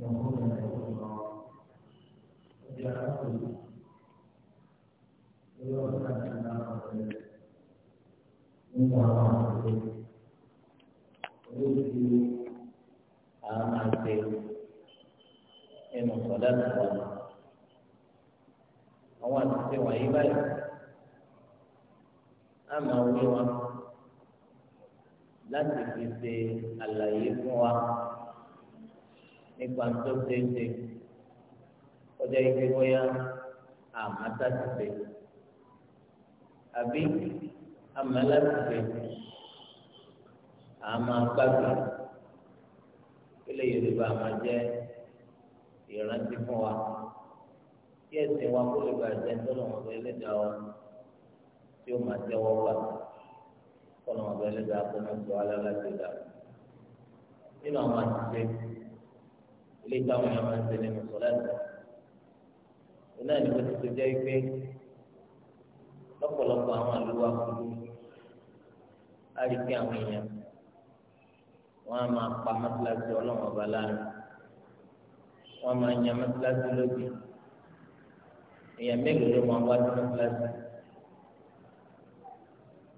máa wí wọn láti fi ṣe àlàyé fún wa nípa tó déédéé ọjà ìgbé bóyá àmàtà ti dé àbí àmàlà ti dé àmà gbàgbà kílẹ̀ yorùbá àmà jẹ́ ìrántí fún wa kí ẹsẹ̀ wa kó lè bàjẹ́ tọ́lọ̀ wọn bẹ lẹ́dàá wa tí ó máa tẹ́wọ́ gbà tọ́lọ̀ wọn bẹ lẹ́dàá kó máa sọ alálàá ti dà nínú àwọn àti ṣe ilé táwọn èèyàn máa ń ṣe nínú sọ láti ọ náà ni wọ́n ti ṣe jẹ́ pé lọ́pọ̀lọpọ̀ àwọn àlùwà kúrú á rí pé àwọn èèyàn wọ́n á máa pa mọ́tíláṣí ọlọ́run ọba láàrin wọ́n máa yan mọ́tíláṣí lódì èèyàn mélòó ló máa wá sí mọ́tíláṣí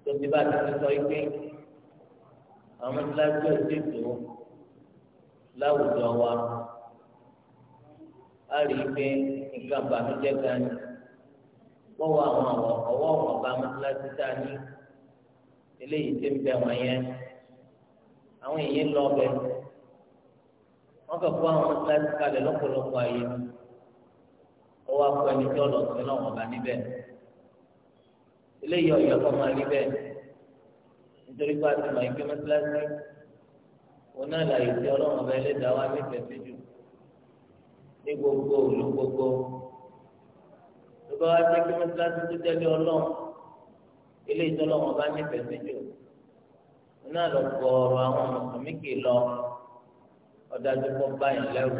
tó ti bá ti sọ pé àwọn mọ́tíláṣí ò tó láwùjọ wa a rí i pé nǹkan bàmíjẹ́ gan ni bọ́wọ́ àwọn ọ̀wọ́ ọ̀wọ́ bàmíláṣí tá a ní eléyìí tí ń bẹ wọn yẹn àwọn èèyàn lọ bẹ wọn kàn kó àwọn mọ́tíláṣí kalẹ̀ lọ́pọ̀lọpọ̀ ayé ọwọ́ akọ ẹni tí ọlọ́ sí náà wọn bá níbẹ̀ eléyìí ọ̀yọ́ kọ́ máa nítorí pé a ti mọ̀ ẹ́ pé wọn náà là yìí tí ọlọ́wọ́n bá ẹlẹ́dàá wá nífẹ̀ẹ́ sí jù ní gbogbo òlu gbogbo tó bá wá jẹ́ kí mọ́tíláṣí tó tẹ́lẹ̀ ọlọ́run ilé ìtọ́lọ́wọ́n bá nífẹ̀ẹ́ sí jù náà lọ gbọ́ọ̀rọ̀ àwọn mùsùlùmí kì í lọ ọ̀dájú kọ́ báyìí lẹ́rù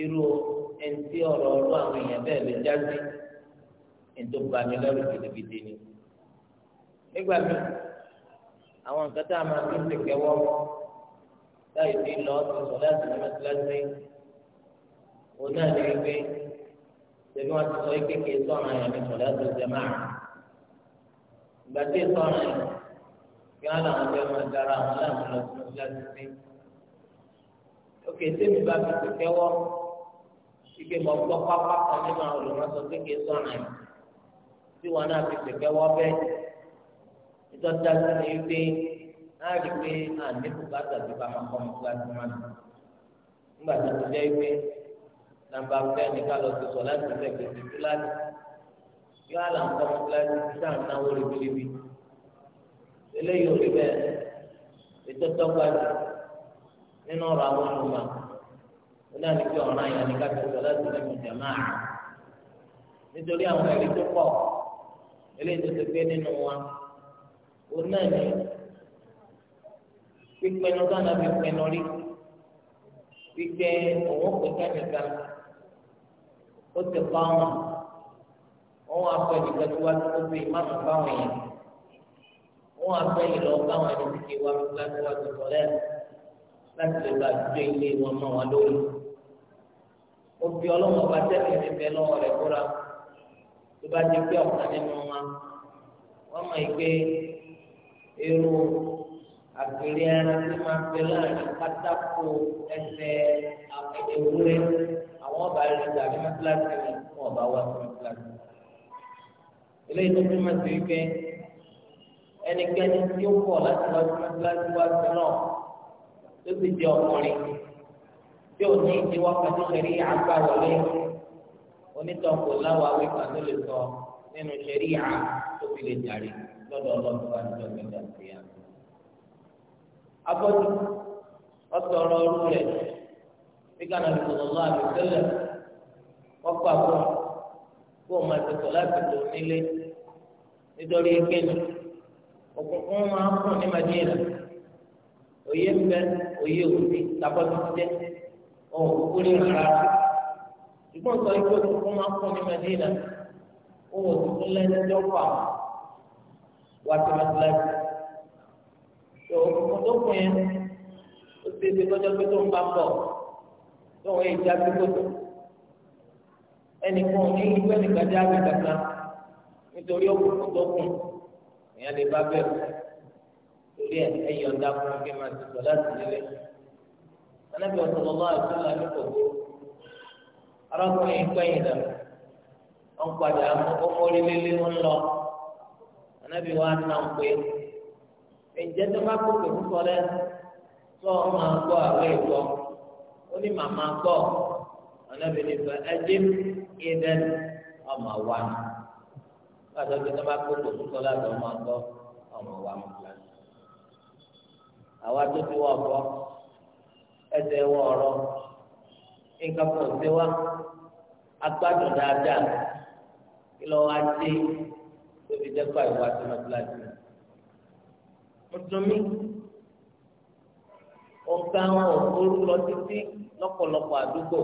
irú ẹni tí ọ̀rọ̀ ọ̀rọ̀ àwọn èèyàn bẹ́ẹ̀ lè jáde ẹni tó bá mi lẹ́rù gidigidi ni nígbà míì àwọn nǹkan tá a máa fi ń ṣèkẹ́wọ́ láì fi lọ sí láti ní mọ́tíláṣí. òun náà ní wípé ṣèlú wọn ti sọ wípé kì sọ̀rọ̀ àyàn ní sọ̀lá tó jẹ ìgbà tí ì sọ̀rọ̀ àyàn kí wọn làwọn fẹ́ máa dára àwọn làwọn lọ sí òkè bá fi ti kẹ́wọ́ nàmbà fẹ́ni ká lọ sí sọ láti fẹ́ gbèsè kíláàsì yóò àlà ń kọ́ kíláàsì títà náwó ribiribi eléyìí ò rí bẹ́ẹ̀ ètò tọ́gbàdì nínú ọ̀rọ̀ àwọn ọmọ oní àdìgbò ọ̀ràn yẹn ni ká ti sọ láti fẹ́ gbèsè máa nítorí àwọn ẹ̀rí tó pọ̀ eléyìí tó ti gbé nínú wa ó náà ní pípinnu ká fi pinnu rí pípẹ́ òun pè kẹ́míkà ó ti pa wọn wọn wá pẹ nìkan tí wàá tó fi má mú báwọn yẹn wọn wá pẹ yìí lọ báwọn ẹni tí kì í wá mú láti wá tó sọ lẹ́nu láti lè bá àdúgbò ilé wọn mọ wọn lórí ó fi ọlọ́wọ́n bá tẹ́lẹ̀ níbẹ̀ lọ́wọ́ rẹ̀ kóra tó bá ti gbé ọ̀kan nínú wọn wọ́n mọ̀ yìí pé irú àgbèrè ẹran tí máa ń láàrin pátákó ẹsẹ̀ àpẹẹrẹ wúrẹ́ àwọn ọba rẹ̀ ti àbí mẹ́tíláṣí rẹ̀ fún ọba wa sí mẹ́tíláṣí. eléyìí tó fi máa ṣe wípé ẹnikẹ́ni tí ó pọ̀ láti wá sí mẹ́tíláṣí wá sí náà tó sì jẹ́ ọkùnrin tí ò ní ìdíwọ́ pẹ̀lú ṣẹ̀rí àgbà wọlé onítọ̀kù láwa wí kan lè sọ nínú ṣẹ̀rí à tó fi lè jàre lọ́dọ̀ ọlọ́run bá ń jọ sí i. afọ́jú ọ̀sọ̀ ọ̀rú rẹ̀ nígbà náà sallallahu alaihi wasallam ọkọ àbọ kó máa ti sọ láti tó nílé nítorí kéènì òkùnkùn máa ń kùn ní Madina òye ń bẹ òye òsì tàbọ̀tì jẹ ọ̀hún kúkú ní rárá ṣùgbọ́n sọ ikú òkùnkùn máa ń kùn ní Madina òun òsì lẹ́ni tó fà wá sí mẹsàlẹ́sì tó òkùnkùn tó kùn yẹn ó ti di kọjá pé tó ń bá bọ̀ tó wọ́n yìí jáde kótó ẹnìkan ní ìlú ẹnìkan jáde kankan nítorí òkùnkùn tó kùn èèyàn lè bá bẹ̀rù torí ẹ ẹyọ ọ̀dà fún mi kí n máa ti sọ láti nílé anábì ọ̀sọ̀lọ́lá àìsílẹ̀ àdúgbò arákùnrin ìpẹ́yìn dà wọ́n padà ó mórí lílé ń lọ anábì wa nà ń pé ǹjẹ́ tó bá kókè fúnfọ́ rẹ tó o máa àwọn ìgbọ́ ó ní màmá gbọ́ ọ̀nàbí ní fẹ́ ẹdí ìdẹ́ ọmọ wa ni pàtó bí wọ́n bá kó kò tó sọ́lá tó ọmọ gbọ́ ọmọ wa mú kíláàsì. àwa tó ti wọ́ ọ̀gbọ́ ẹsẹ̀ wọ ọ̀rọ̀ nǹkan kan ṣe wá agbádùn dáadáa kí lọ́wọ́ á dé tóbi dẹ́kọ̀ àìwá sí ọmọ kíláàsì. mùsùlùmí òǹkà wọn ò kúrú lọ títí lọ́pọ̀lọpọ̀ àdúgbò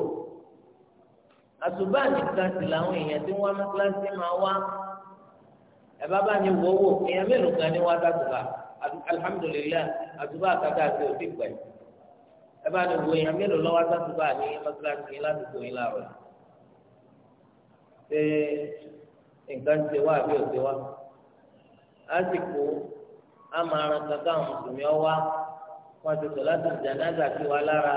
àtúbà nìkan sì làwọn èèyàn tí wọ́n mú kíláàsì máa wá ẹ bá bá ní wọ́wọ́ èèyàn mélòó kan ní wọ́n àtàtúbà alihamudulilayi àtúbà àkàtà àti òbí pẹ̀ ẹ bá ní wọ́wọ́ èèyàn mélòó lọ́wọ́ àtàtúbà ní mọ́kíláàsì yín ládùúgbò yín láàrọ̀ ṣé nǹkan ti wá àbí òsè wá lásìkò àmàràn kankan mùsùlùmí ọwá wọn ti sọ láti jánásà sí wa lára.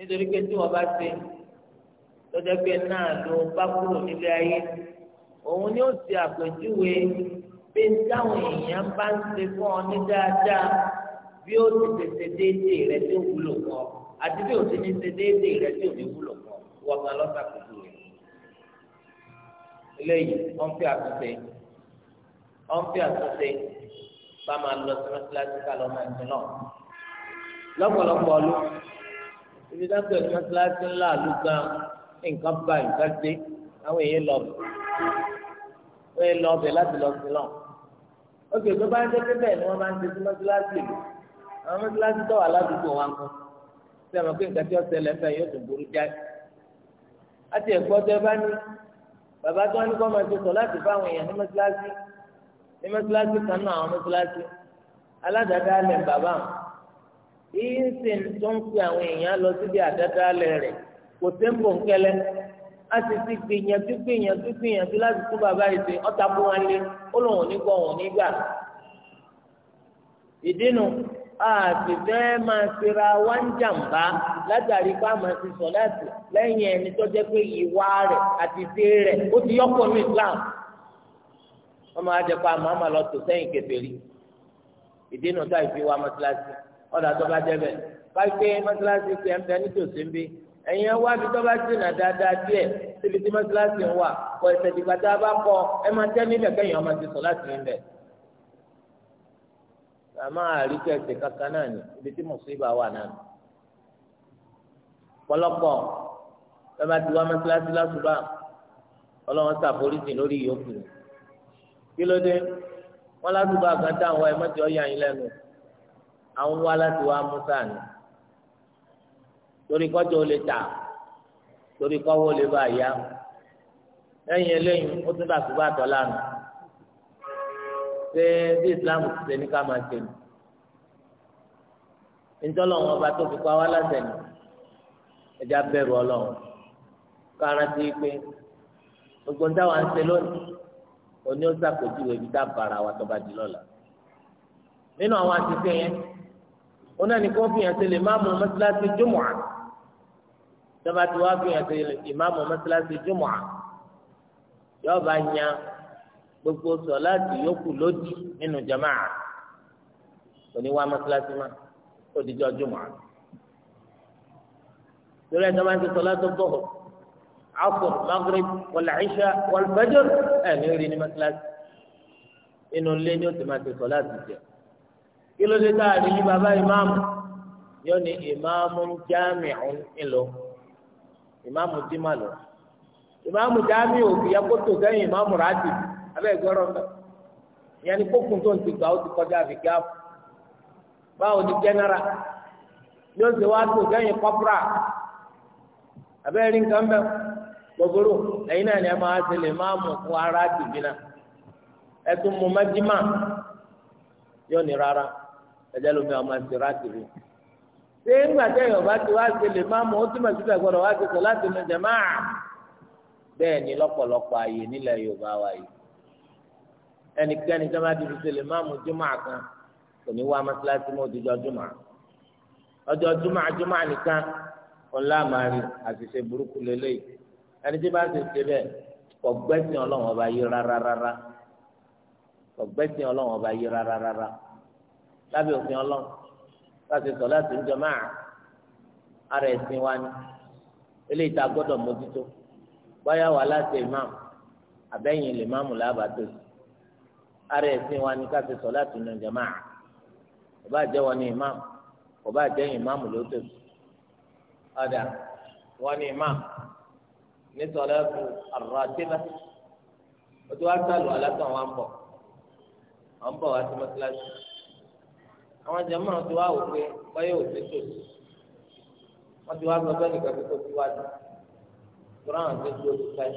nítorí pé tí wọ́n bá ṣe lọ́jọ́ pé náà ló bá kúrò nílé ayé òun ni ó ti àpèjúwe pé táwọn èèyàn bá ń ṣe fún ọ ní dáadáa bí ó ti tètè déédéé rẹ tí ó wúlò kọ àti bí ó ti ní ṣe déédéé rẹ tí ò ní wúlò kọ wọ́n kan lọ́sàkóso rẹ̀ eléyìí wọ́n fi àtúnṣe wọ́n fi àtúnṣe bá máa lọ sí mọ́sálásí ká lọ́ọ́ máa ń tẹ̀ náà lọ́pọ̀lọpọ̀ ọlọ́run ibi dápẹ́ ní mọ́sálásí ńlá àlùkà nǹkan bá nǹkan dé àwọn èèyàn lọ bẹ̀ wọ́n yẹn lọ bẹ̀ láti lọ sí náà ó sì tó bá ń dẹ́kẹ́ bẹ́ẹ̀ ni wọ́n máa ń ṣe sí mọ́sálásí ìlú àwọn mọ́sálásí tó wà ládùúgbò wa kan sí àwọn pé nǹkan tí ó ṣẹlẹ̀ ń fẹ́ yóò tún burú jáì láti ẹ̀kọ́ tẹ́ bá ní bàbá tó wọn ní kọ́ máa ṣe sọ láti bá àwọn èèyàn ní mọ́sálásí ní mọ́sálásí kan náà ìsìn tó ń pe àwọn èèyàn lọ síbi àdádálẹ̀ rẹ̀ kò sí ń bò ń kẹlẹ́ a sì ti gbìyànjú gbìyànjú gbìyànjú láti tún bàbá yìí ṣe ọ̀tá bó wọn lé ó lòun ò ní gbọ́ òun nígbà ìdínú àti máa ṣera wá ń jàǹbá látàrí pé àmọ́ ti sọ láti lẹ́yìn ẹni tó jẹ́ pé rẹ̀ àti rẹ̀ ó ti yọ́pọ̀ ní Islam wọ́n ọ̀dà tó bá jẹ́ bẹ́ẹ̀ pàṣẹ mọ́sálásí ti ẹ̀ ń bẹ nítòsí ń bí ẹ̀yin wá bí tó bá jìnnà dáadáa díẹ̀ síbi tí mọ́sálásí ń wà kọ ẹsẹ̀ dìgbà tá a bá kọ ẹ máa tẹ́ nílẹ̀ kẹ́yìn ọmọ ti sọ láti ń bẹ̀. àmọ́ àríkẹ́ ẹsẹ̀ kankan náà ni ibi tí mùsùlùmí wà náà ni. pọ̀lọpọ̀ bàbá ti wá mọ́sálásí lásùbà ọlọ́wọ́n ṣàforíjì lórí ìyókù. kí ló dé wọ́n lásùbà kan táwọn ẹ̀ mọ́tì ọ̀yà yín lẹ́nu àwọn wá láti wá musa ni torí kọjọ lè tà torí kọwọ lè bá yá lẹ́yìn eléyìí ó tún dàtú bá tọ lánàá ṣé bí islam ti ṣe ní ká máa ṣe ni ntọ́lọ́ wọn bá tó fi pa wá láti ẹ̀yìn ẹja bẹ̀rù ọlọ́run kárántì pé gbogbo ntáwa ń ṣe lónìí òní ó ṣàpèjúwe ibi tá a bára wa tó bá di lọ́la nínú àwọn àtúnṣe yẹn wọn náà ní kí wọn fi hàn sí lè máàmù mọ́sálásí jùmọ̀à tọ́ba tí wọ́n fi hàn sí lè máàmù mọ́sálásí jùmọ̀à yóò bá nya gbogbo sọ̀láàtì yòókù lódì nínú jamaà òní wá mọ́sálásí má ó di jọ jùmọ̀à lórí ẹ̀dá máa ń ti sọ̀lá tó gbọ̀ asr maghrib wal isha wal fajr ẹ̀ ní orí ní mọ́sálásí inú ilé ni ó ti máa ti sọ̀láàtì jẹ́ kí ló dé táàrí ní bàbá ìmáàmù yóò ní ìmáàmù jámìún ńlọ ìmáàmù jimá lọ ìmáàmù jámì òbí akótó sẹ́yìn ìmáàmù ráàdì abẹ́gbẹ́rọ̀ mẹ́ ìyẹn ní kókùn tó ń ti gbà ó ti kọjá àbíkí àpò báwo ni jẹ́nẹ́ra yóò ṣe wá tó sẹ́yìn kọ́pùrà abẹ́rẹ́ nǹkan bẹ́ẹ̀ gbogbo ẹ̀yin náà ni máa ṣe lè fún ara náà yóò ẹ̀jẹ̀ lómi ọmọ ẹ̀sìn ráàtì rí ṣé ńgbà tẹ̀yìn ọba ti wá ṣe lè má mọ ó túmọ̀ sí pẹ̀ gbọ́dọ̀ wá ṣe sọ láti nu jẹ̀ máa bẹ́ẹ̀ ni lọ́pọ̀lọpọ̀ ààyè nílẹ̀ Yorùbá wa yìí ẹnikẹ́ni tó bá ti fi ṣe lè má mọ jùmọ̀ kan kò ní wá mọ́sálásí mọ́ òdìjọ́ jùmọ̀ ọjọ́ jùmọ̀ jùmọ̀ nìkan ọ̀la màrí àṣìṣe burúkú lélẹ́yìí ẹni tí bá ti ṣe bẹ́ẹ̀ ọ̀gbẹ́sìn ọlọ́run ọba yìí rárá rárá ọ̀gbẹ́sìn ọlọ́run ọba yìí lábẹ́ òfin ọlọ́run láti sọ láti ń jọmọ́ àrùn ara ẹ̀sìn wa ni eléyìí tá a gbọ́dọ̀ mójútó báyà wà láti imam àbẹ́yìn lè máàmù lábàtò ara ẹ̀sìn wa ni ká ti sọ láti ń jọmọ́ àrùn kò bá jẹ́ wọn imam kò bá jẹ́ ló tóbi ọ̀dà wọn ní imam ní sọlá fún o ti wá sálù alátọ̀ wọn bọ̀ wọn bọ̀ wá sí mọ́tíláṣí àwọn jẹmọ ti wá wò pé báyọ òfin tòsí wọn ti wá gbọ́dọ̀ nìkan tó tó wájú tóra àwọn tó tó tó fẹ́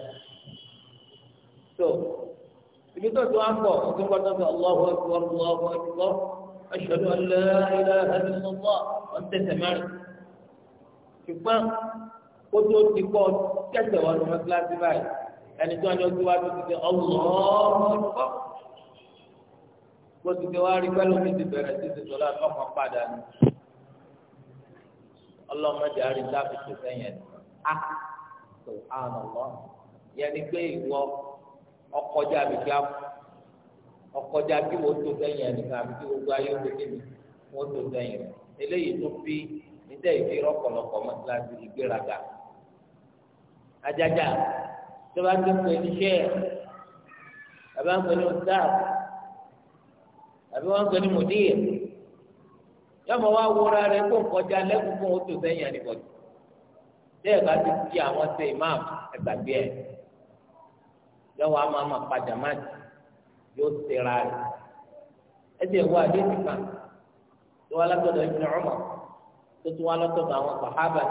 tó ibi tó tó wá pọ tó gbọ́dọ̀ bí ọlọ́wọ́ ẹ̀kọ́ ọlọ́wọ́ ẹ̀kọ́ aṣọ́nù ọ̀lẹ́ ilẹ̀ ẹ̀dín lọ́wọ́ wọn tẹ̀sẹ̀ mẹ́rin ṣùgbọ́n kó tó ti pọ̀ kẹsẹ̀ wọn lọ́mọ kíláàsì báyìí ẹni tó wọn yọ síwájú ti di ọlọ́wọ́ ẹ̀kọ́ bó ti ti wá rí pẹ́lú mi ti bẹ̀rẹ̀ sí ti sọ̀rọ̀ àtọ́kọ̀ padà ni ọlọ́mọdé àrí láfíìsì sẹ́yìn a ah, tó àná lọ yẹni pé ìwọ ọkọjá mi kí á ọkọjá kí wọ́n tó sẹ́yìn ẹnìkan àbí kí gbogbo ayé wọ́n tó mi wọ́n tó sẹ́yìn eléyìí tó fi níta ìfi rọ́pọ̀lọpọ̀ mọ́tíláṣí ìgbéraga ajájà tó bá tó pè ní ṣẹ́ẹ̀ bàbá ń pè ní ọ̀sáàbù àbí wọ́n ń pè ní mùdíyè yọmọ wa wúra rẹ kó nkọjá lẹ́kùn fún oṣù sẹ́yìn ànìbọ̀dì tẹ́ ẹ̀ bá ti di àwọn ṣe imam ẹ̀gbàgbé ẹ̀ yọwọ́ a máa ma padà má jì yóò ṣera rẹ̀ ẹsẹ̀ wo àdéhùn kan tó wà látọ̀dọ̀ Ibn Umar tó tún wà látọ̀dọ̀ àwọn sàhábà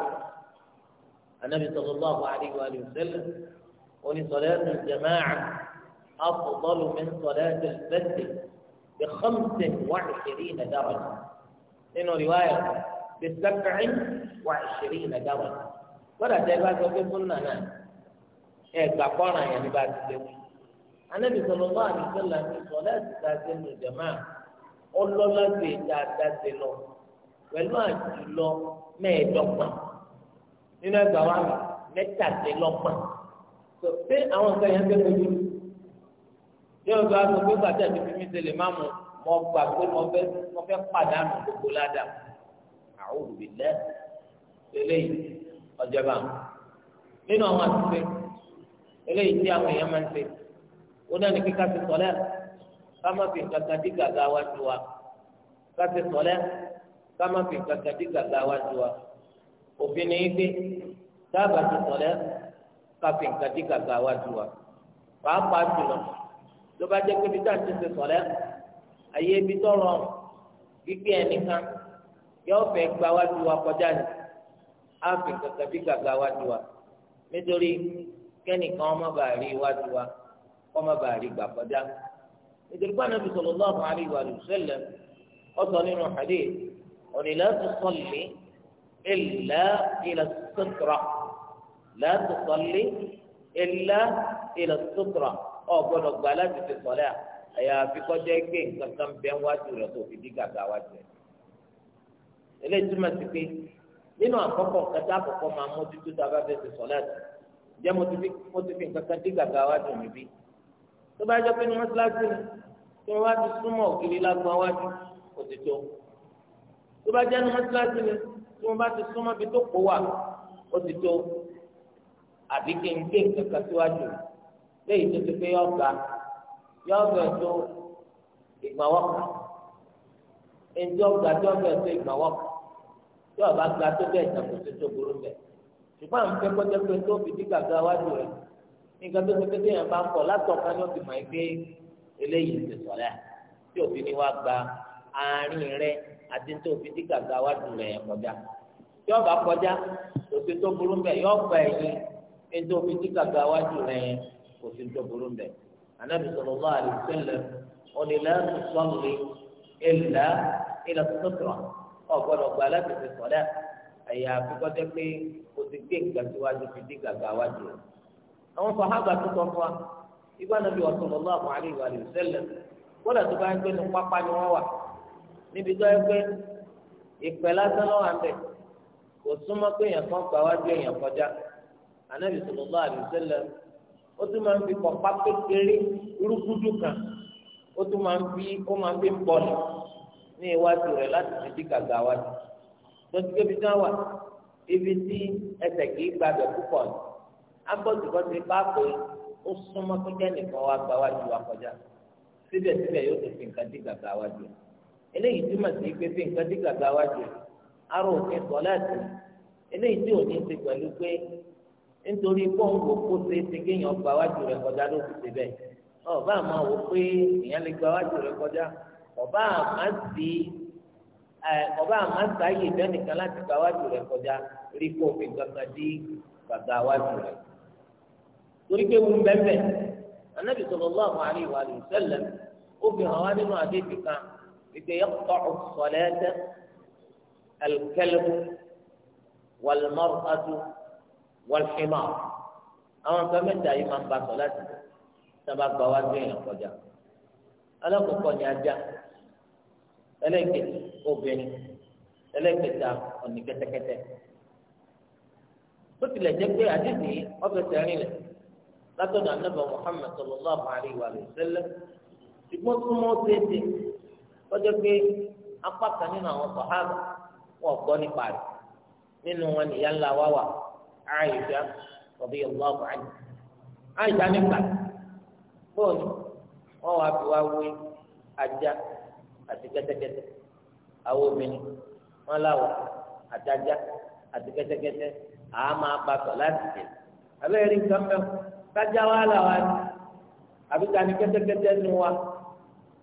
anabi sallallahu alayhi wa sallam oní salatu al-jama'a afdalu min salati al-fajr. بخمس وعشرين درجة إنه رواية بسبع وعشرين درجة ولا تبقى في سنة أنا إيه يعني بعد سوي النبي صلى الله عليه وسلم في صلاة تاسين الجماعة قل له لا تيجا تاسين pẹ̀lú àjùlọ mẹ́ẹ̀ẹ́dọ́gbọ̀n nínú ẹgbàá wa mẹ́tàdínlọ́gbọ̀n tó pé àwọn nǹkan yẹn fẹ́ fojú ṣé o bá sọ pé bàtà ti fi mí ṣẹlẹ̀ má mu mo gbà pé mo fẹ́ mo fẹ́ pàdánù gbogbo ládà àwọn olùbílẹ̀ eléyìí ọjọba nínú àwọn àtúnṣe eléyìí tí àwọn èèyàn máa ń ṣe ó náà ní kíkà ti sọlẹ ká má fi kankan dí gàgà wá ju wa ká ti sọlẹ ká má fi kankan dí gàgà wá ju wa òfin ni yín pé dábàá ti sọlẹ ká fi kankan dí gàgà wá ju wa pàápàá jùlọ tó bá jẹ́ pé ibi tá à ń ti ṣe sọ̀lẹ́ àyè ibi tó rọrùn gbígbé ẹnìkan yóò fẹ́ gba wájú wa kọjá ni á fi kankan bí gàgà wájú wa nítorí kẹ́nìkan ọmọ bàá rí wájú wa ọmọ bàá rí gbà kọjá nítorí pé Ànábì sallallahu alaihi wa sallam ọ̀sán nínú hadith òní la tusalli illa ila sutra la tusalli illa ila ọ gbọ́dọ̀ gbà láti ṣe sọlẹ à ẹyà àfikọjẹ gbé nǹkan kan bẹ wájú rẹ tó fi dí gàgà wájú rẹ eléyìí túmọ̀ sí pé nínú àkọ́kọ́ kẹta àkọ́kọ́ máa mójútó tá a bá fẹ́ ṣe sọlẹ àti jẹ́ mo ti fi nǹkan kan dí gàgà wájú mi bí tó bá jẹ́ pé ní mọ́tíláṣí ni tí wọ́n bá ti súnmọ́ òkìlì lágbọ́n wájú kò ti tó tó bá jẹ́ ní mọ́tíláṣí ni tí wọ́n bá ti súnmọ́ bí tó pọ̀ wà ó ti tó àbí kí léyìí tó ti pé yọ̀ọ̀gá yọ̀ọ̀gá tó ìgbàwọ́kà ẹnjẹ ọgbà tí ọbẹ tó ìgbàwọ tí ọba gba tó bẹ́ẹ̀ ìtàkùnso tó burú bẹ́ẹ̀ ṣùgbọ́n àwọn akẹ́kọ̀ọ́ jẹ́ pé tó fi dígbà ga wájú rẹ̀ nígbà tó fi tẹ́tẹ́ yẹn bá ń pọ̀ látọ̀ka ni ó ti mọ̀ ẹ́ eléyìí ti sọ̀rọ̀ ẹ̀ tí òfin ni wàá gba àárín rẹ̀ àti tó fi dígbà ga wájú rẹ̀ yẹn kọjá tí ọba kọjá òfin tó burú bẹ́ẹ̀ yọ ọgbà ẹ̀yìn fi dígbà ga wájú rẹ̀ yẹn kò sí tó burú mbẹ anabi sallallahu alaihi wasallam òní lẹ́nu sọ́ọ̀lì ìlà ìlà sọ́tọ̀ ọ̀gbọ́dọ̀ gba láti fi sọ̀lẹ́ ẹ̀yà àfikọ́jẹ́ pé kò sí gbé ìgbà síwájú fi dí gàgà wájú rẹ̀ àwọn sàhábà tó sọ fún wa ìgbà nàbí sallallahu alaihi wasallam kódà tó bá ń gbé ní pápá ni wọ́n wà lọ́wọ́ àbẹ̀ kò súnmọ́ pé èèyàn kan gbà wájú èèyàn kọjá anabi sallallahu alaihi wasallam ó tún máa ń fi pọ̀pá kékeré rúgúdú kan ó tún máa ń fi ó máa ń fi ń bọ̀lì ní iwájú rẹ̀ láti fi dí gàgà wájú lọ́sí kébi tí wọ́n wà ibi tí ẹsẹ̀ kìí gbàgbẹ́ púpọ̀ ni abọ́sibọ́sí bá pé ó súnmọ́ kíkẹ́ nìkan wá gba wájú wa kọjá síbẹ̀síbẹ̀ yóò tún fi nǹkan dí gàgà wájú eléyìí túmọ̀ sí pé fi nǹkan dí gàgà wájú arò òfin sọ láti eléyìí tí ò ní ti pẹ̀lú pé nítorí pọ́ǹpù kó ṣe ti kéèyàn gba wájú rẹ̀ kọjá ló fi ṣe bẹ́ẹ̀ ọba àmọ́ wò pé èèyàn lè gba wájú rẹ̀ kọjá ọba àmọ́ sí ọba àmọ́ sáyè ìdánìkan láti gba wájú rẹ̀ kọjá rí kó fi gbàgbà dé gbàgbà wájú rẹ̀ torí pé wù bẹ́ẹ̀ anabi sallallahu alaihi wa sallam ó fi hàn wá nínú àdéhùn kan wípé yaqta'u as-salata wọlfìmọ àwọn nǹkan mẹ́ta yìí máa ń ba sọ láti sábà gba wá sí èèyàn kọjá alákòókò ni ajá ẹlẹ́kẹ̀ẹ́ obìnrin ẹlẹ́kẹ̀ẹ́ta ọ̀nì kẹ́tẹ́kẹ́tẹ́ bó tilẹ̀ jẹ́ pé àdìsí ọ̀fẹ́sẹ̀ rìnlẹ̀ látọ̀dọ̀ anábọ̀ Muhammad sallallahu alaihi wa sallam ṣùgbọ́n tó mọ́ déédéé kọjá pé apá kan nínú àwọn sọ̀hábà wọn gbọ́ nípa rẹ̀ nínú wọn nìyá ńlá wá wà. Aisha radiyallahu anha Aisha nígbà fóònù wọn wàá fi wá wé ajá àti kẹ́tẹ́kẹ́tẹ́ àwọn obìnrin wọn láwọ àtajá àti kẹ́tẹ́kẹ́tẹ́ àá máa láti jẹ abẹ́rẹ́ rí nǹkan mẹ́wọ́ wa àti ni nu wa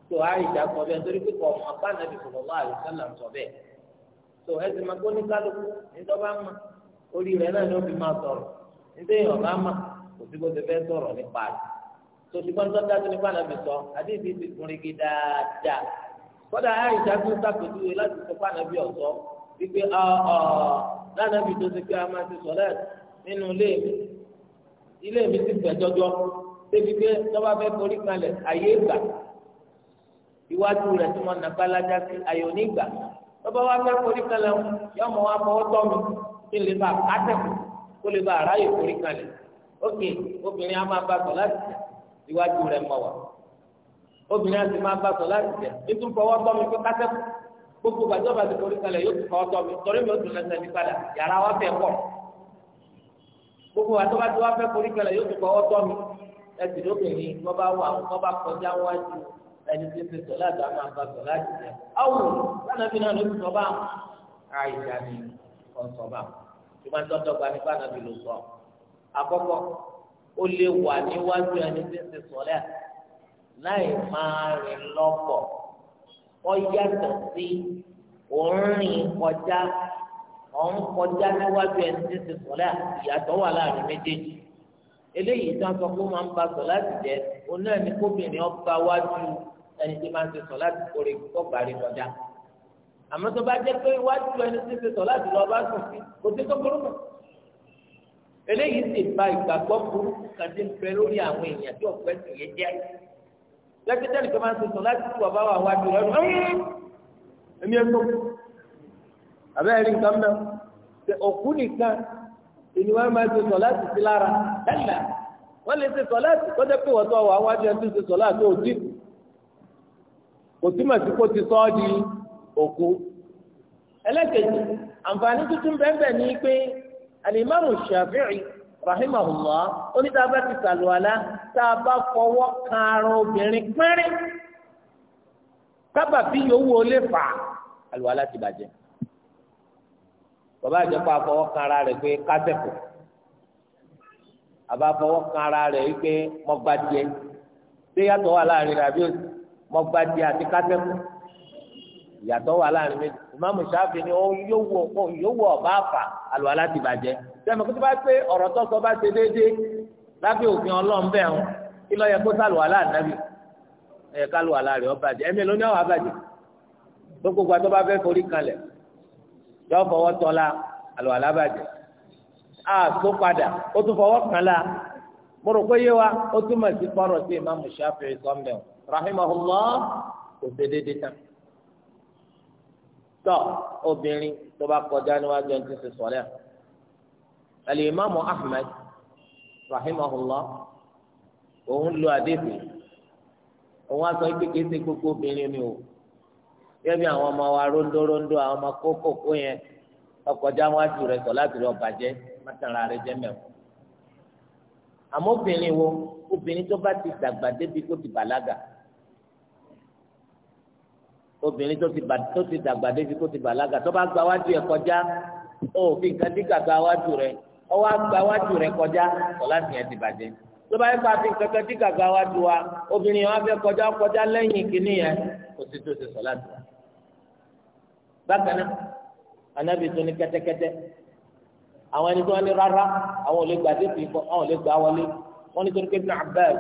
tó kọ bẹ́ẹ̀ torí pé kọ̀ apá bẹ́ẹ̀ tó ẹ̀sìn máa kálukú orí rẹ̀ náà ló fi máa sọ̀rọ̀ nítorí ọba mà kò sí bó ti fẹ́ sọ̀rọ̀ nípa rẹ̀ tòṣùgbọ́n tó dájú nípa náà fi sọ àdéhìí ti gùn régé dáadáa kódà àìsà tó sàkójúwe láti sọ fún ànábì ọ̀sọ́ wípé ọ̀ lánàbì tó ti pé a máa ti sọ̀rọ̀ nínú ilé mi ilé mi ti fẹ̀ jọjọ débi pé tọ́ba fẹ́ forí kalẹ̀ àyè ìgbà iwájú rẹ̀ tí wọ́n nà bá lájá sí àyè onígbà bàbá wa fẹ́ forí kalẹ̀ ń yọ mọ wa fọwọ́ tọ́ mi kí lè ba kátẹ́kù kó lè ba aráyè forí kalẹ̀ ókè obìnrin á máa bá sọ láti tẹ̀ iwájú rẹ̀ mọ̀ wá obìnrin á sì máa bá sọ láti tẹ̀ nítorí fọwọ́ tọ́ mi kó kátẹ́kù gbogbo gbàdúrà bá ti forí kalẹ̀ yóò fọwọ́ tọ́ mi torí mi ò tún lẹ́sẹ̀ ní padà yàrá wa fẹ́ pọ̀ gbogbo gbàdúrà ti wá fẹ́ forí kalẹ̀ yóò fọwọ́ tọ́ mi ẹ̀sìn lóbìnrin wọ́n bá wà kọjá wájú ẹni tí ń fi sọlá àgbà máa bá sọlá àjẹjẹ awo sanabi náà ló ti sọ báà àìsàn ni wọn sọ báà tó máa ń tọ́ dọ́gba nípa ànábi ló sọ àkọ́kọ́ ó lè wà níwájú ẹni tí ń fi sọlá láì máa rìn lọ́pọ̀ ọ yàtọ̀ sí òórìn kọjá ọ̀hún kọjá níwájú ẹni tí ń fi sọlá ìyàtọ̀ wà láàrin méjèèjì eléyìí tí wọn sọ pé ó máa ń ba sọlá ti jẹ onáà ní kóbìnrin ọba wájú ẹni tí máa ń ṣe sọ láti kórè kó gbàrí kọjá àmọ́ tó bá jẹ́ pé iwájú ẹni tí ń ṣe sọ láti lọ bá sùn sí kò sí tó burú mọ́ eléyìí sì ba ìgbàgbọ́ burúkú kan tí ń bẹ lórí àwọn èèyàn tí ọ̀pẹ sì yé jẹ́ lẹ́kítẹ́ nìkan máa ń ṣe sọ láti tú ọba wa wájú rẹ̀ ẹni ẹ̀tọ́ abẹ́rẹ́ nǹkan mẹ́ òkú nìkan ìní wọn máa ṣe sọ láti sí lára ẹ̀là wọ́n lè ṣe sọ láti kọ́jọ́ pé wọ́n tó kò túmọ̀ sí kó ti sọ ọ́ di òkú. ẹlẹ́kẹ̀jì àǹfààní tuntun bẹ́ẹ̀ ni pé alimami shafi'i rahimahullah onítàbá ti sàlùwàlá tá a bá fọwọ́ kan ara obìnrin pẹ́rín kábàbí yòówù ó lè fà àlùwàlá ti bàjẹ́ bàbá àjẹpọ̀ àfọwọ́ kan rẹ̀ pé kásẹ̀kù àbá fọwọ́ kan rẹ̀ wípé mọ́gbàdìẹ ṣé yàtọ̀ wà láàrin rẹ̀ àbí òsì mọgbàdì àti kátẹkù ìyàtọ̀ wà láàrin méjì ìmáàmù sáfì ni ó yóò wọ ọ yóò wọ ọba àfà àlùwà láti bàjẹ́ sẹ́mi kó tó bá pé ọ̀rọ̀ tó sọ bá ṣe déédéé lábẹ́ òfin ọlọ́run bẹ́ẹ̀ hàn kí lọ́ọ́ yẹ kó sàlùwà láàrin ẹ̀yẹ kálùwà láàrin ọba àjẹ́ ẹ̀mí lóní ọ̀wà àbàjẹ́ gbogbo gba tó bá forí kalẹ̀ yọ fọwọ́ tọ́lá àlùwà lábàjẹ́ àtó padà ó tún fọwọ́ kan la mọ̀rọ̀ pé yé wa ó túmọ̀ sí kpọ́rọ̀ sí ìmáàmù Shafi'i sọ́mbẹ̀ rahimahullah kò ṣe déédé tán. tọ́ obìnrin tó bá kọjá níwájú ẹni tó ṣe sọ̀rẹ́ al-Imaamu Ahmad rahimahullah òun lo àdéhùn òun aṣọ ìpèkè ṣe gbogbo obìnrin ni o yẹ́bi àwọn ọmọ wa rondo rondo àwọn ọmọ kókó kó yẹn ọkọjá wájú rẹ̀ sọ̀ láti rẹ̀ ọ̀bàjẹ́ mọ́tàlá rẹ̀ jẹ́ mẹ́wọ̀n àmọ́ obìnrin wo obìnrin tó bá ti dàgbà débi kó ti bàlágà obìnrin tó ti bà tó ti dàgbà débi kó ti bàlágà tó bá gba wájú ẹ kọjá ó fi nǹkan díkà gba wájú rẹ ọwọ́ àgbà wájú rẹ kọjá ọ̀la tìyẹn ti bàjẹ́ tó bá yẹ kó a fi nǹkan kan gba wájú wa obìnrin yẹn fẹ́ kọjá kọjá lẹ́yìn kìíní yẹn kò sí tó ti sọ̀ láti wá. bákan náà anábì tó ní kẹ́tẹ́kẹ́tẹ́ àwọn ẹni tó wá ní rárá àwọn ò lè gbà dé fìkọ àwọn ò lè gbà wọlé wọn ní torí pé ibn Abbas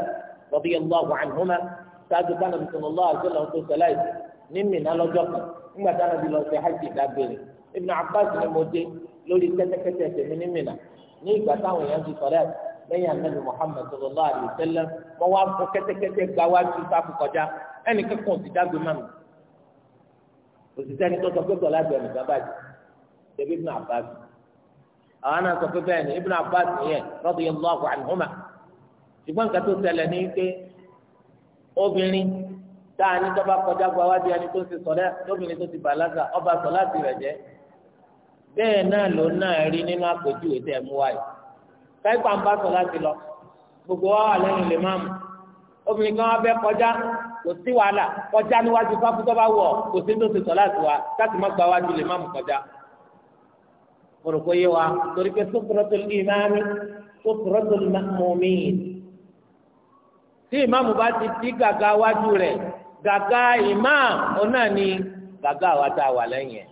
radiyallahu anhuma sáájú kánà bisimilá àṣẹlẹ ọtún sẹláì ní mìíràn lọ́jọ́ kan nígbà táwọn ti lọ sí hajj dágbére ibn Abbas ni mo dé lórí kẹ́tẹ́kẹ́tẹ́ tèmi ní mìíràn ní ìgbà táwọn èèyàn ti sọ̀rọ̀ lẹ́yìn anabi muhammed sallallahu alayhi wa sallam wọ́n wá fún kẹ́tẹ́kẹ́tẹ́ gba wá ju sáfù kọjá ẹnì kankan ti dágbé mọ́mi òṣìṣẹ́ ni tó pé bọ̀lá bẹ̀rẹ̀ bàbá yìí ṣe ibn Abbas àwọn náà sọ pé bẹ́ẹ̀ ni Ibn Abbas nìyẹn radiyallahu anhuma ṣùgbọ́n nǹkan tó ṣẹlẹ̀ ní pé obìnrin tá a ní tó bá kọjá gba wájú ẹni tó ti sọlẹ lóbìnrin tó ti bàlágà ọba sọ láti rẹ̀ jẹ́ bẹ́ẹ̀ náà ló náà rí nínú àpèjúwe tẹ̀ mú wáyé káyipá ń bá sọ láti lọ gbogbo wa wà lẹ́yìn lè máàmù obìnrin kan wá fẹ́ kọjá kò sí wàhálà kọjá níwájú fáfútọ́ bá wọ̀ kò sí tó ti sọ láti wá mo rò pé yé wa torí pé sókòrọ́tò ìmáàmì sókòrọ́tò mọ̀mìí tí ìmáàmù bá ti di gàgà wájú rẹ̀ gàgà ìmáàmù ọ̀nà gàgà wa tá wà lẹ́yìn ẹ̀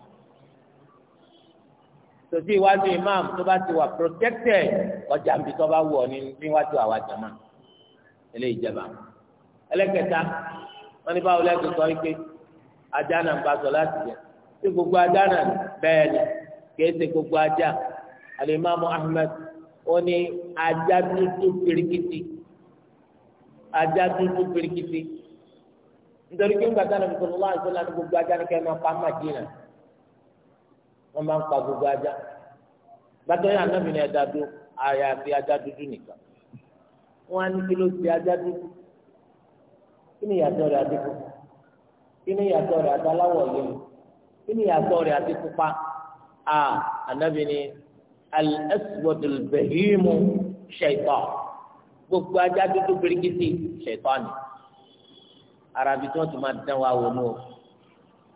iwájú imam tó bá ti wà protected ọjà nbí tó bá wù ọ ní níwájú àwa jama eléyìí jẹba ẹlẹ́kẹta wọn ní báwo lẹ́kẹ̀ẹ́ sọ wípé ajá náà ń bá sọ láti jẹ tí gbogbo ajá náà bẹ́ẹ̀ ni kéésì gbogbo ajá alimami ahmed ó ní ajá dúdú pirikiti ajá dúdú pirikiti nítorí pé ńgbà táwọn ìṣòro wà ṣọlá ní gbogbo ajá ní kẹmẹ pa Madina wọn máa ń pa gbogbo ajá gbàtọ́ yẹn anábì ní ajá dúdú àyàfi ajá dúdú nìkan wọn á ní kí ló ti ajá dúdú kí ni ìyàtọ̀ rẹ̀ àti pupa kí ni ìyàtọ̀ rẹ̀ àti aláwọ̀ yẹn kí ni ìyàtọ̀ rẹ̀ àti pupa a anabi ni al-aswadul bahimu shaitan gbogbo ajá dúdú birikiti shaitan ni arabi tí wọn ti máa dán wa wò nù o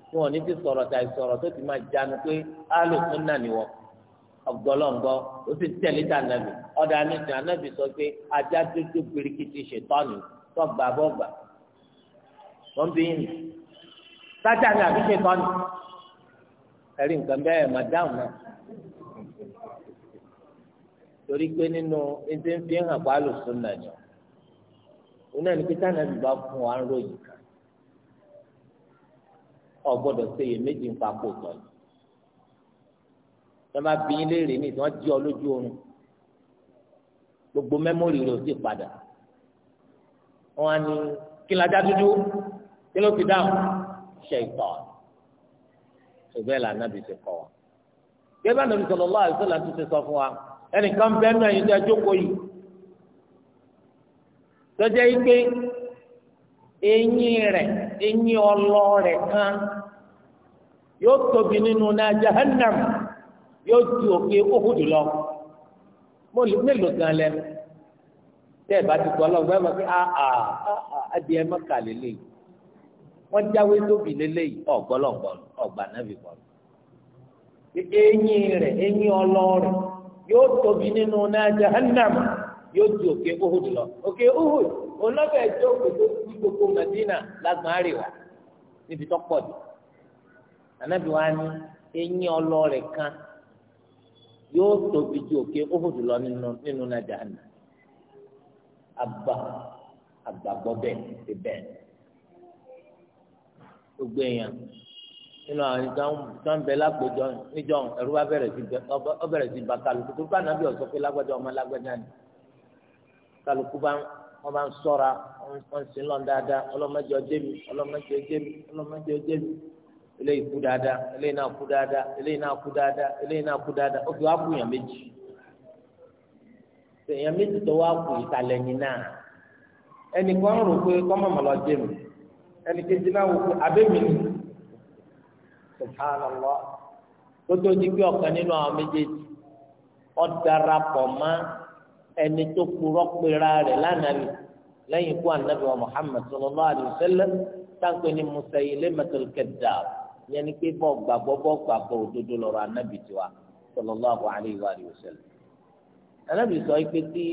tí wọn ní ti sọ̀rọ̀ tàì sọ̀rọ̀ tó ti máa jánu pé alùpùpù náà ni wọn ọgbọlọgbọ ó sì tẹ̀lé tà nàbì ọdọ anídìí anábì sọ pé ajá dúdú birikiti ṣètọ́nù tọgbà bọgbà wọn bí yín sájà àbí ṣètọ́nù ẹ̀rí nǹkan bẹ́ẹ̀ madam náà torí pé nínú ẹsẹ̀ ń fi hàn pa àlùsùn náà jọ òun náà ní pé táwọn ẹbí bá fún wa ń ròyìn kan ọ gbọ́dọ̀ ṣe iye méjì ń pa kó tọ yìí ẹ má bí léèrè ní ìtàn jí ọ lójú oorun gbogbo mẹmórì rẹ ò sì padà wọn á ní kí n lajà dúdú kí ló fi dáhùn ṣe ìtàn bẹ́ẹ̀ là nàbì ṣe kọ́ wa. gẹ́gẹ́ nàbì sallallahu alaihi wasallam ti sọ fún wa ẹnìkan bẹ́ẹ̀ náà yìí dá jókòó yìí. tọ́jà yìí pé eyín rẹ̀ eyín ọlọ rẹ̀ kan yóò tóbi nínú náà jahannam yóò ju òkè òhùdù lọ mélòó gan lẹ́nu tẹ́ ẹ̀ bá ti gbọ́ lọ́gbọ́n ẹ̀ máa fi àà àà adìẹ wọ́n jáwé tóbi lélẹ́yìí ọ̀gbọ́lọ̀gbọ́n ọ̀gbà nábì eyín rẹ̀ eyín ọlọ́ọ̀rẹ̀ yóò tóbi nínú náà jahannam yóò ju òkè uhud lọ òkè uhud olóbẹ̀ tó gbogbo ní gbogbo madina lágbàárì wa níbi tó pọ̀ jù wa eyín kan yóò tóbi ju òkè uhud lọ nínú gbogbo èèyàn nínú àwọn ẹni bẹ lágbèjọ níjọ ẹrú bá bẹ̀rẹ̀ sí ọ bẹ̀rẹ̀ sí kálukú tó bá nàbí ọ̀sọ́ pé lágbájá ọmọ lágbájá ni kálukú bá wọn bá ń sọ́ra wọn sì ń lọ dáadáa ọlọ́mọdé ọjẹ́ mi ọlọ́mọdé ọjẹ́ mi ọlọ́mọdé ọjẹ́ mi eléyìí kú dáadáa eléyìí náà kú dáadáa eléyìí náà kú dáadáa eléyìí náà kú dáadáa ó fi wá kú méjì èèyàn méjì tó wá kú ìtàlẹ́yìn náà ẹnì kan rò pé kọ́mọ̀mọ́ lọ jẹ́ mi. ẹnì kejì náà wò pé abẹ́mi ni subhanallah tótó di pé ọ̀kan nínú àwọn méjèèjì ó darapọ̀ mọ́ ẹni tó purọ́ pera rẹ̀ lánàá rẹ̀ lẹ́yìn ikú anabi wa muhammed sallallahu alayhi wa sallam táǹpẹ́ ni Musaylimatul Kazzab yẹn ni pé bọ́ gbàgbọ́ bọ́ gbàgbọ́ òdodo lọ́rọ̀ anabi tiwa sallallahu alayhi wa anabi sọ pé tí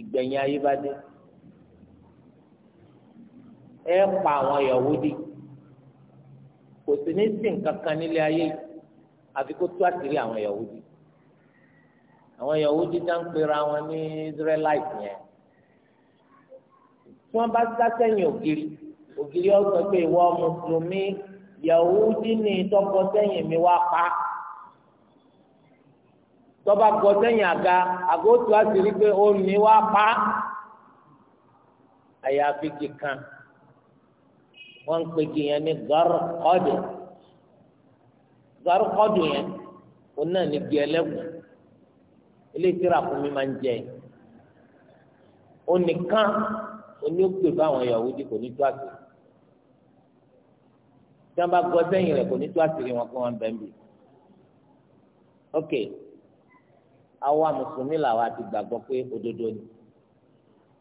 ìgbẹ̀yìn ayé bá dé ẹ pa àwọn Yahudi kò sì ní sìn kankan nílé ayé àfi kó tú àṣírí àwọn Yahudi àwọn Yahudi dá ń pera wọn ní Israelite yẹn tí wọn bá sá sẹ́yìn ògiri ògiri ọsọ pé ìwọ mùsùlùmí Yahudi ní tọkọ sẹ́yìn mi wá pa tọba gbọ sẹ́yìn àga àgótú àṣírí pé ó ní wá pa àyàfi kíkan wọ́n ń pè kí yẹn ní garqad garqad yẹn òun náà ní bí ẹlẹ́gùn eléyìí tí ràkúnmí máa ń jẹ onìkan onígbè fáwọn Yahudi kò ní tó àṣírí tí wọ́n bá gbọ́ sẹ́yìn rẹ̀ kò ní tó àṣírí wọn kó wọn bẹ́ẹ̀ bì ok àwa mùsùlùmí làwa ti gbàgbọ́ pé òdodo ni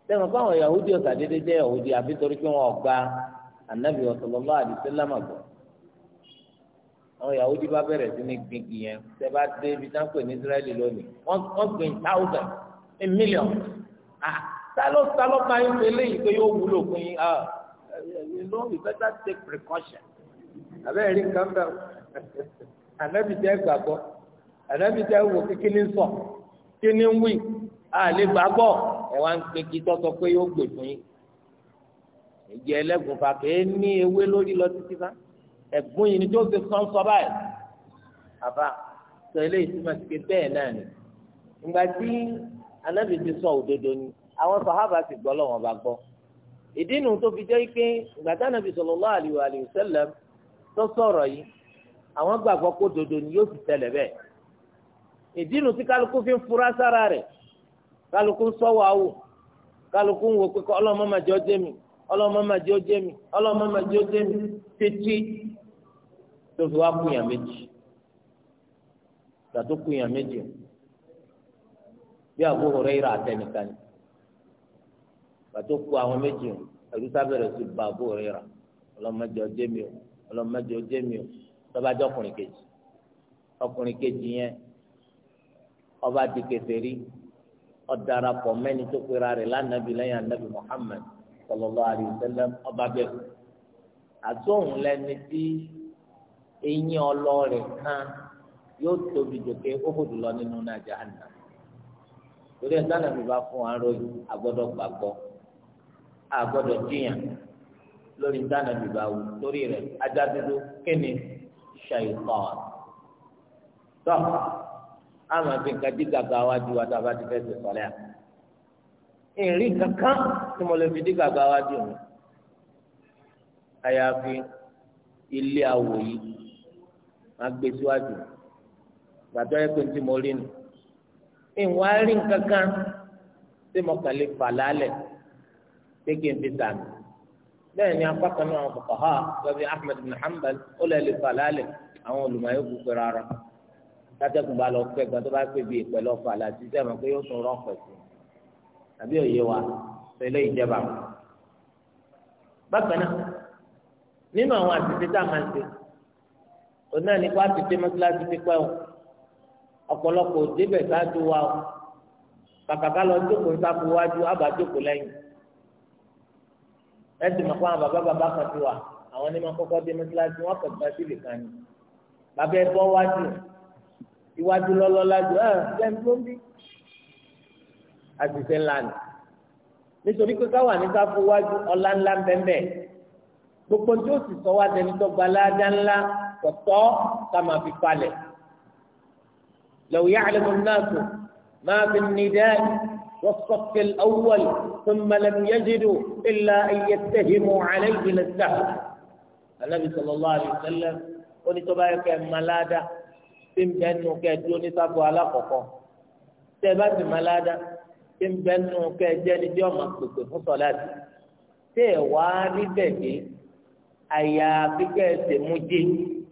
sẹ́wọ̀n fáwọn Yahudi ọ̀sà déédéé jẹ́ Yahudi àbí torí pé wọ́n ọ̀gá anabi ọsọlọlọ àdìsẹlámà gbọ àwọn Yahudi bá bẹ̀rẹ̀ sí ní gbígi yẹn tẹ bá dé ibi tá ń pè ní Israẹli lónìí wọn gbìn thousand a million ah taló taló máa ń fi eléyìí pé yóò wúlò fún yín ah you know we better take precaution abẹ́rẹ́ rí nǹkan bẹ́ẹ̀ anabi tẹ gbàgbọ́ anabi tẹ wò kíkíní sọ kíní wí àlè gbàgbọ́ ẹ̀ wá ń gbégi tọ́tọ́ pé yóò gbè fún yín ìjẹ ẹlẹ́gùn fà kéé ní ewé lórí lọ títí bá ẹ̀gbọ́n yìí ni tó ṣe sọ́n sọ báyìí àbá sọ eléyìí túmọ̀ sí pé bẹ́ẹ̀ náà ni ìgbà tí anábì ti sọ òdodo ni àwọn sàhábà sì gbọ́ lọ́wọ́ bá gbọ́ ìdí nu tó fi jẹ́ pé ìgbà tí anábì sallallahu alaihi wa sallam tó sọ̀rọ̀ yìí àwọn gbàgbọ́ kó dodo ni yóò fi tẹ̀lé bẹ́ẹ̀ ìdí nu tí kálukú fi ń fura sára rẹ̀ kálukú ń sọ́wọ́ àwò kálukú ń wo pé kọ́ ọlọ́mọ màjọ́ jẹ́ mi ọlọ́mọ máa jẹ́ ó jẹ́ mi ọlọ́mọ máa jẹ́ ó jẹ́ mi títí tó fi wá kúnyà méjì gbàtó kúnyà méjì bí Abu Huraira àtẹnìkan ni gbàtó kú àwọn méjì ẹ̀rú sábẹ̀rẹ̀ sí ba Abu Huraira ọlọ́mọ jẹ́ ó jẹ́ mi o ọlọ́mọ jẹ́ ó jẹ́ mi o tọ́ba jẹ́ ọkùnrin kejì ọkùnrin kejì yẹn ọba ti kẹsẹ̀ rí ọ̀darapọ̀ mẹ́ni tó pera rẹ̀ lánàbí lẹ́yìn ànàbí Muhammad. sallallahu ari wasallam ọba bẹ́ẹ̀ àtúnhùn lẹni tí eyín ọlọ́ọ̀rẹ̀ kan yóò tóbi jòkè ókòtò lọ nínú náà jahannam torí ẹ̀ sálẹ̀ mi bá fún wa ròyìn agbọdọ gbàgbọ́ agbọ́dọ̀ jiyàn lórí mi bá wù torí ajá dúdú nǹkan a bá ìrì kankan tí mo lè fi dí gàgà wá dì mí àyàfi ilé awò yìí má gbé síwájú gbàtọ́ yẹ pé tí mo rí nu ìwà rí kankan tí mo kàn lè fà lálẹ̀ pé kí n fi sàmì bẹ́ẹ̀ ni apá kan náà kọ̀kọ́ ha lọ́bí Ahmed bin Hanbal ó lè lè fà lálẹ̀ àwọn olùmọ̀ọ́yọ́ kú pé rárá látẹ̀kùn bá lọ fẹ́ gbàtọ́ bá pè bí ìpẹ́lẹ́ ọ̀fà láti sẹ́wọ̀n pé yóò tún rọ́ọ̀pẹ̀ sí i àbí òye wa pẹ̀lú ìjẹba bákan náà nínú àwọn àtìsí tá a máa ń ṣe òun náà nípa àtìsí mọ́tíláṣí pípẹ́ o ọ̀pọ̀lọpọ̀ débẹ̀ ṣáájú wa o kàkàká lọ jókòó sáfù wájú àbá jókòó lẹ́yìn ẹ̀sìn mọ̀ fún àwọn bàbá bàbá kan ti wà àwọn ní máa kọ́kọ́ dé mọ́tíláṣí wọn kàn gba sílẹ̀ kan ni bàbá ẹ bọ́ wájú iwájú lọ́lọ́ lájú ẹ̀ ṣẹ́ńtì ló ń bí àṣìṣe ńlá ni nítorí pé káwà ní ká fún wájú ọlá ńlá bẹ́ẹ̀ gbogbo tí ó sì sọ wá dẹni tó gba aláàdá ńlá tọ̀tọ̀ ká máa fi palẹ̀ law ya'lamu an-nasu ma fi an-nida'i والصف الأول ثم لم يجدوا إلا أن يتهموا عليه للسهو النبي صلى الله عليه وسلم oni tó bá yẹ kẹ malada tí ń bẹnu kẹ dúró ní sáfù alákọ̀ọ́kọ́ tẹ bá ti malada tí ń bẹ nù kẹ jẹ́ ní tí ọmọ pèpè fún sọ̀láàtì tí ẹ̀ wá níbẹ̀ dé àyà kíkẹ́ ṣèmújé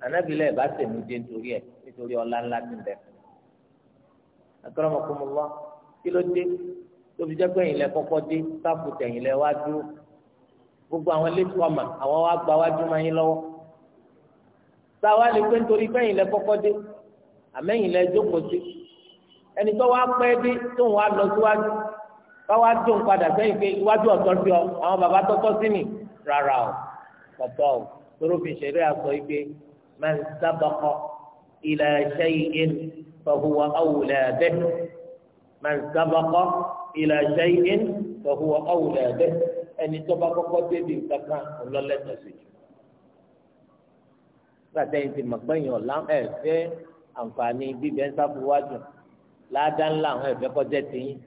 ànábìlẹ̀ bá ṣèmújé nítorí ẹ̀ nítorí ọlá ńlá ti bẹ̀. akọ́rọ́mọkọ́mọlá kí ló dé tóbi jẹ́ pé ìyìnlẹ̀ kọ́kọ́ dé sáfù tẹ̀yìnlẹ̀ wá dúró gbogbo àwọn ilé kọ́mà àwọn wá gba wájú máa yín lọ́wọ́ sáwa lè pé nítorí pé ìyìnlẹ̀ kọ́kọ́ dé àmẹ́yìnlẹ̀ jókòó ẹni tó wá pẹ́ bí tó ń wá lọ síwájú káwá dùn padà sẹ́yìn pé iwájú ọ̀tọ́ sí ọ àwọn bàbá tọ́tọ́ sí mi rárá o pọ̀pọ̀ o tóró fi ṣeré àsọ yìí pé man sabaqa ila shay'in fahuwa awla bihi man sabaqa ila shay'in fahuwa awla bihi ẹni bá kọ́kọ́ débi kankan ọlọ́lẹ́tọ̀ sí jù. gbàtẹ́yìn ti mọ̀ pẹ́yìn ẹ̀ fẹ́ àǹfààní bíbẹ́ sáfù wájú láàdá ńlá àwọn ẹ̀fẹ́ kọjá ti yín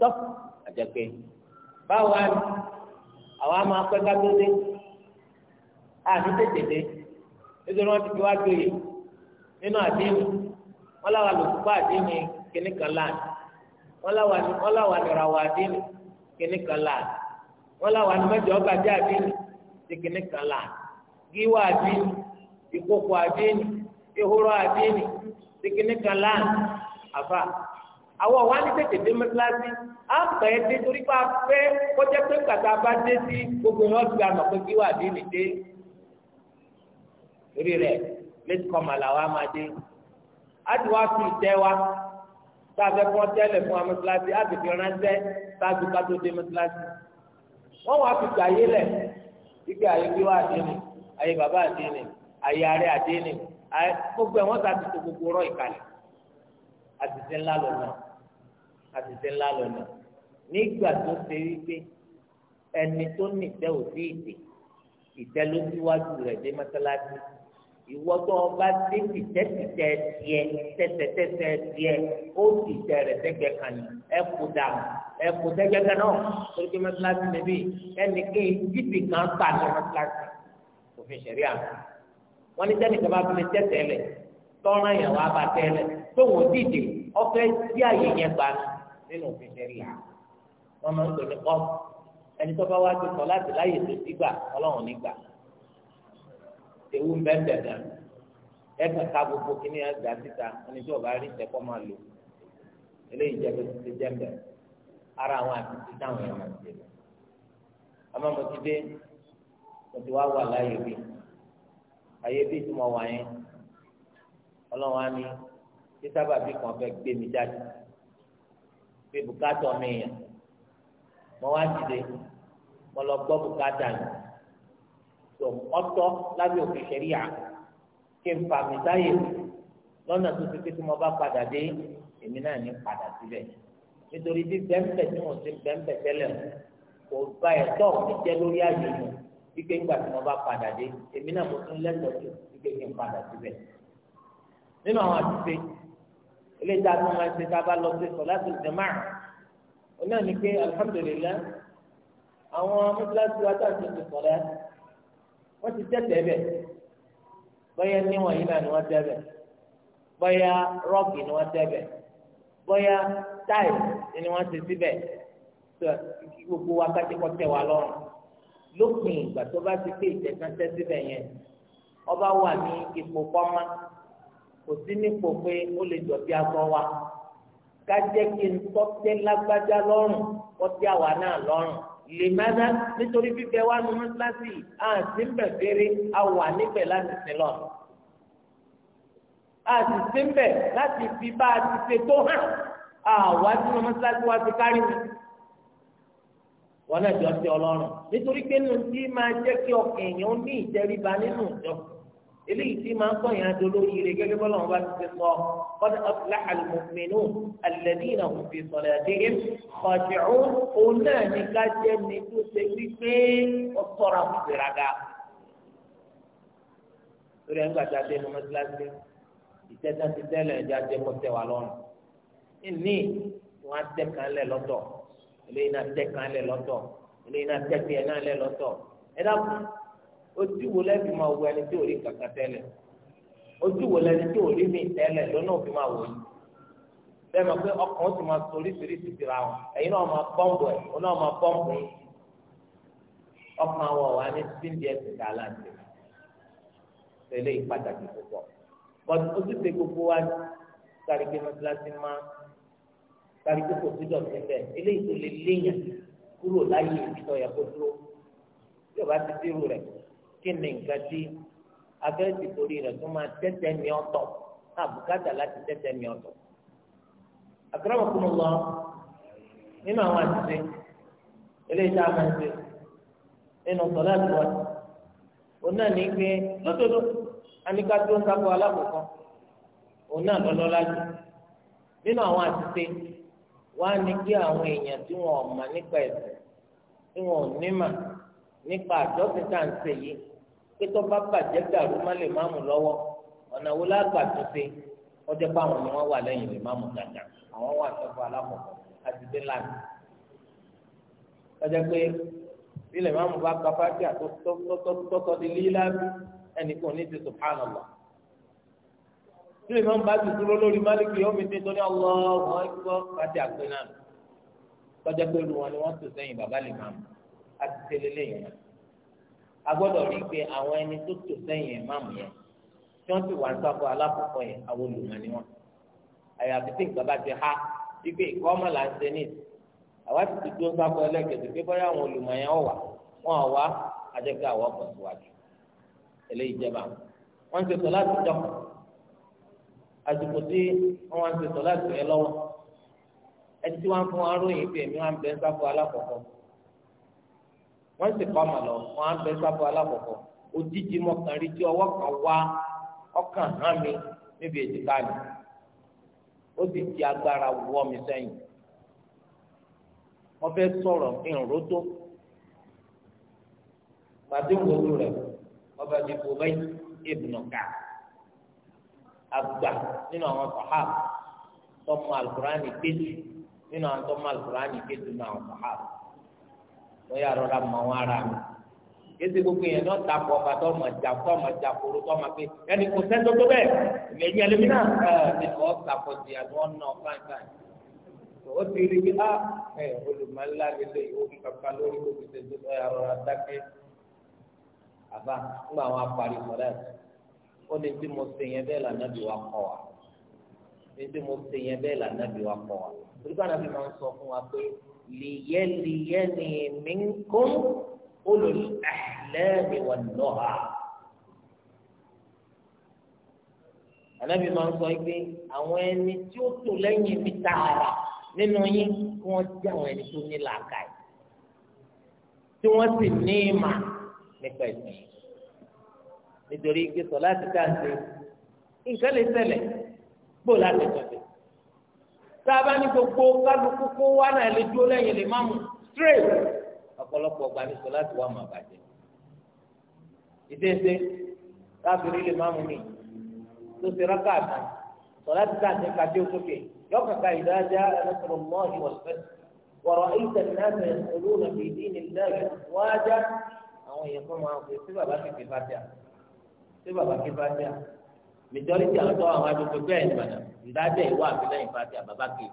tọ́ àjẹpẹ́ báwo á ní àwọn àmọ́ apẹ́ kájọ dé àti tètè dé nítorí wọ́n ti fi wá gbòye nínú àdéhùn wọ́n láwa lòkùnkọ́ àdéhùn kìnnì kan láàánú wọ́n láwa nìràwọ̀ àdéhùn kìnnì kan láàánú wọ́n láwa ní mẹ́jọ ọgbà dé àdéhùn ti kìnnì kan láàánú gíwá àdéhùn ìkókò àdéhùn ìhóró àdéhùn ti kìnnì kan láàánú àfà àwọn wa ní tètè dé mẹsàlásì á pẹ́ dé torí pé a fẹ́ kọjá pé kàtà bá dé sí gbogbo ìwọ́n ti àmọ̀ pé kí wàá dé nìdé torí rẹ̀ lẹ́tí kọ́mà làwọn á máa dé á ti wá fi ìtẹ́ wa tá a fẹ́ kọ́ tẹ́lẹ̀ fún wa mẹsàlásì á ti fi ránṣẹ́ tá a ti ká tó dé mẹsàlásì wọ́n wá fi gbàyé lẹ̀ ike ayé bí wàá dé ni ayé bàbá àdé ni ayé arẹ́ àdé ni gbogbo ẹ̀ wọ́n ta ti tó gbogbo rọ ìkàlẹ̀ àtìsí ńlá lọ́nà àtìsí ńlá lọ́nà nígbà tó ṣe wípé ẹni tó nìtẹ́ ò sí ìdè ìtẹ́ ló síwájú rẹ̀ dé mọ́sálásí ìwọ tó o bá dé tìtẹ́tìtẹ́ tiẹ̀ tẹ́tẹ́tẹ́tẹ́ tiẹ̀ ó tìtẹ́ rẹ̀ tẹ́gbẹ́ kan ní ẹ̀kú dàmú ẹ̀kú tẹ́gbẹ́ kan náà torí pé mọ́sálásí níbí ẹnìkéyìí jìbì kan gbà ní mọ́sálásí òfin ṣẹ̀rí àná wọ́n ní sẹ́nìkan bá fi lè tẹ́tẹ́ lẹ̀ tọ́ràn yẹn wá bá tẹ́lẹ̀ tó wò dìde ọfẹ tí àyè yẹn gbà nínú òfin ṣẹlẹ yà wọn máa ń pè ní kọ ẹni tó bá wá ti kọ láti láyè tó ti gbà Ọlọ́run nígbà ewu ń bẹ́ẹ̀ bẹ́ẹ̀ gan ẹ̀ka ká gbogbo kíní ẹgbàá síta ẹni tí ọba rí ìtẹ́kọ́ máa lò eléyìí jẹ́ bẹ́ẹ̀ ti jẹ́ bẹ́ẹ̀ ara àwọn àtúntí táwọn èèyàn máa ń ṣe lọ mo ti dé mo ti wá wà láyé bíi àyè bíi tí wà yẹn Ọlọ́run á ní tí sábàbí kan fẹ́ gbé mi jáde pé bùkátà mi yàn mo wá dìde mo lọ gbọ́ bùkátà yàn tó ọ̀tọ̀ lábẹ́ òfin ṣẹ̀ríà kí n fà mí sáyè lọ́nà tó ti pé tí mo bá padà dé èmi náà ní padà síbẹ̀ nítorí bí bẹ́ńpẹ̀ tí mo ti bẹ́ńpẹ̀ tẹ́lẹ̀ kò bá ẹ̀ tọ́ mi jẹ́ lórí àyè mi ńgbà tí mo bá padà dé èmi náà mo tún lẹ́tọ̀ọ́ tó wípé kí padà síbẹ̀ nínú àwọn àtúnṣe eléyìí tá a tún máa ṣe tá a bá lọ sí sọláṣí jamaa oní àná pé alihamudulilayi àwọn mọ́tíláṣí wa tá a ti ti sọ̀rọ̀ ẹ́ wọ́n ti tẹ̀tẹ̀ bẹ̀ bóyá níwọ̀n yìí náà ni wọ́n tẹ̀ bẹ̀ bóyá rọ́ọ̀kì ni wọ́n tẹ̀ bẹ̀ bóyá táì ni wọ́n ti síbẹ̀ tó gbogbo wa ká ti kọ́ tẹ̀ wá lọ́rùn lópin ìgbà tó bá ti pé ìtẹ̀sán síbẹ̀ yẹn ọba wà ní ipò pọ́nmá kò sí nípò pé ó lè jọ bí agbọ́ wa ká jẹ́ kí n tọ́tẹ́ lágbájá lọ́rùn tọ́tẹ́ àwa náà lọ́rùn lè mẹ́ta nítorí fífẹ́ wa nu mọ́sálásì àti ń bẹ̀ fèrè àwa níbẹ̀ láti sin lọ. àti sí láti fi bá a ti ṣe tó hàn àwa tí mo mọ́sálásì wa ti kárí mi. wọn náà jọ ti ọlọ́run nítorí pé nù tí máa jẹ́ kí ọkàn èèyàn ní ìtẹríba nínú ìjọba eléyìí tí máa ń sọ yẹn adó lórí ire gẹ́gẹ́ bọ́lá wọn bá ti sọ kọ́dà aflaha almu'minun alladhina hum fi salatihim khashi'un òun náà ní ká jẹ́ ní tó ṣe wípé ó sọ̀rọ̀ fún ìraga. lórí ẹgbẹ́ àti adé ní mọ́tíláṣí ìtẹ́tẹ́ ti tẹ́lẹ̀ ẹ̀jẹ̀ ajé kọ́ tẹ̀ wá lọ́rùn. ìní wọn á kan lẹ̀ lọ́tọ̀ eléyìí náà tẹ̀ kan lẹ̀ lọ́tọ̀ eléyìí náà tẹ̀ ojú wo lẹ́bi máa wo ẹni tí ò rí kankan tẹ́lẹ̀ ojú wo lẹ́ni tí ò rí mi tẹ́lẹ̀ lọ́nà òfin máa wò yìí bẹ́ẹ̀ máa pé ọkàn ó ti máa sọ oríṣiríṣi ti ra wọn ẹ̀yin náà máa pọ́ǹpù ẹ̀ òun náà máa pọ́ǹpù yín ọkàn àwọn ọ̀wá ní síndì ẹ̀sìn dá láǹtì tẹ̀lé ìpàtàkì púpọ̀ bọ́t ojúṣe gbogbo wa kárí pé mọ́tíláṣí máa kárí pé kò sídọ̀ síbẹ̀ eléyìí tó lè kí ni nǹkan tí abẹ́ẹ̀sì torí rẹ̀ tó máa tẹ́tẹ́ mi ọ̀tọ̀ àbùkátà láti tẹ́tẹ́ mi ọ̀tọ̀. àkàràwọ̀ kún un lọ nínú àwọn àtúnṣe eléyìí tá a máa ń ṣe nínú sọ̀lá àtúwọ̀ òun náà ní pé lódodo tó ń alákòókò òun nípa àjọsìn tá à ń ṣe yìí pé tó bá bàjẹ́ dàrú má lè má mú lọ́wọ́ ọ̀nà wo lágbà tó ṣe wọ́n jẹ́ ni wọ́n wà lẹ́yìn lè má mú dàgbà àwọn wà sọ́kọ̀ alákọ̀ọ́kọ́ àti dé lánàá pé bí lè má mú bá kápá sí àtọ́tọ́tọ́tọ́ di lílá ẹnì kan ní ti subhanallah bí lè má mú bá ti dúró lórí máàlìkì yóò mi ti tó ní ọlọ́ọ̀ wọ́n gbọ́ pàtẹ́ àgbẹ̀ náà wọ́n pé lu wọn ni wọ́n tò sẹ́yìn bàbá lè má mú àti tẹlẹlẹ yẹn a gbọ́dọ̀ rí i pé àwọn ẹni tó tò sẹ́yìn ìmáàmù yẹn tí wọ́n ti wà ní sáfọ alákọ̀ọ́kọ́ yẹn àwọn olùmọ̀ ni wọ́n àyàfi tí nǹkan bá ti há wípé ìkọ́ ọmọ là ń ṣe ní àwa ti ti dúró sáfọ ẹlẹ́gẹ̀dẹ̀ pé bóyá àwọn olùmọ̀ yẹn wà wọ́n á wá adẹ́gbẹ́ àwọn ọkọ̀ síwájú eléyìí jẹba wọ́n ti sọ láti dọ́kọ̀ àsìkò tí wọ́n wá ń ti sọ láti rẹ lọ́wọ́ ẹni tí wọ́n fún aróyìn pé èmi wá ń bẹ sáfọ wọ́n sì kọ́ ọmọ lọ wọ́n á bẹ sábọ̀ alákọ̀ọ́kọ́ òjijì mọ̀kàn rí tí ọwọ́ kan wá ọkàn hàn mi níbi èjìká mi ó sì ti agbára wọ́ mi sẹ́yìn wọ́n fẹ́ sọ̀rọ̀ ìrùnrótó pàtó ìwòrú rẹ̀ ọba ti fò bẹ́ẹ̀ ìbùnàkà àgbà nínú àwọn sàhábà tọ́mọ alukurani kejì nínú àwọn tọ́mọ alukurani kejì nínú àwọn sàhábà lọ́yà rọra mọ wọn ara mi kéde gbogbo yẹn lọ ta kọ ọba tó ma dza kó ma dza koro tó ma pé ẹni kò sẹ́ńtò tó bẹ́ẹ̀ lẹ́yìn ẹlẹ́mi náà ẹ ẹ ọ sàkó di àti wọn nọ fain fain o ti rí bí a ah, ẹ olùmọ̀lá mi lè omi kankan lórí kó fi ṣe tó ẹ arọra dákẹ́ àbá ńgbà wọn apari sọ̀rọ̀ ẹ̀ ó ní tí mo ṣe yẹn bẹ́ẹ̀ lànà bí wa kọ̀ wa ní tí mo ṣe yẹn bẹ́ẹ̀ lìyẹ́lìyẹ́ni minkum ulul ahlami wan nuha. ànábì máa ń sọ pé àwọn ẹni tí ó tò lẹ́yìn mi tààrà nínú yín kí wọ́n jẹ́ àwọn ẹni tó ní làákàyè tí wọ́n sì ní ìmà nípa ẹ̀sìn nítorí pé sọ láti káàsì nǹkan lè ṣẹlẹ̀ gbó láti tọ̀ tá a bá ní gbogbo kálukú kó wá náà lè dúró lẹ́yìn lè má mú straight ọ̀pọ̀lọpọ̀ ọgbà ní sọ láti wá máa bàjẹ́ ìdẹ́sẹ̀ káfíìrì lè má mú mi tó ṣe rákà àná sọ láti tà ní kàdé òsókè yọkàkà ìdájá ẹlẹ́sọ̀rọ̀ mọ́ ìwọ̀sẹ̀ wọ̀rọ̀ ìtẹ̀lẹ́sẹ̀ olóòlù ìdí nílẹ̀ wájá àwọn èèyàn kan máa ń pè sí bàbá kìkì fàtíà sí bàbá kìkì fàtíà mìtọ́lítì àwọn tó àwọn àdúgbò bẹ́ẹ̀ ní bàdàn ìdájà ìwà àbí lẹ́yìn fati àbàbà ké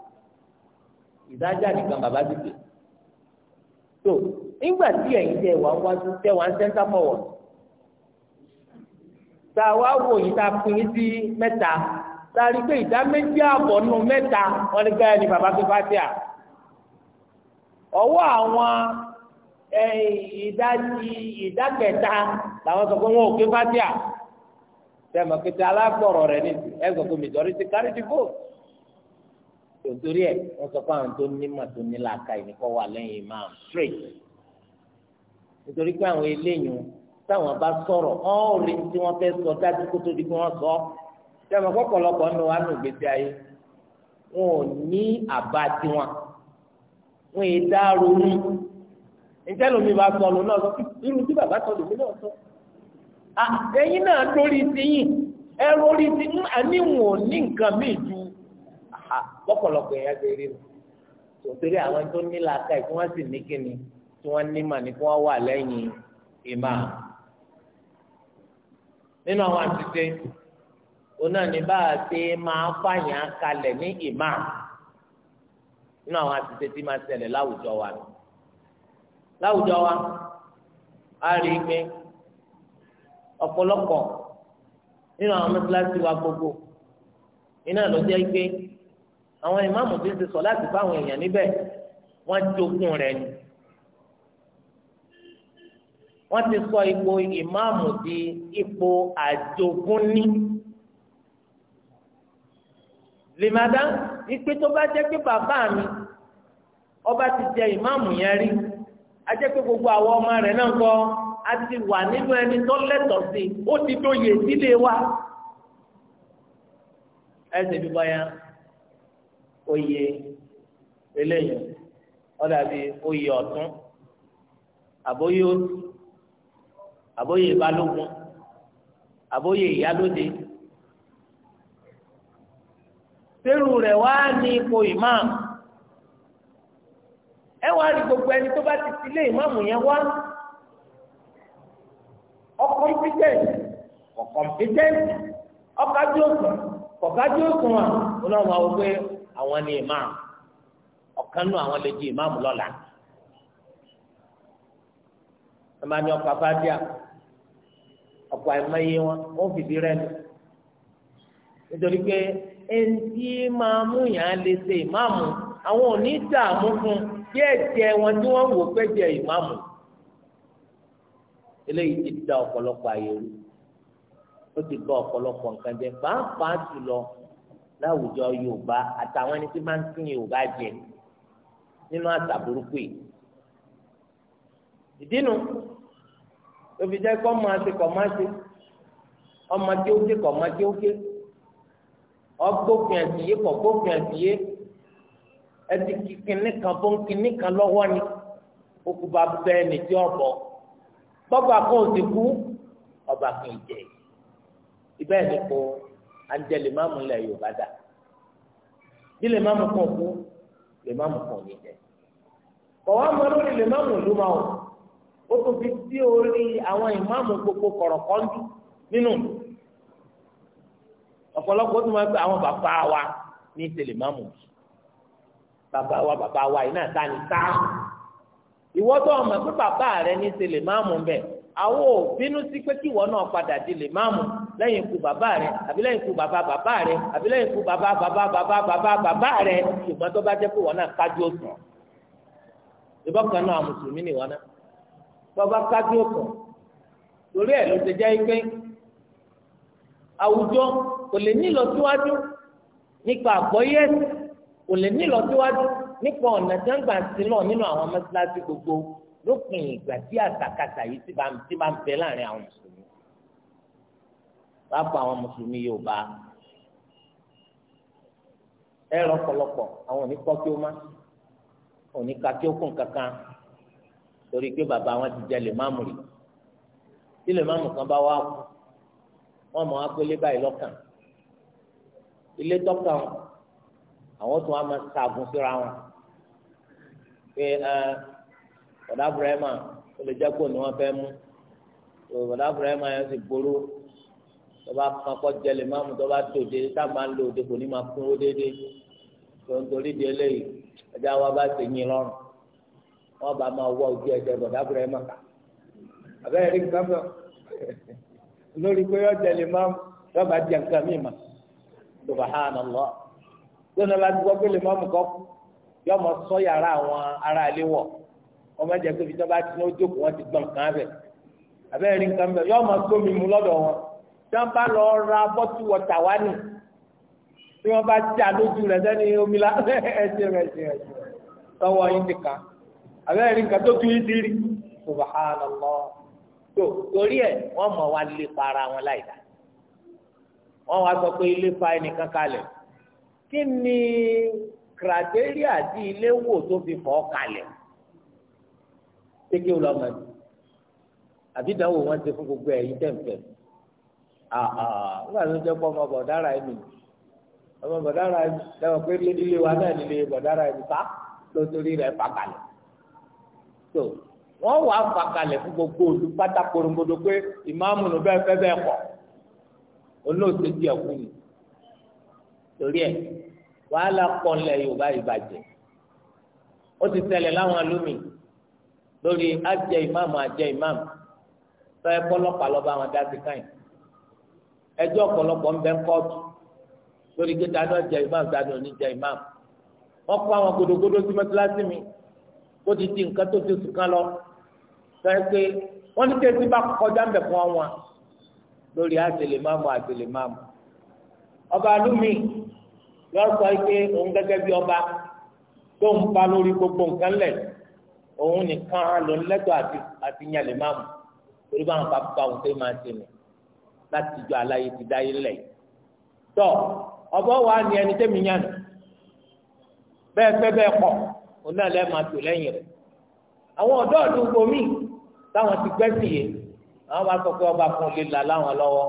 ìdájà nìkan bàbá ti ké tó nígbà tí ẹ̀yin tẹ wà ń wájú tẹ wà ń sẹ́ńtà fọwọ́ tá a wá wò yìí tá a pín sí mẹ́ta tá pé ìdá méjì àbọ̀ nù mẹ́ta wọn ni gáyà ni bàbá ké fati à ọwọ́ àwọn ìdájí ìdákẹta làwọn sọ pé wọn ò ké fati à sẹ́mi pété alágbọ̀rọ̀ rẹ̀ ní ẹgbẹ́ kó majority carry the vote tòǹtòrí ẹ̀ wọ́n sọ fún àwọn tó nímọ̀ tó ní làákà yìí kọ́ wà lẹ́yìn imam straight nítorí pé àwọn eléyìn táwọn bá sọ̀rọ̀ ọ̀rì tí wọ́n fẹ́ sọ dájú kó tó di pé wọ́n sọ sẹ́mi kọ́kọ́lọ́kọ́ nù wá nù gbèsè ayé wọn ò ní àbá tiwọn wọn è dá ronú ìjẹ́ lómi bá sọ lónà sọ irú tí bàbá sọ lómi sọ ẹ̀yin náà lórí ti yìn ẹ lórí ti ń àníwọ̀n ní nǹkan míì ju lọ́pọ̀lọpọ̀ ẹ̀yà ti rí o tòtòrí àwọn tó ní làákàyè tí wọ́n sì ní kíni tí wọ́n ní mà ní kí wọ́n wà lẹ́yìn ìmà nínú àwọn àtúnṣe oná ní bá a ṣe máa fàyàn kalẹ̀ ní ìmà nínú àwọn àtúnṣe tí máa ṣẹlẹ̀ láwùjọ wa láwùjọ wa a rí i pé ọ̀pọ̀lọpọ̀ nínú àwọn mọ́tíláṣí wa gbogbo iná ló jẹ́ pé àwọn ìmáàmù tó ń ti sọ láti bá àwọn èèyàn níbẹ̀ wọ́n jogún rẹ̀ ni wọ́n ti sọ ipò ìmáàmù di ipò àjogúnní lèmàdá ipe tó bá jẹ́ pé bàbá mi ọba ti jẹ ìmáàmù yẹn rí a jẹ́ pé gbogbo àwọn ọmọ rẹ̀ náà kọ́ a ti wà nínú ẹni tó lẹ́tọ̀ọ́ sí i ó ti dóye sílé wa ẹsẹ̀ bí báyà oyè eléyìí ọ̀dà bí oyè ọ̀tún àbóyè òsì àbóyè balógun àbóyè ìyálóde sẹ́rù rẹ̀ wá ní ipò ìmáàmù ẹ wá rí gbogbo ẹni tó bá ti sílé ìmáàmù yẹn wá. ọkọmpitẹnti ọkọmpitẹnti ọkadì òsùn ọkadì òsùn wa ọlọ́run àwọn pé àwọn ni imam ọ̀kan nù àwọn lè imam lọla ẹ máa ní ọkọ̀ abájá ọ̀pọ̀ àìmọye wọn wọ́n fìdí rẹ́nu nítorí pé yẹn lè ṣe àwọn dààmú fún díẹ̀ díẹ̀ wọn tí wọ́n wò pé eléyìí ti da ọ̀pọ̀lọpọ̀ àyè rú ó ti bá ọ̀pọ̀lọpọ̀ nǹkan jẹ pàápàá jùlọ láwùjọ yorùbá àtàwọn ẹni tí máa ń sìn yorùbá jẹ nínú àṣà burúkú yìí ìdínú òfin jẹ́ kó máa ṣe kó máa ṣe ọmọ tí ó ké kó máa tí ó ké ọgbófin ẹ̀sìn yé kó gbófin yé ẹtì kìnnìkan bó ń kìnnìkan lọ́wọ́ ni ó kú bá bẹ́ẹ̀ nìjọ́ ọ̀bọ̀ bọ́ba kan ò ti kú ọba kan ì jẹ ibẹ̀ ni kò àǹjẹ lè má mú ilẹ̀ Yorùbá dà bí lè mamu mú kàn kú lè má mú kàn ní jẹ kọ̀wá mọ lórí lè má ìlú ma o ó tún fi sí orí àwọn ìmáàmù gbogbo kọ̀rọ̀kọ́ndù nínú ọ̀pọ̀lọpọ̀ tó máa ń pẹ́ àwọn bàbá wa ní tẹlẹmáàmù bàbá wa bàbá wa yìí náà ta ni ta ìwọ tó ọmọ pé bàbá rẹ ní ṣe lè máàmù bẹ àwọn ò bínú sí pé kí ìwọ náà padà di lè máàmù lẹ́yìn ikú bàbá rẹ àbí lẹ́yìn ikú bàbá bàbá rẹ àbí lẹ́yìn ikú bàbá bàbá bàbá bàbá bàbá rẹ ṣùgbọ́n tó bá jẹ́ pé ìwọ náà kájú òsùn ìbọn kan náà mùsùlùmí ni ìwọ náà bàbá kájú òsùn torí ẹ̀ ló ti jẹ́ pé àwùjọ kò lè ní ìlọsíwájú nípa àgbọ́yé kò lè ní ìlọsíwájú nípa ọ̀nà tí wọ́n gbà sí lọ nínú àwọn mọ́sálásí gbogbo lópin ìgbà tí àtàkàtà yìí ti máa ń bẹ láàrin àwọn mùsùlùmí pápá àwọn mùsùlùmí yóò bá ẹ rọpọlọpọ àwọn oníkọ kí ó má oníka kí ó kún kankan torí pé bàbá wọn ti jẹ lè má mú rí tí lè má mú kan bá wà kú wọn mọ akpélé báyìí lọ́kàn ilé tọkàn àwọn tó wà máa ṣaagun síra wọn pé ah, bọ̀dá burẹ́mà ó lè jẹ́ kó ni wọ́n fẹ́ mú bọ̀dá burẹ́mà yẹn sì gbóró tọba kankọ jẹlẹ máa mú tọba tó déédéé tá a máa ń lo òde kò ní máa kún ó déédéé tó ń torí di eléyìí ẹjẹ àwa bá ti yin lọ́rùn wọn bá máa wọ ojú ẹsẹ̀ bọdà búrẹ abẹ́rẹ́ rí nǹkan lórí pé yọ jẹlẹ máa mú jẹ nǹkan mí mà tọba ha nà lọ yọ mọ sọ yàrá àwọn ará ilé wọ ọmọ jẹ pé ibi tí wọn bá ti ní ó jókòó wọn ti gbọn kàn bẹ abẹ́rẹ́ rí nǹkan bẹ yọ mọ sómi mu lọ́dọ̀ wọn tí wọn bá lọ ra bọ́tù wọ̀tà wá nì tí wọn bá jà lójú rẹ sẹ́ni omi la ẹsẹ̀ rẹ ẹsẹ̀ rẹ tọwọ́ yín ti kàn abẹ́rẹ́ rí nǹkan tó tún yín ti rí subhanallah tó torí ẹ̀ wọ́n mọ̀ wá lè para wọn láì dá wọ́n wá sọ pé ilé fa ẹnìkan kalẹ̀ kí ni kìràtẹ́rìà tí ilé wò tó fi fọ́ kalẹ̀ kékeré lọ́mọ ni àbí ìdánwò wọn ti fún gbogbo ẹ̀yin tẹ̀m̀tẹ̀ nígbà tó jẹ́ pọ́ ọmọ bọ̀dára ẹ̀mí ọmọ bọ̀dára ẹ̀mí lẹ́wọ̀n pé ilé wa náà nílé bọ̀dára ẹ̀mí pa lótórí rẹ̀ fà kalẹ̀ tó wọ́n wàá fà kalẹ̀ fún gbogbo olú pátá korongodo pé ìmáàmù ló bẹ́ẹ̀ fẹ́ bẹ́ẹ̀ kọ̀ olóòtú ti ẹ̀kú ni torí ẹ̀ wàhálà pọ̀nlẹ̀ yorùbá ìbàjẹ́ ó ti tẹ̀lẹ̀ láwọn alómi lórí àjẹ ìmáàmù àjẹ ìmáàmù sọ́yẹ́ pọ́lọ́pàá lọ́ba àwọn dáàbì káyìn ẹjọ́ ọ̀pọ̀lọpọ̀ ń bẹ ń kóòtù lórí kí dáná jẹ ìmáàmù dáná òní jẹ ìmáàmù wọ́n kó àwọn gòdògòdò sí mọ́tíláṣí mi ó ti di nǹkan tó ti sùn kán lọ sọ́yẹ́ pé wọ́n ní tẹ́sí bá kọjá ń bẹ̀ fún wọn lórí àjẹlè máàmù àjẹlè máàmù ọba alómi yọ sọ pé òun gẹ́gẹ́ bí ọba tó ń pa lórí gbogbo nǹkan lẹ̀ òun nìkan ló ń lẹ́tọ̀ àti àti yàn lè má mu torí báwọn bàbá òun tó máa ṣe nù láti jọ aláyé ti dáyé lẹ̀ tọ́ ọbọ wa ni ẹni tẹ́mi yàn nù bẹ́ẹ̀ fẹ́ bẹ́ẹ̀ pọ̀ òun náà lẹ́ẹ̀ máa tò lẹ́yìn rẹ̀ àwọn ọ̀dọ́ ọ̀dún gbomi táwọn ti gbẹ́sì yìí àwọn bá sọ pé ọba kan lè là láwọn lọ́wọ́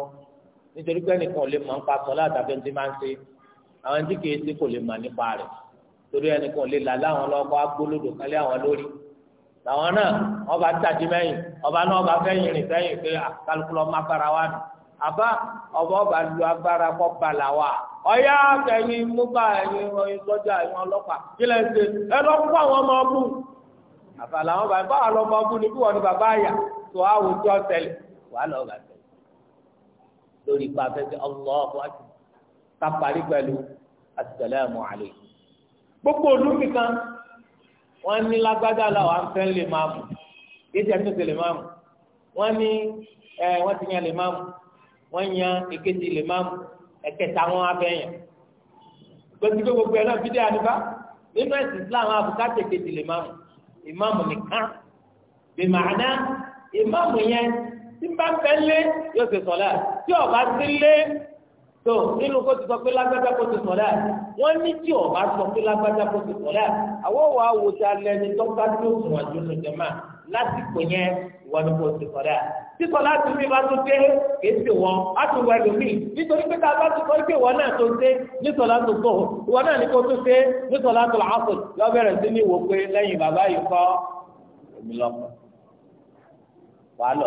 nítorí pé ẹnìkan ò lè mọ̀ ń sọ láàtàbí ẹni máa ń ṣe àwọn tí kìí sí kò lè mà nípa rẹ̀ torí ẹnìkan lè là láwọn lọ́kọ́ agbólódò kálí àwọn lórí làwọn náà ọba tàdí mẹ́yìn ọba náà ọba fẹ́yìn rìn fẹ́yìn pé ah, kálukú lọ́ọ́ má fara wa nù àbá ọba ọba lu agbára kọ́ bala wa ọ̀yá kẹyìn múgbà ẹ̀yìn ọ̀yìn sọ́jà ẹ̀yìn ọlọ́pàá kí lẹ́ ṣe ẹ lọ fún àwọn ọmọ ọbú àbá làwọn bàbá báwa lọ ọmọ ọbú ni bí wọn ni bàbá àyà tó àwùjọ tẹlẹ wàá lọ bàtẹ lórí ipa afẹ́fẹ́ ká parí pẹ̀lú asalaamu aleykum gbogbo olùkí kan wọ́n ní lágbájá làwọn afẹ́ lè máa mú yéésì àti tètè lè máa mú wọ́n ní ẹ wọ́n ti yan lè máa mú wọ́n yan èkejì lè máa mú ẹ̀kẹta wọn abẹ́ yàn gbẹdúgbẹ gbogbo ẹ náà fídíò àdúgbà nínú ẹ̀sìn Islam abùkátà èkejì lè máa mú ìmáàmù nìkan bìmàánà ìmáàmù yẹn tí n bá fẹ́ lé yóò ṣe sọ̀lá tí ọba ti lé tó nínú kó ti sọ pé lágbájá kó ti sọ̀rọ̀ ẹ̀ wọ́n ní tí ọba sọ pé lágbájá kó ti sọ̀rọ̀ ẹ̀ àwọn wà á wò ta lẹni tọ́ka tó sùn àjò ní jẹ̀má lásìkò yẹn wọ́n ní kó ti sọ̀rọ̀ ẹ̀ sísọ láti mi bá tún dé kìí ṣe wọn á tún wọ ẹlòmíì nítorí pé tá a bá tún sọ pé wọn náà tó ń dé nísọ láti gbọ wọn náà ní kó tún dé nísọ láti làásù lọ́bẹ̀rẹ̀ sí ní ìwò pé lẹ́yìn bàbá yìí kọ́ èmi lọ́kọ̀ wàá lọ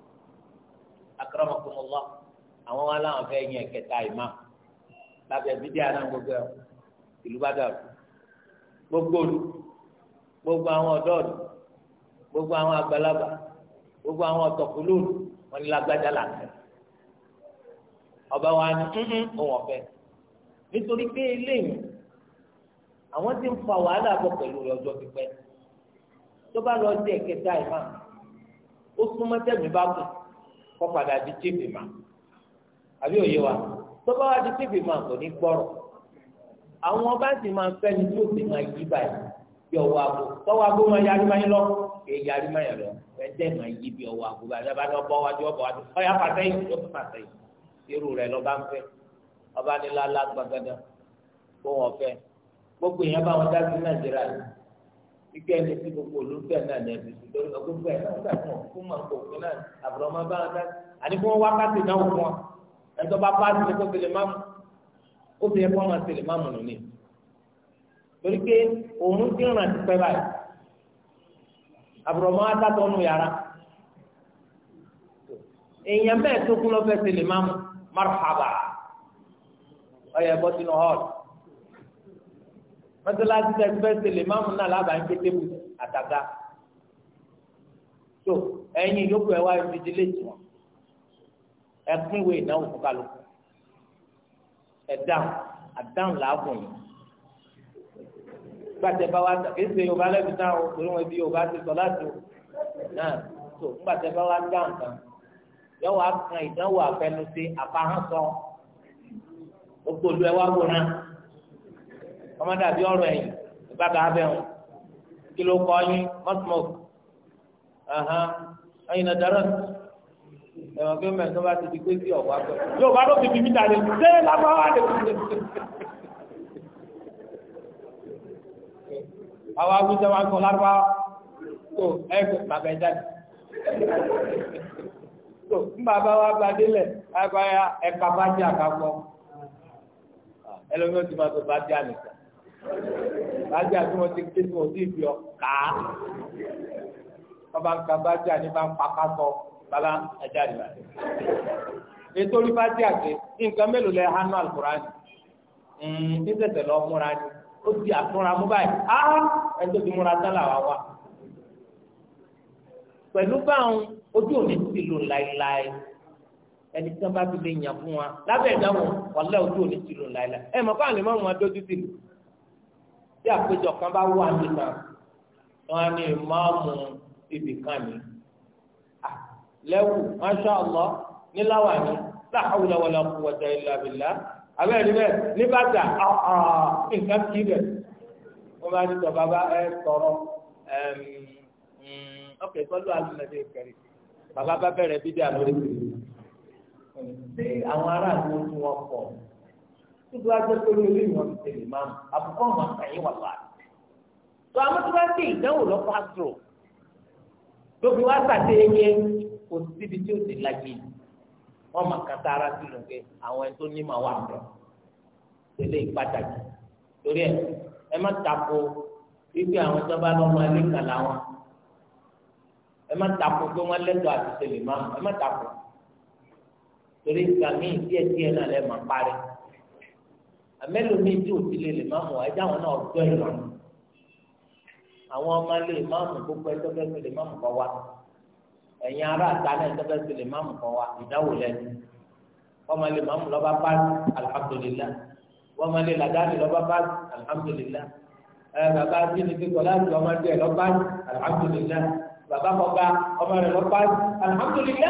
akramakumullah àwọn wa láwọn fẹ́ yẹn kẹta ìmá lábẹ́ bíbí àná gbogbo ìlú bá dàrú gbogbo olú gbogbo àwọn ọ̀dọ́ ọ̀dọ́ gbogbo àwọn àgbàlagbà gbogbo àwọn ọ̀tọ̀kùlù wọn ni lágbájá làǹfẹ̀ ọba wa ni òun ọ̀fẹ́ nítorí pé eléyìí àwọn tí ń fa wàhálà bọ̀ pẹ̀lú rẹ̀ ọjọ́ tó bá lọ sí ẹ̀kẹta ìmá ó súnmọ́ tẹ̀mí bá kù kọ́ padà di chief imam àbí òye wa tó bá wá di chief imam kò ní gbọ́rọ̀ àwọn ọba sì máa fẹ́ ni tí ó sì máa yí báyìí bí ọwọ́ àgbo tọ́wọ́ àgbo máa yarí máa ń lọ kì í yarí máa yàn lọ ẹ̀jẹ̀ máa yí bí ọwọ́ àgbo báyìí lọ́ba ní ọbọ̀ wájú ọbọ̀ wájú ọyà pàtẹ́yìn ló fi pàtẹ́yìn irú rẹ̀ lọ́ba ń fẹ́ ọba ní lálá gbàgádà kó wọn fẹ́ gbogbo ìyẹn bá wọn dá sí nàìjíríà yìí ike ẹni tí gbogbo olùfẹ́ náà ní ẹbí sí lórí ọgbọgbọ ẹ náà gbà fún fún màá kó fún náà àbúrò ọmọ bá wọn dá àní fún wọn wákàtí náà wọn wọn ẹ̀tọ́ bá bá ti kó tẹ́lẹ̀ máàmù ó ti yẹ kó máa tẹ́lẹ̀ máàmù lónìí torí pé òun ti ràn ti pẹ́ báyìí àbúrò ọmọ wa dátọ nù yàrá èèyàn bẹ́ẹ̀ tó kú lọ fẹ́ tẹ́lẹ̀ máàmù marhaba ọyẹ bọ sínú hall mọ́sálásí tẹ́ fẹ́ ṣe lè máàmù náà lábàá ń ké tébù àtàgà tó ẹ̀yin yòókù ẹ̀ wá ìfìdílé tì wọ́n ẹ pín ìwé ìnáwó fún kálukú ẹ dáhùn àdáhùn làágùn yìí gbàtẹ bá wa tàbí ṣe yorùbá lẹ́bi táwọn òkúrò wọn bí yorùbá ti sọ láti náà tó gbàtẹ bá wa dáhùn kan yóò wá ìdánwò àfẹnusí àfahànsọ gbogbo olú ẹ wá wò náà ọmọ dàbí ọ̀rọ̀ ẹ̀yìn ìbága abẹ wọn kí ló kọ yín mọtmọk ẹ̀yin náà dáràn ẹwọn pé mẹ tó bá ti di pé sí ọwọ́ abẹ yóò bá tó fi bíbí ta lè dé lábáwá lè fi lè àwọn awùjọ wa sọ lárúbáwá tó ẹ bàbá ẹ jáde tó ń wa bá délẹ̀ ẹ̀ka bá jẹ́ àkàkọ́ ẹlòmíràn ti máa tó bá jẹ́ àlùkò bájà tí wọ́n ti ké tí wọ́n ti fi ọ kàá ọba nǹkan bájà ní bá ń pàkà sọ bàbá ẹja rẹ báyìí ètò orí bájà ké nǹkan mélòó lẹ hánú àlùkùránì ní tẹ̀tẹ̀ lọ múra ni ó ti àtúnra mú báyìí á ẹjọ́ ti múra tán làwa wà pẹ̀lú báwọn ojú òní ti lò láéláé ẹni tí wọn bá fi lè yàn fún wa lábẹ́ ìdáhùn wàlẹ́ ojú òní ti lò láéláé ẹ mọ̀ fáwọn lè má wọn adójú ti lò tí àpéjọ kan bá wà níta wọn á ní ìmáàmù ibì kan ní. lẹ́wù masha allah níláwà ní la hawla wala quwwata illa billah abẹ́rẹ́ bẹ́ẹ̀ ní bàtà nǹkan kí bẹ̀. wọ́n bá ní sọ bàbá ẹ sọ̀rọ̀ mm, ok sọ́lú alùpùpù kẹrì bàbá bá bẹ̀rẹ̀ bídíà lórí kiri. àwọn aráàlú ń tún wọn pọ̀ níbi wá jẹ́ pé ilé ìwọ̀n ti tẹ̀lé máa mú àbùkọ́ ọ̀mà kàyé wà bá a. tó a mọ́tò bá dé ìdánwò lọ pásítọ̀ tó fi wá sàdé ẹyẹ kò síbi tí ó ti lajì wọ́n mà kàtà ara sínú pé àwọn ẹni tó ní màá wà bẹ̀rẹ̀ tẹ̀lé ìpàtàkì torí ẹ ẹ má tako wípé àwọn tó bá lọ máa lé kàlà wọn ẹ má tako pé wọ́n lẹ́tọ̀ọ́ àti tẹ̀lé máa ẹ má tako torí ìgbà míì díẹ̀ díẹ̀ náà lẹ máa parí amẹ́lòmíì tí ò ti lè lè máàmù wá ẹjẹ́ àwọn náà gbọ́ ìlànà àwọn ọmọ lè máàmù gbogbo ẹjọ́ fẹ́ fi lè máàmù kọ́ wa ẹ̀yin ará àta náà ẹjọ́ fẹ́ fi lè máàmù kọ́ wa ìdáwò lẹ́nu ọmọ lè máàmù lọ́ba pàṣẹ alihamudulilá ọmọ lè làdáni lọ́ba pàṣẹ alihamudulilá ẹ bàbá bíni kíkọ láti ọmọ díẹ̀ lọ́ba alihamudulilá bàbá kọba ọmọ rẹ lọ́ba alihamudulilá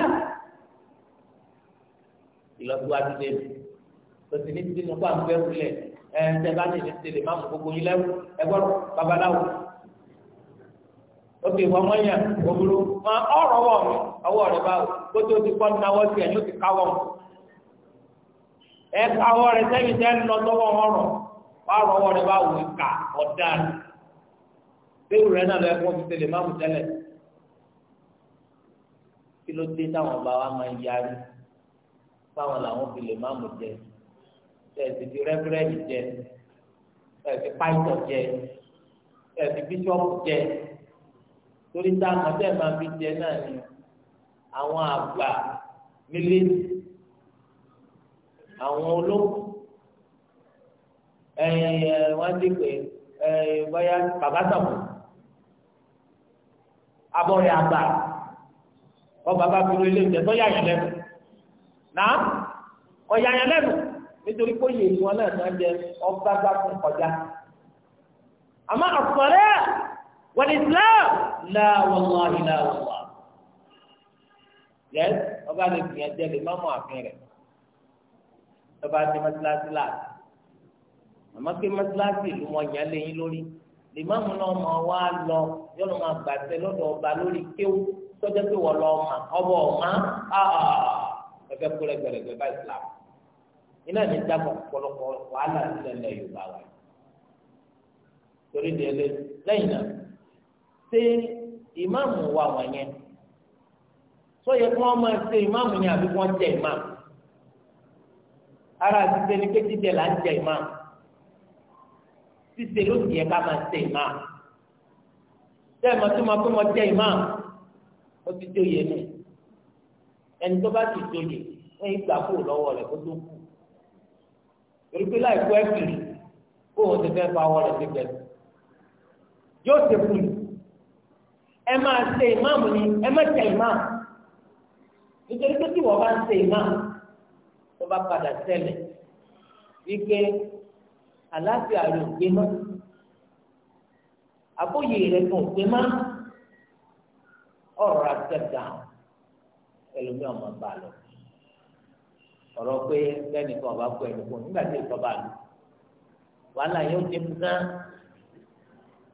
ìlọsíwájú lẹ́nu tòsí ní sínú kó àgbẹ̀ wulẹ̀ ẹ̀ ń tẹ́ bá ní ìdí tẹ̀lé má mú gbogbo yín lẹ́wọ̀ ẹgbọ́n babaláwo òkè wọ́n mọ̀ yàn òbúrú mà ọ̀rọ̀ wọ̀ mí ọwọ́ rẹ̀ báwo gbótó ti pọ́n náwó tiẹ̀ ló ti káwọ́ mu ẹ káwọ́ rẹ̀ sẹ́yìn tẹ́ ń lọ sọ́wọ́ ọ̀rọ̀ ọ̀rọ̀ wọ̀ rẹ̀ báwo ìkà ọ̀daràn bẹ́ẹ̀ rẹ̀ náà lọ ẹ̀kọ́ fi tẹ̀lé má mú tẹ́lẹ̀ kí ló dé táwọn tẹ̀sí ti rẹ́fúrẹ́dì jẹ tẹ̀sí pàìtọ̀ jẹ tẹ̀sí bíṣọ́ọ̀bù jẹ torí tá a mọ̀ tẹ́ máa fi jẹ náà ni àwọn àgbà mílíọ̀nù àwọn olóko wọ́n ti pè bóyá bàbá sàmù abọ́rẹ́ àgbà ọ bàbá fi lé ilé ìjẹ́ tó yà yẹn lẹ́nu náà ọ yà yẹn lẹ́nu nítorí pé yèyí wọn náà náà jẹ ọgbàgbà fún kọjá àmọ́ àfọlẹ wọn islam láwọlọ ìlàwọlọ yẹ ọba lè gbìyànjú jẹ lè má mọ àfin rẹ ọba ti mọsíláṣí láti àmọ́ pé mọsíláṣí ìlú wọn yàn léyìn lórí lè má mú náà mọ wá lọ yọlọ máa gbàtẹ lọ́dọ̀ ọba lórí kéwù tọjọ pé wọn lọ ọmọ ọbọ ọmọ ẹgbẹ kúrẹgbẹrẹgbẹ bá islam iná ní dábọ̀ pọ̀lọpọ̀ wàhálà nílẹ̀ Yorùbá wa torí délé lẹ́yìn náà ṣé ìmáàmù wa wọ̀nyẹn sọyẹ kí wọ́n máa ṣe ìmáàmù yẹn àbí wọ́n jẹ ìmáàmù ara àtijọ́ ni pé jíjẹ là ń jẹ ìmáàmù ṣíṣe ló sì yẹ ká máa ṣe ìmáàmù bẹ́ẹ̀ mo tún máa pé mo jẹ ìmáàmù ó ti jóye nù ẹni tó bá ti jóye wọ́n yí gbà kúrò lọ́wọ́ rẹ̀ kó tó kù torí pé láìpẹ́ ẹ̀sìn kó o ti fẹ́ fa ọwọ́ rẹ̀ sí gbẹ̀dẹ̀ yóò ṣe kú ni ẹ máa ṣe ìmáàmù ni ẹ má ṣe ìmáàmù nítorí pé tí wọ́n bá ń ṣe ìmáàmù tó bá padà ṣẹlẹ̀ wípé àlàáfíà rẹ̀ ò gbé mọ́ àbóyè rẹ̀ kò gbé mọ́ ọ̀rọ̀ àtẹ̀dá ẹlòmíràn máa bá a lọ ọ̀rọ̀ pé kẹ́nìkan ọba kú ẹ̀mí kù nígbà tí ìtọ́ bá lù wàhálà yóò dé kú náà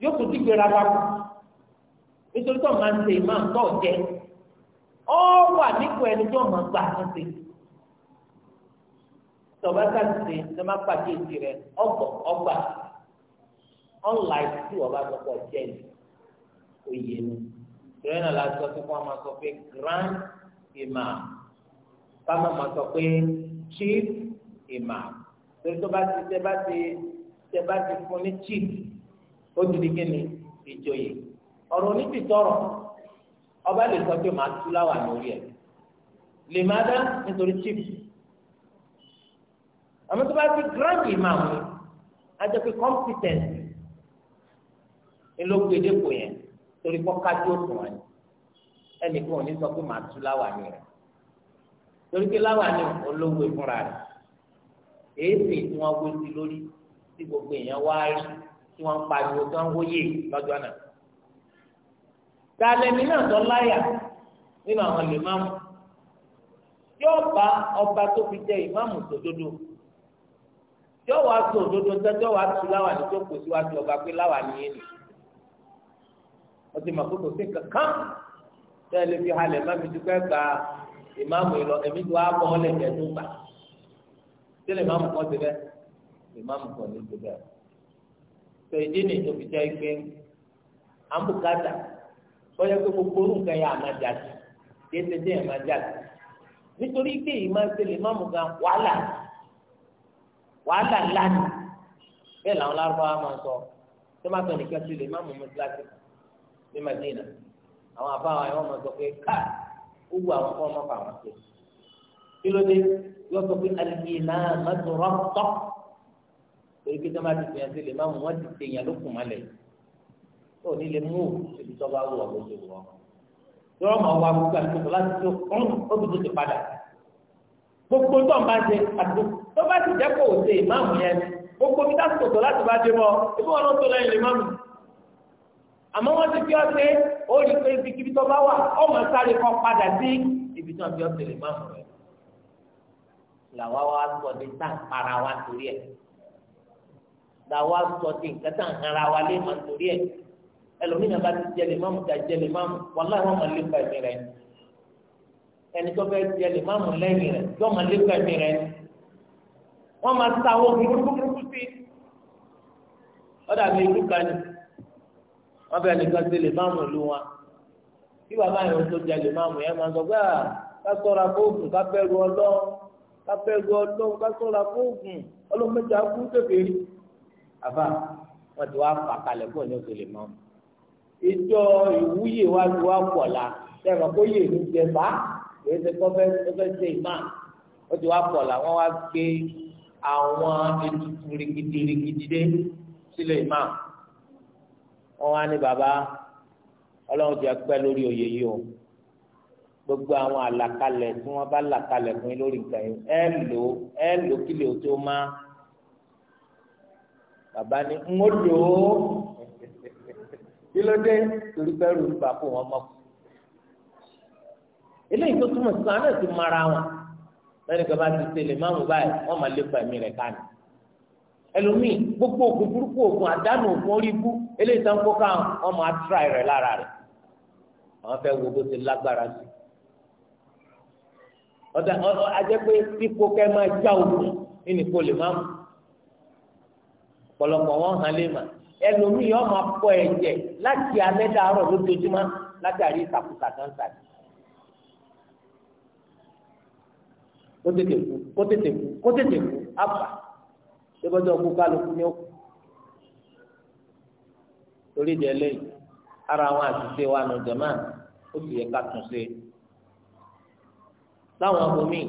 yóò kú tí gbéra wá kú nítorí tó máa ń ṣe ìmáà tó jẹ ọ wà nípò ẹni tó máa gbà tó ṣe tọba sáàtì ṣe ṣe máa pàdé èsì rẹ ọgbọ ọgbà unlike tí ọba àtọkọ jẹ yìí oyè ni ìrẹ́nà la sọ fún wa máa sọ pé grand imam ká má má sọ pé chief imam torí tó bá ti tẹ bá ti tẹ bá ti fún ní chief ó ti di kíni ìjòyè ọ̀rọ̀ onítìtọrọ ọba lè sọ pé màá tú láwà lórí ẹ lè má dá nítorí chief àmọ́ tó bá ti grand imam ni ajọ pé competent ńlọgbẹdẹkọ yẹn torí kọ́ kájú òsùn wọn ẹnìkan ò ní sọ pé màá tú láwà ní rẹ torí pé láwàní olówó ìfúnra rẹ̀ èéfì tí wọ́n wé sí lórí tí gbogbo èèyàn wá rí tí wọ́n pariwo tí wọ́n wóye lọ́jọ́ náà. tàlẹ́mì náà sọ láyà nínú àwọn lèmáàmù yóò bá ọba tó fi jẹ ìmáàmù sòdodo yóò wá sọ òdodo tẹ́tọ́ wá tu láwàní tó kù síwájú ọba pé láwàní yé ni ọtí màkókò sí kankan tẹ́lẹ̀ fi halẹ̀ má mi dúpẹ́ gba ìmáàmù ìlọ ẹ̀mí tó wá bọ́ ọ́lẹ̀ jẹ́ tó gbà tí lè máàmù kọ́ ti ìmáàmù kọ́ ní ti bẹ́ tó ìdí ni tó fi jẹ́ pé àmúkàtà bọ́yá pé gbogbo orúkọ yẹn àmà jáde kí ẹsẹ̀ dé àmà jáde nítorí pé ìmáàmù lè máàmù gan wàhálà wàhálà lánàá bẹ́ẹ̀ làwọn lárúbáwá máa sọ tó má sọ nìkan sí lè máàmù mọ́tíláṣí ní Madina àwọn àbáwá yẹn wọ́n máa sọ pé káà ó wù àwọn kọ́ ọmọ fàwọn ṣe kí ló dé yọ sọ pé al-imamatu rabta torí pé tọ́ba ti fi hàn sí lè má mú wọ́n ti tèèyàn ló kùn mọ́lẹ̀ tó ní lè mú ibi tó bá wù ọ́ ló ti wù ọ́ yọ̀ọ́ máa wá gbogbo láti tó kún ó tó ti padà gbogbo tó ń bá ṣe àti tó bá ti jẹ́ kó o ṣe ìmáàmù yẹn gbogbo bí dásìkò tó láti bá dé mọ́ ibi wọn ló tó lẹ́yìn lè má mú àmọ́ wọ́n ti fi ọ́ pé ó rí pé ibi kíbi tó bá wà ọmọ sáré kan padà sí ibi tí wọ́n fi ọ́ tẹ̀lé máa mọ̀ rẹ̀ làwa wa sọ de tá para wa torí ẹ̀ làwa sọ de nǹkan tá ara wa lé ma torí ẹ̀ ẹlòmínà bá ti jẹlè máàmù ta jẹlè máàmù wàláhì wọn máa lé pa ẹ̀mí rẹ̀ ẹni tó fẹ́ jẹlè máàmù lẹ́yìn rẹ̀ yọ máa lé pa ẹ̀mí rẹ̀ wọ́n máa sa owó burúkú burúkú sí ọ̀dà wọn bẹ nìkan ṣe lè máàmù ìlú wọn bí bàbá yẹn tó jẹ lè máàmù yẹn máa sọ pé à ah, ká ṣọ́ra fóògùn ká bẹ̀rù Ọlọ́run ká bẹ̀rù Ọlọ́run ká ṣọ́ra fóògùn Ọlọ́run mẹ́ta kú tẹfẹ rí àbá wọn ti wá fà kalẹ̀ fún ọ̀nà òṣèlè máàmù ìjọ ìwúyè wa ti wá pọ̀ la sẹ́wọ̀n kó yè ní jẹ bá èyí ti kọ́ fẹ́ ṣe ìmáàmù ó ti wá pọ̀ la wọ́n wá gbé àwọn ètùtù rigidi rigidi dé sílẹ̀ ìmáàmù wọn wá ní bàbá ọlọ́run ti pẹ́ lórí oyè yìí o gbogbo àwọn àlàkalẹ̀ tí wọ́n bá làkalẹ̀ fún yín lórí nǹkan yìí ẹ lò ẹ lò kí lè o tó má bàbá ní ń lò ó kí ló dé torí pé rú nípa kó wọn mọ̀ eléyìí tó túmọ̀ sí wọn náà ti mara wọn lẹ́nu kan bá ti tẹ́lẹ̀ máàmù báyìí wọ́n máa lépa ẹ̀mí rẹ̀ káàní ẹlòmíì gbogbo ògùn burúkú ògùn àdánù ògùn orí bú eléyìí tán kó ká wọn máa tra rẹ̀ lára rẹ̀ àwọn fẹ́ wo bó ti lágbára sí ọ̀dà ajẹ́ pé pípò kẹ́ máa já ogun nínú ìkó lè má mú ọ̀pọ̀lọpọ̀ wọn hàn lè mà ẹlòmíì yọ máa pọ̀ ẹ̀jẹ̀ láti alẹ́ dàárọ̀ lójoojúmọ́ látàrí ìtàkùtà kan tàbí. kó tètè kú kó tètè kú kó tètè kú àpà ṣé bọ́jọ́ kú kálukú ni ó torí ìdí ẹlẹ́yìn ara àwọn àṣìṣe wa nù jẹ̀má ó sì yẹ ká tún ṣe. láwọn abomi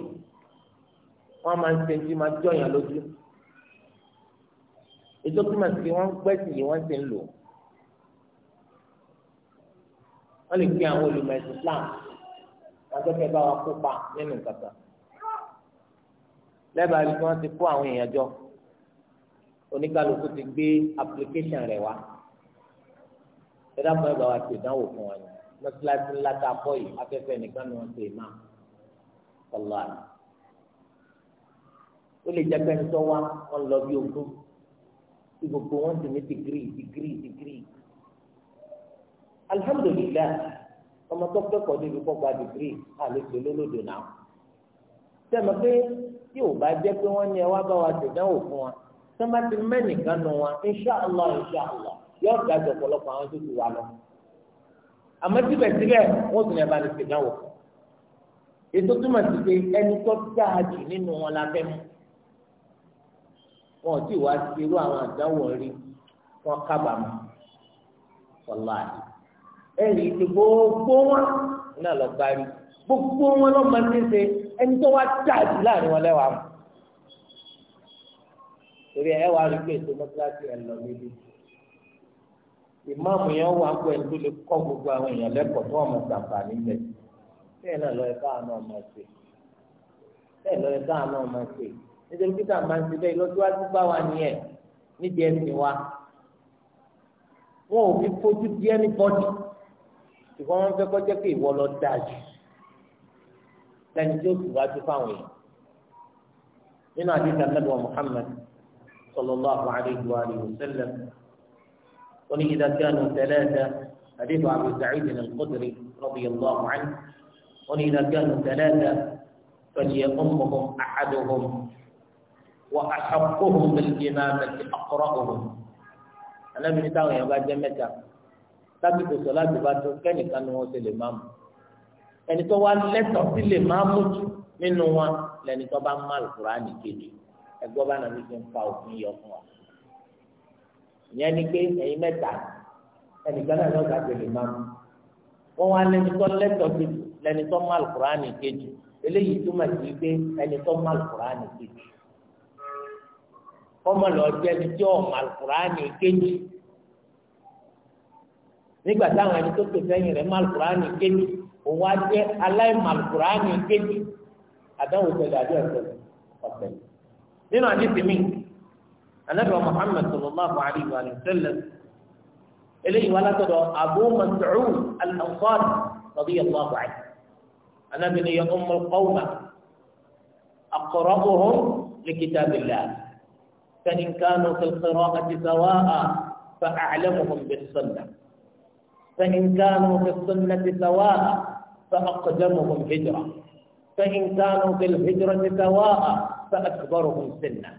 wọn máa ń ṣe tí máa jọyàn lójú ètò tí màá ṣe wọn gbẹ́sì yìí wọ́n ti ń lò wọ́n lè gbé àwọn olùmọ̀ ẹ̀sìn Islam lágbẹ́kẹ̀ bá wa kópa nínú kàkà lẹ́bàá rí i pé wọ́n ti kó àwọn èèyàn jọ oníkàlùkù ti gbé application rẹ̀ wá ẹ dákun ẹ bá wa ṣe ìdánwò fún wa ni mọ́sálásí ńlá tá a kọ́ yìí afẹ́fẹ́ nìkan ni wọ́n ṣe é máa ọ̀la ó lè jẹ́ pé ẹni tó wá wọn lọ bí ogún tí gbogbo wọn sì ní dìgírì dìgírì dìgírì alihamudulilayi ọmọ tó kẹ́kọ̀ọ́ níbi kọ́ gba dìgírì àlejò lólódò náà sẹ́mi pé tí ò bá jẹ́ pé wọ́n ní ẹ wá bá wa ṣèdánwò fún wa sẹ́mi bá ti mẹ́nìkan nu wa inṣàlá inṣàlá yọ ọ̀gá jọ ọ̀pọ̀lọpọ̀ àwọn tó ti wà lọ. àmọ́ síbẹ̀síbẹ̀ wọ́n sì ní ẹ̀bá lè ṣèdá wọ̀. ètò túmọ̀ sí pé ẹni tó dáa jù nínú wọn la fẹ́ mú. wọn ò tí ì wá sí irú àwọn àdáwọ̀ rí wọn kábàámọ̀ ọ̀la ẹ̀rí ti gbogbo wọn náà lọ gbárí gbogbo wọn lọ máa ń tẹ̀sẹ̀ ẹni tó wá dáa jù láàrin wọn lẹ́wàá mọ̀ torí ẹ wá rí pé ètò mọ́tíláṣí ẹ lọ níbi ìmáàmù yẹn wà pé ẹni tó lè kọ́ gbogbo àwọn èèyàn lẹ́kọ̀ọ́ tó ọmọ gbàgbà nílẹ̀ bẹ́ẹ̀ náà lọ́yẹ káàánú ọmọ ẹ̀sẹ̀ bẹ́ẹ̀ lọ́yẹ káàánú ọmọ ẹ̀sẹ̀ nítorí pé táwọn máa ń ṣe bẹ́ẹ̀ lọ́síwájú bá wa nìyẹn nídìí ẹ̀sìn wa wọn ò fi fojú di ẹni bọ́dì ṣùgbọ́n wọ́n fẹ́ kọjá pé ìwọ lọ dáa jù tí ó sì wá sí fáwọn èèyàn nínú àdéhùn àtàlùwà Muhammad sallallahu alayhi wa sallam ولي إذا كانوا ثلاثة حديث أبي سعيد الخدري رضي الله عنه ولي إذا كانوا ثلاثة فليأمهم أحدهم وأحقهم بالإمامة أقرأهم أنا من تاوي يا بعد متى tábìlì sọlá ti bá tó kẹ́nìkan ni wọ́n ṣe lè máa mú ẹni tó wá lẹ́tọ̀ọ́ sí lè máa mú jù nínú wọn lẹ́ni tó bá má lùkùrá nìkejì ẹgbọ́n bá nàbí fi ń pa òfin yọ fún wa ìyẹn ni pé ẹ̀yin mẹ́ta ẹnìkan náà lọ́ọ́ gbàgbé máa mú wọn wá lẹni tó lẹ́tọ̀ọ́ kejì lẹni tó mú alukurani kejì eléyìí túmọ̀ sí pé ẹni tó mú alukurani kejì kọ́mọ lọ́ọ́ jẹ́ ẹni tí ò mú alukurani kejì nígbà táwọn ẹni tó tó sẹ́yìn rẹ̀ mú alukurani kejì òun á jẹ́ aláìmọ̀ alukurani kejì àdáwò tẹ̀lé àdéhùn tẹ̀lé ọ̀tẹ̀lé nínú àdéhùn mi. النبي محمد صلى الله عليه وآله وسلم إليه ولده أبو مسعود الأنصاري رضي الله عنه أنا من يضم القوم أقربهم لكتاب الله فإن كانوا في القراءة سواء فأعلمهم بالسنة فإن كانوا في السنة سواء فأقدمهم هجرة فإن كانوا في الهجرة سواء فأكبرهم سنة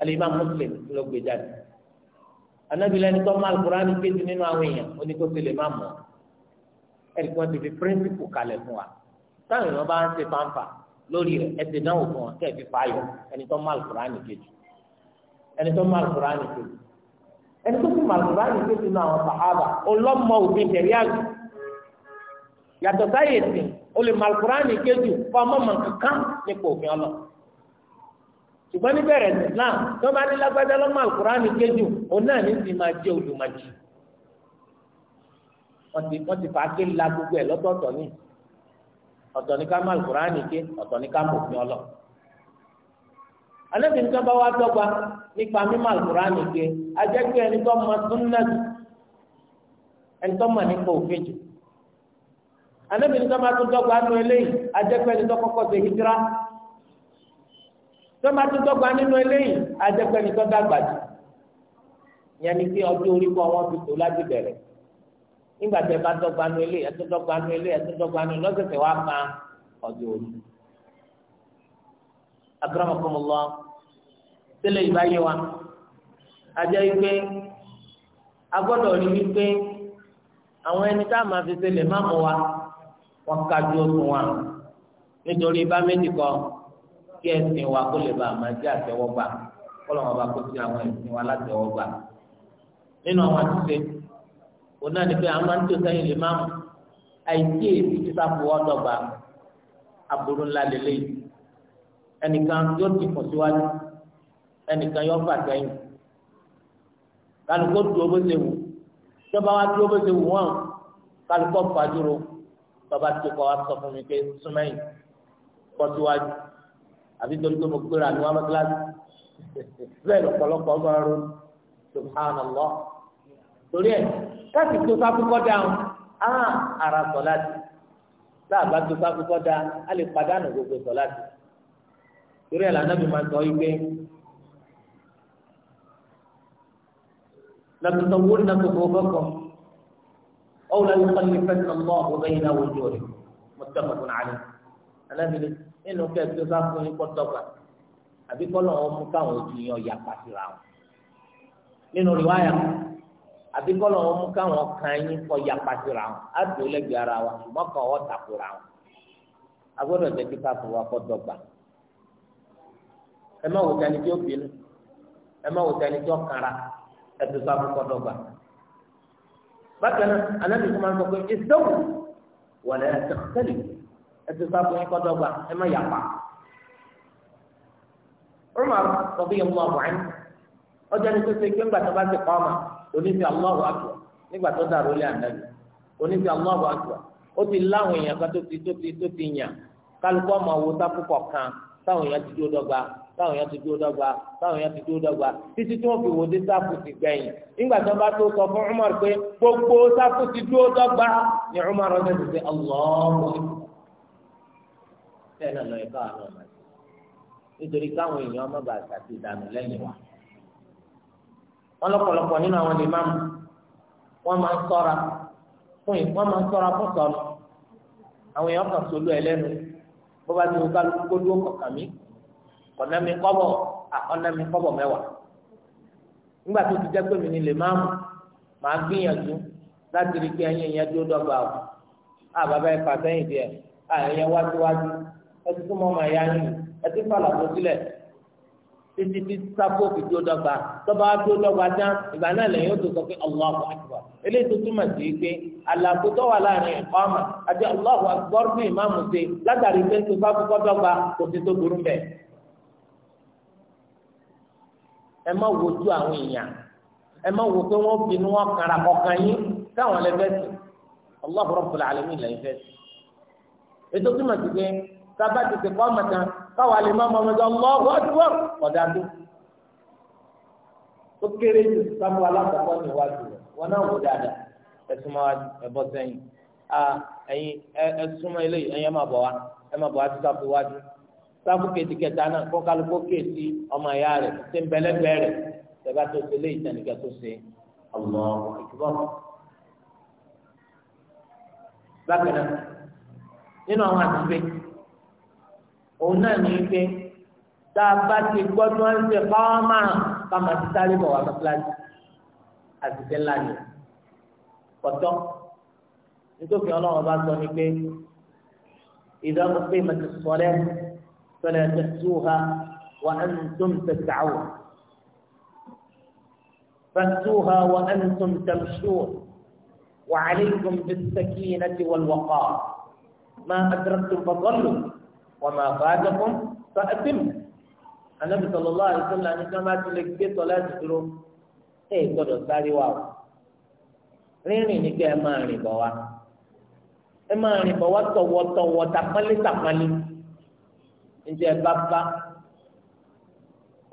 alimami muslim ló gbé jáde anabilẹ ní tọ́mọ alukurani kéde nínú àwọn èèyàn oníkóso lè má mọ̀ ẹ̀rí kí wọ́n ti fi píríncípù kalẹ̀ fún wa táwọn èèyàn bá ń ṣe fanfa lórí rẹ̀ ẹ̀ ti dánwò fún wọn kẹ́ẹ̀ fi fààyò ẹni tọ́mọ alukurani kéde ẹni tọ́mọ alukurani kéde ẹni tó fi alukurani kéde nínú àwọn sàhábà ọlọ́mọ òfin tẹ̀lé àgbẹ̀ yàtọ̀ sáyẹ̀sì olè alukurani kéde fún ọmọ mọ̀ kankan nípa òfin ọlọ́ọ̀ ṣùgbọ́n níbẹ̀rẹ̀ Islam tó bá ní lágbájá lọ́mọ alukurani kéjù òun náà ní ti máa jẹ́ olùmọ̀jì wọ́n ti wọ́n ti fà á ké la gbogbo ẹ̀ lọ́tọ̀ọ̀tọ̀ ní ọ̀tọ̀ ní ká má alukurani ké ọ̀tọ̀ ní ká mòfin ọlọ. alẹ́bí nǹkan bá wá dọ́gba nípa mímọ alukurani ké ajẹ́ pé ẹni tó mọ súnà jù ẹni tó mọ nípa òfin jù alẹ́bí nǹkan bá tún dọ́gba nú tọ́ba tó dọ́gba nínú eléyìí ajẹ́pẹ́ni ni dàgbà jù ìyẹn ni pé ọjọ́ orí kọ́ wọn fi tó láti bẹ̀rẹ̀ nígbà tẹ bá dọ́gba nínú eléyìí ẹtọ́ dọ́gba nínú eléyìí ẹtọ́ dọ́gba nínú lọ́sẹ̀sẹ̀ wá pa ọjọ́ orí. akramakumullah tẹ́lẹ̀ ìbáyé wa ajẹ́ wípé agbọ́dọ̀ rí wípé àwọn ẹni tá a máa fi ṣẹlẹ̀ má mú wa wọn kájú oṣù wa nítorí bá méjì kan kí ẹsìn wa kó lè ba àmọ́ jẹ́ àtẹ́wọ́gbà kọ́lọ́ bá kó sí àwọn ẹsìn wa látẹ́wọ́gbà nínú àwọn àtúnṣe òun náà ni pé àwọn máa ń tó sẹ́yìn lè máa mú àìsí èsì títà fowó ọ̀dọ̀gba aburú ńlá lélẹ̀ ẹnìkan yóò ti pọ̀ síwájú ẹnìkan yóò fà sẹ́yìn kálukó dúró bó ṣe wù tọ́ba wa dúró bó ṣe wù wọ́n kálukó fàdúró tọ́ba tó kọ́ wa sọ fún mi pé súnmẹ́yìn kọ́ síwájú àbí torí pé mo gbéra ní wọn mọ́tíláṣí bẹ́ẹ̀ lọ́pọ̀lọpọ̀ máa ń ro subhanallah torí ẹ̀ káàsì tó sáfúkọ́ dáhùn á ara sọ láti láàbá tó sáfúkọ́ dá a lè padànù gbogbo sọ láti torí ẹ̀ lànà mi máa sọ yí pé لتطورن صفوفكم أو ليخلفن الله بين وجوهكم متفق عليه أنا بلس nínú kẹsíkẹ sáfún yín kọtọgba àbí kọlọ wọn mú káwọn ojú yín ọyà pàṣírà wọn nínú rìwáyà àbí kọlọ wọn mú káwọn kan yín ọyà pàṣírà wọn àdó lẹ́gbẹ̀ẹ́ ara wa ṣùgbọ́n kan wọn tàkùrà wọn agbọ́dọ̀ jẹ kí sáfún wa kọtọgba ẹ má wò tani tí ó bínú ẹ má wò tani tí ó kara ẹ sáfún kọtọgba bákan náà anábìkú máa ń sọ pé ìsọwọ wọlé ẹtì sáfù yín kọ́dọ̀gba ẹ má yàpá. Umar sọ̀bí yẹn mú ọ̀bùn ọjọ́ ní pípé ńgbà tó bá ti kọ́ ọ̀mà oníṣẹ́ Allahu akbar nígbà tó dàrú lé ànábì oníṣẹ́ ó ti láwọn èèyàn kan tó ti tó ti tó ti yàn kálukọ́ ọmọ táwọn èèyàn ti dúró dọ́gba táwọn èèyàn ti dúró dọ́gba táwọn èèyàn ti dúró dọ́gba títí tí wọ́n fi wò dé ti gbẹ̀yìn nígbà tó bá tó sọ fún gbogbo bẹ́ẹ̀ náà lọ ẹ̀kọ́ àwọn ọmọ ẹ̀sìn nítorí káwọn èèyàn má bàa ṣàti ìdànù lẹ́yìn wa. wọn lọ́pọ̀lọpọ̀ nínú àwọn ìmáàmù wọ́n máa ń ṣọ́ra fún yìí wọ́n máa ń ṣọ́ra fún sọ̀nù àwọn èèyàn kan solú ẹ bó bá ti dúró ọ̀nà mi kọ́bọ̀ ọ̀nà mi kọ́bọ̀ mẹ́wàá nígbà tó ti jẹ́ pé ẹtí fún mọ́mọ́ ẹ̀yá ni ẹtí fún àlàfo sílẹ̀ títí tí sáfó fi dúró dọ́gba tọ́ba dúró dọ́gba tán ìgbà náà lẹ́yìn ó tó sọ pé Allahu Akbar eléyìí tó túmọ̀ sí i pé àlàfo tó wà láàrin ẹ̀kọ́ ọmọ àti Allahu Akbar fún ìmáàmù ṣe látàrí pé tó sáfó kọ́ dọ́gba kò sí tó burú bẹ́ẹ̀. ẹ má wojú àwọn èèyàn ẹ má wo pé wọ́n bínú wọn kàrà kọ̀ọ̀kan yín káwọn lẹ́fẹ̀ẹ́ sí Allahu Rabbul Alamin lẹ́yìn fẹ́ẹ́ sí sábà tètè kọ́ ọmọ kan káwa lè má ọmọ ọmọdé ọlọ́wọ́ ọdúnwó ọ̀dà tó. ó kéré jù sábà alákọ̀ọ́kọ́ ní iwájú rẹ̀ wọn náà wò dáadáa ẹ̀sùn máa ẹ̀bọ sẹ́yìn ẹ̀yìn ẹ̀sùn máa eléyìí ẹ̀yìn ẹ̀ máa bọ̀ wá ẹ̀ máa bọ̀ wá títà fún iwájú. sáfù kejì kẹta náà kó kálukó kéèsì ọmọ ìyá rẹ̀ tí ń bẹ́lẹ́gbẹ́ rẹ̀ tẹ̀bá tó ṣe léyìí tẹ̀nìkẹ́ nínú àwọn àtúgbé òun náà ní pé tá a bá ti gbọ́ tí wọ́n ń ṣe fáwọ́mà ká máa ti sáré bọ̀ wá mọ́tíláṣí àtìsẹ́ ńlá ni pọ̀tọ́ nítorí ọlọ́run bá sọ ní pé ìdáhùn pé màtí sọ̀rẹ́ sọ̀rẹ́ tẹ̀síwá wà á ń tún tẹ̀síwá فاتوها وأنتم تمشون وعليكم بالسكينة والوقار ما أدركتم فضلوا wàmà àfàdùkùn fàtìm anabi sọlọlọ àdìsọlọ àti sọlá ti lè gbé sọlá ti dúró ẹ gbọ́dọ̀ sáré wa o rírìn ní kí ẹ máa rìn bọ̀ wá ẹ máa rìn bọ̀ wá tọ̀wọ̀tọ̀wọ̀ tàpálí tàpálí ǹjẹ́ ẹ bá bá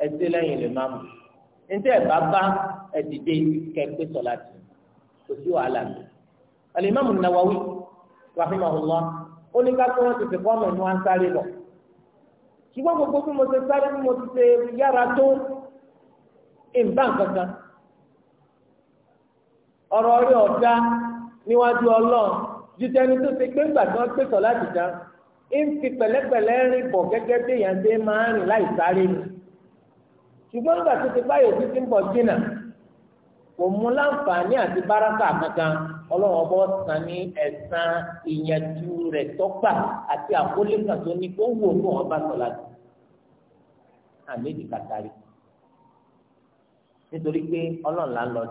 ẹ sí lẹ́yìn lè máa mú ǹjẹ́ ẹ bá bá ẹ dìde kẹgbẹ sọlá ti kò sí wàhálà mi alimami nawawi rahimahullah ó ní ká tó wọn tètè kọ́ ọ̀nà ni wọ́n sáré lọ ṣùgbọ́n gbogbo bí mo ṣe sáré bí mo ti ṣe yára tó ìbá kankan ọ̀rọ̀ orí ọ̀dá níwájú ọlọ́run ju tẹni tó ṣe pé ńgbà tí wọ́n pèsè láti dá ń fi pẹ̀lẹ́pẹ̀lẹ́ rìn bọ̀ gẹ́gẹ́ bí èèyàn máa ń rìn láì sáré ni ṣùgbọ́n ńgbà tó ti báyọ̀ títí ń bọ̀ jìnnà kò mú láǹfààní àti báràkà kankan ọlọ́run ọbọ̀ san ní ẹ̀san ìyànjú rẹ̀ tọ́gbà àti àkólé kan tó ní kó wò fún ọba sọ̀la àmì kàtàrí nítorí pé ọlọ́run là ń lọ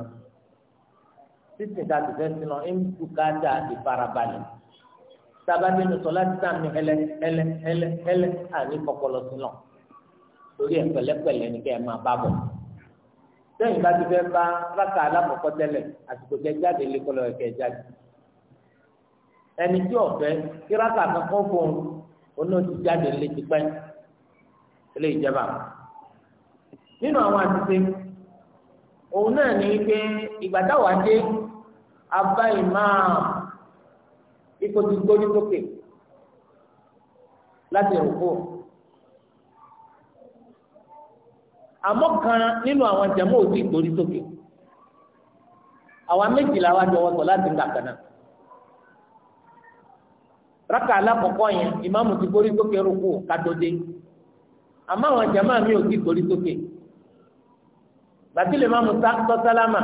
sísìn tá a ti fẹ́ sínú ń bùkátà ìfarabalẹ̀ sábà nínú sọlá ti tà mí ẹlẹ ẹlẹ ẹlẹ ẹlẹ àní kọkọlọ sínú torí ẹ pẹ̀lẹ́pẹ̀lẹ́ ni kẹ ẹ máa bá bọ̀ sẹ́yìn bá ti fẹ́ bá rákà alákọ̀ọ́kọ́ tẹ́lẹ̀ àsìkò tẹ jáde lé kọ́lọ́ ẹ̀kẹ́ jáde ẹni tí ọ̀fẹ́ kí rákà kankan fún un ó ti jáde lé tipẹ́ ilé ìjọba nínú àwọn àtúnṣe òun náà ní pé ìgbà táwa dé abá ìmáà ipò ti gbóni sókè láti rò fún un. àmọ́ kan nínú àwọn jẹ̀mọ́ òtí ìgbórí sókè àwa méjìlá wa jọ wọ́tọ̀ láti ń dàgbà náà rákà alákọ̀ọ́kọ́ yẹn ìmáàmù ti gbórí sókè rúkú kàdóde àmọ́ àwọn jẹ̀mọ́ mi ò tí gbórí sókè bàtí lè máàmù tọ́ sálámà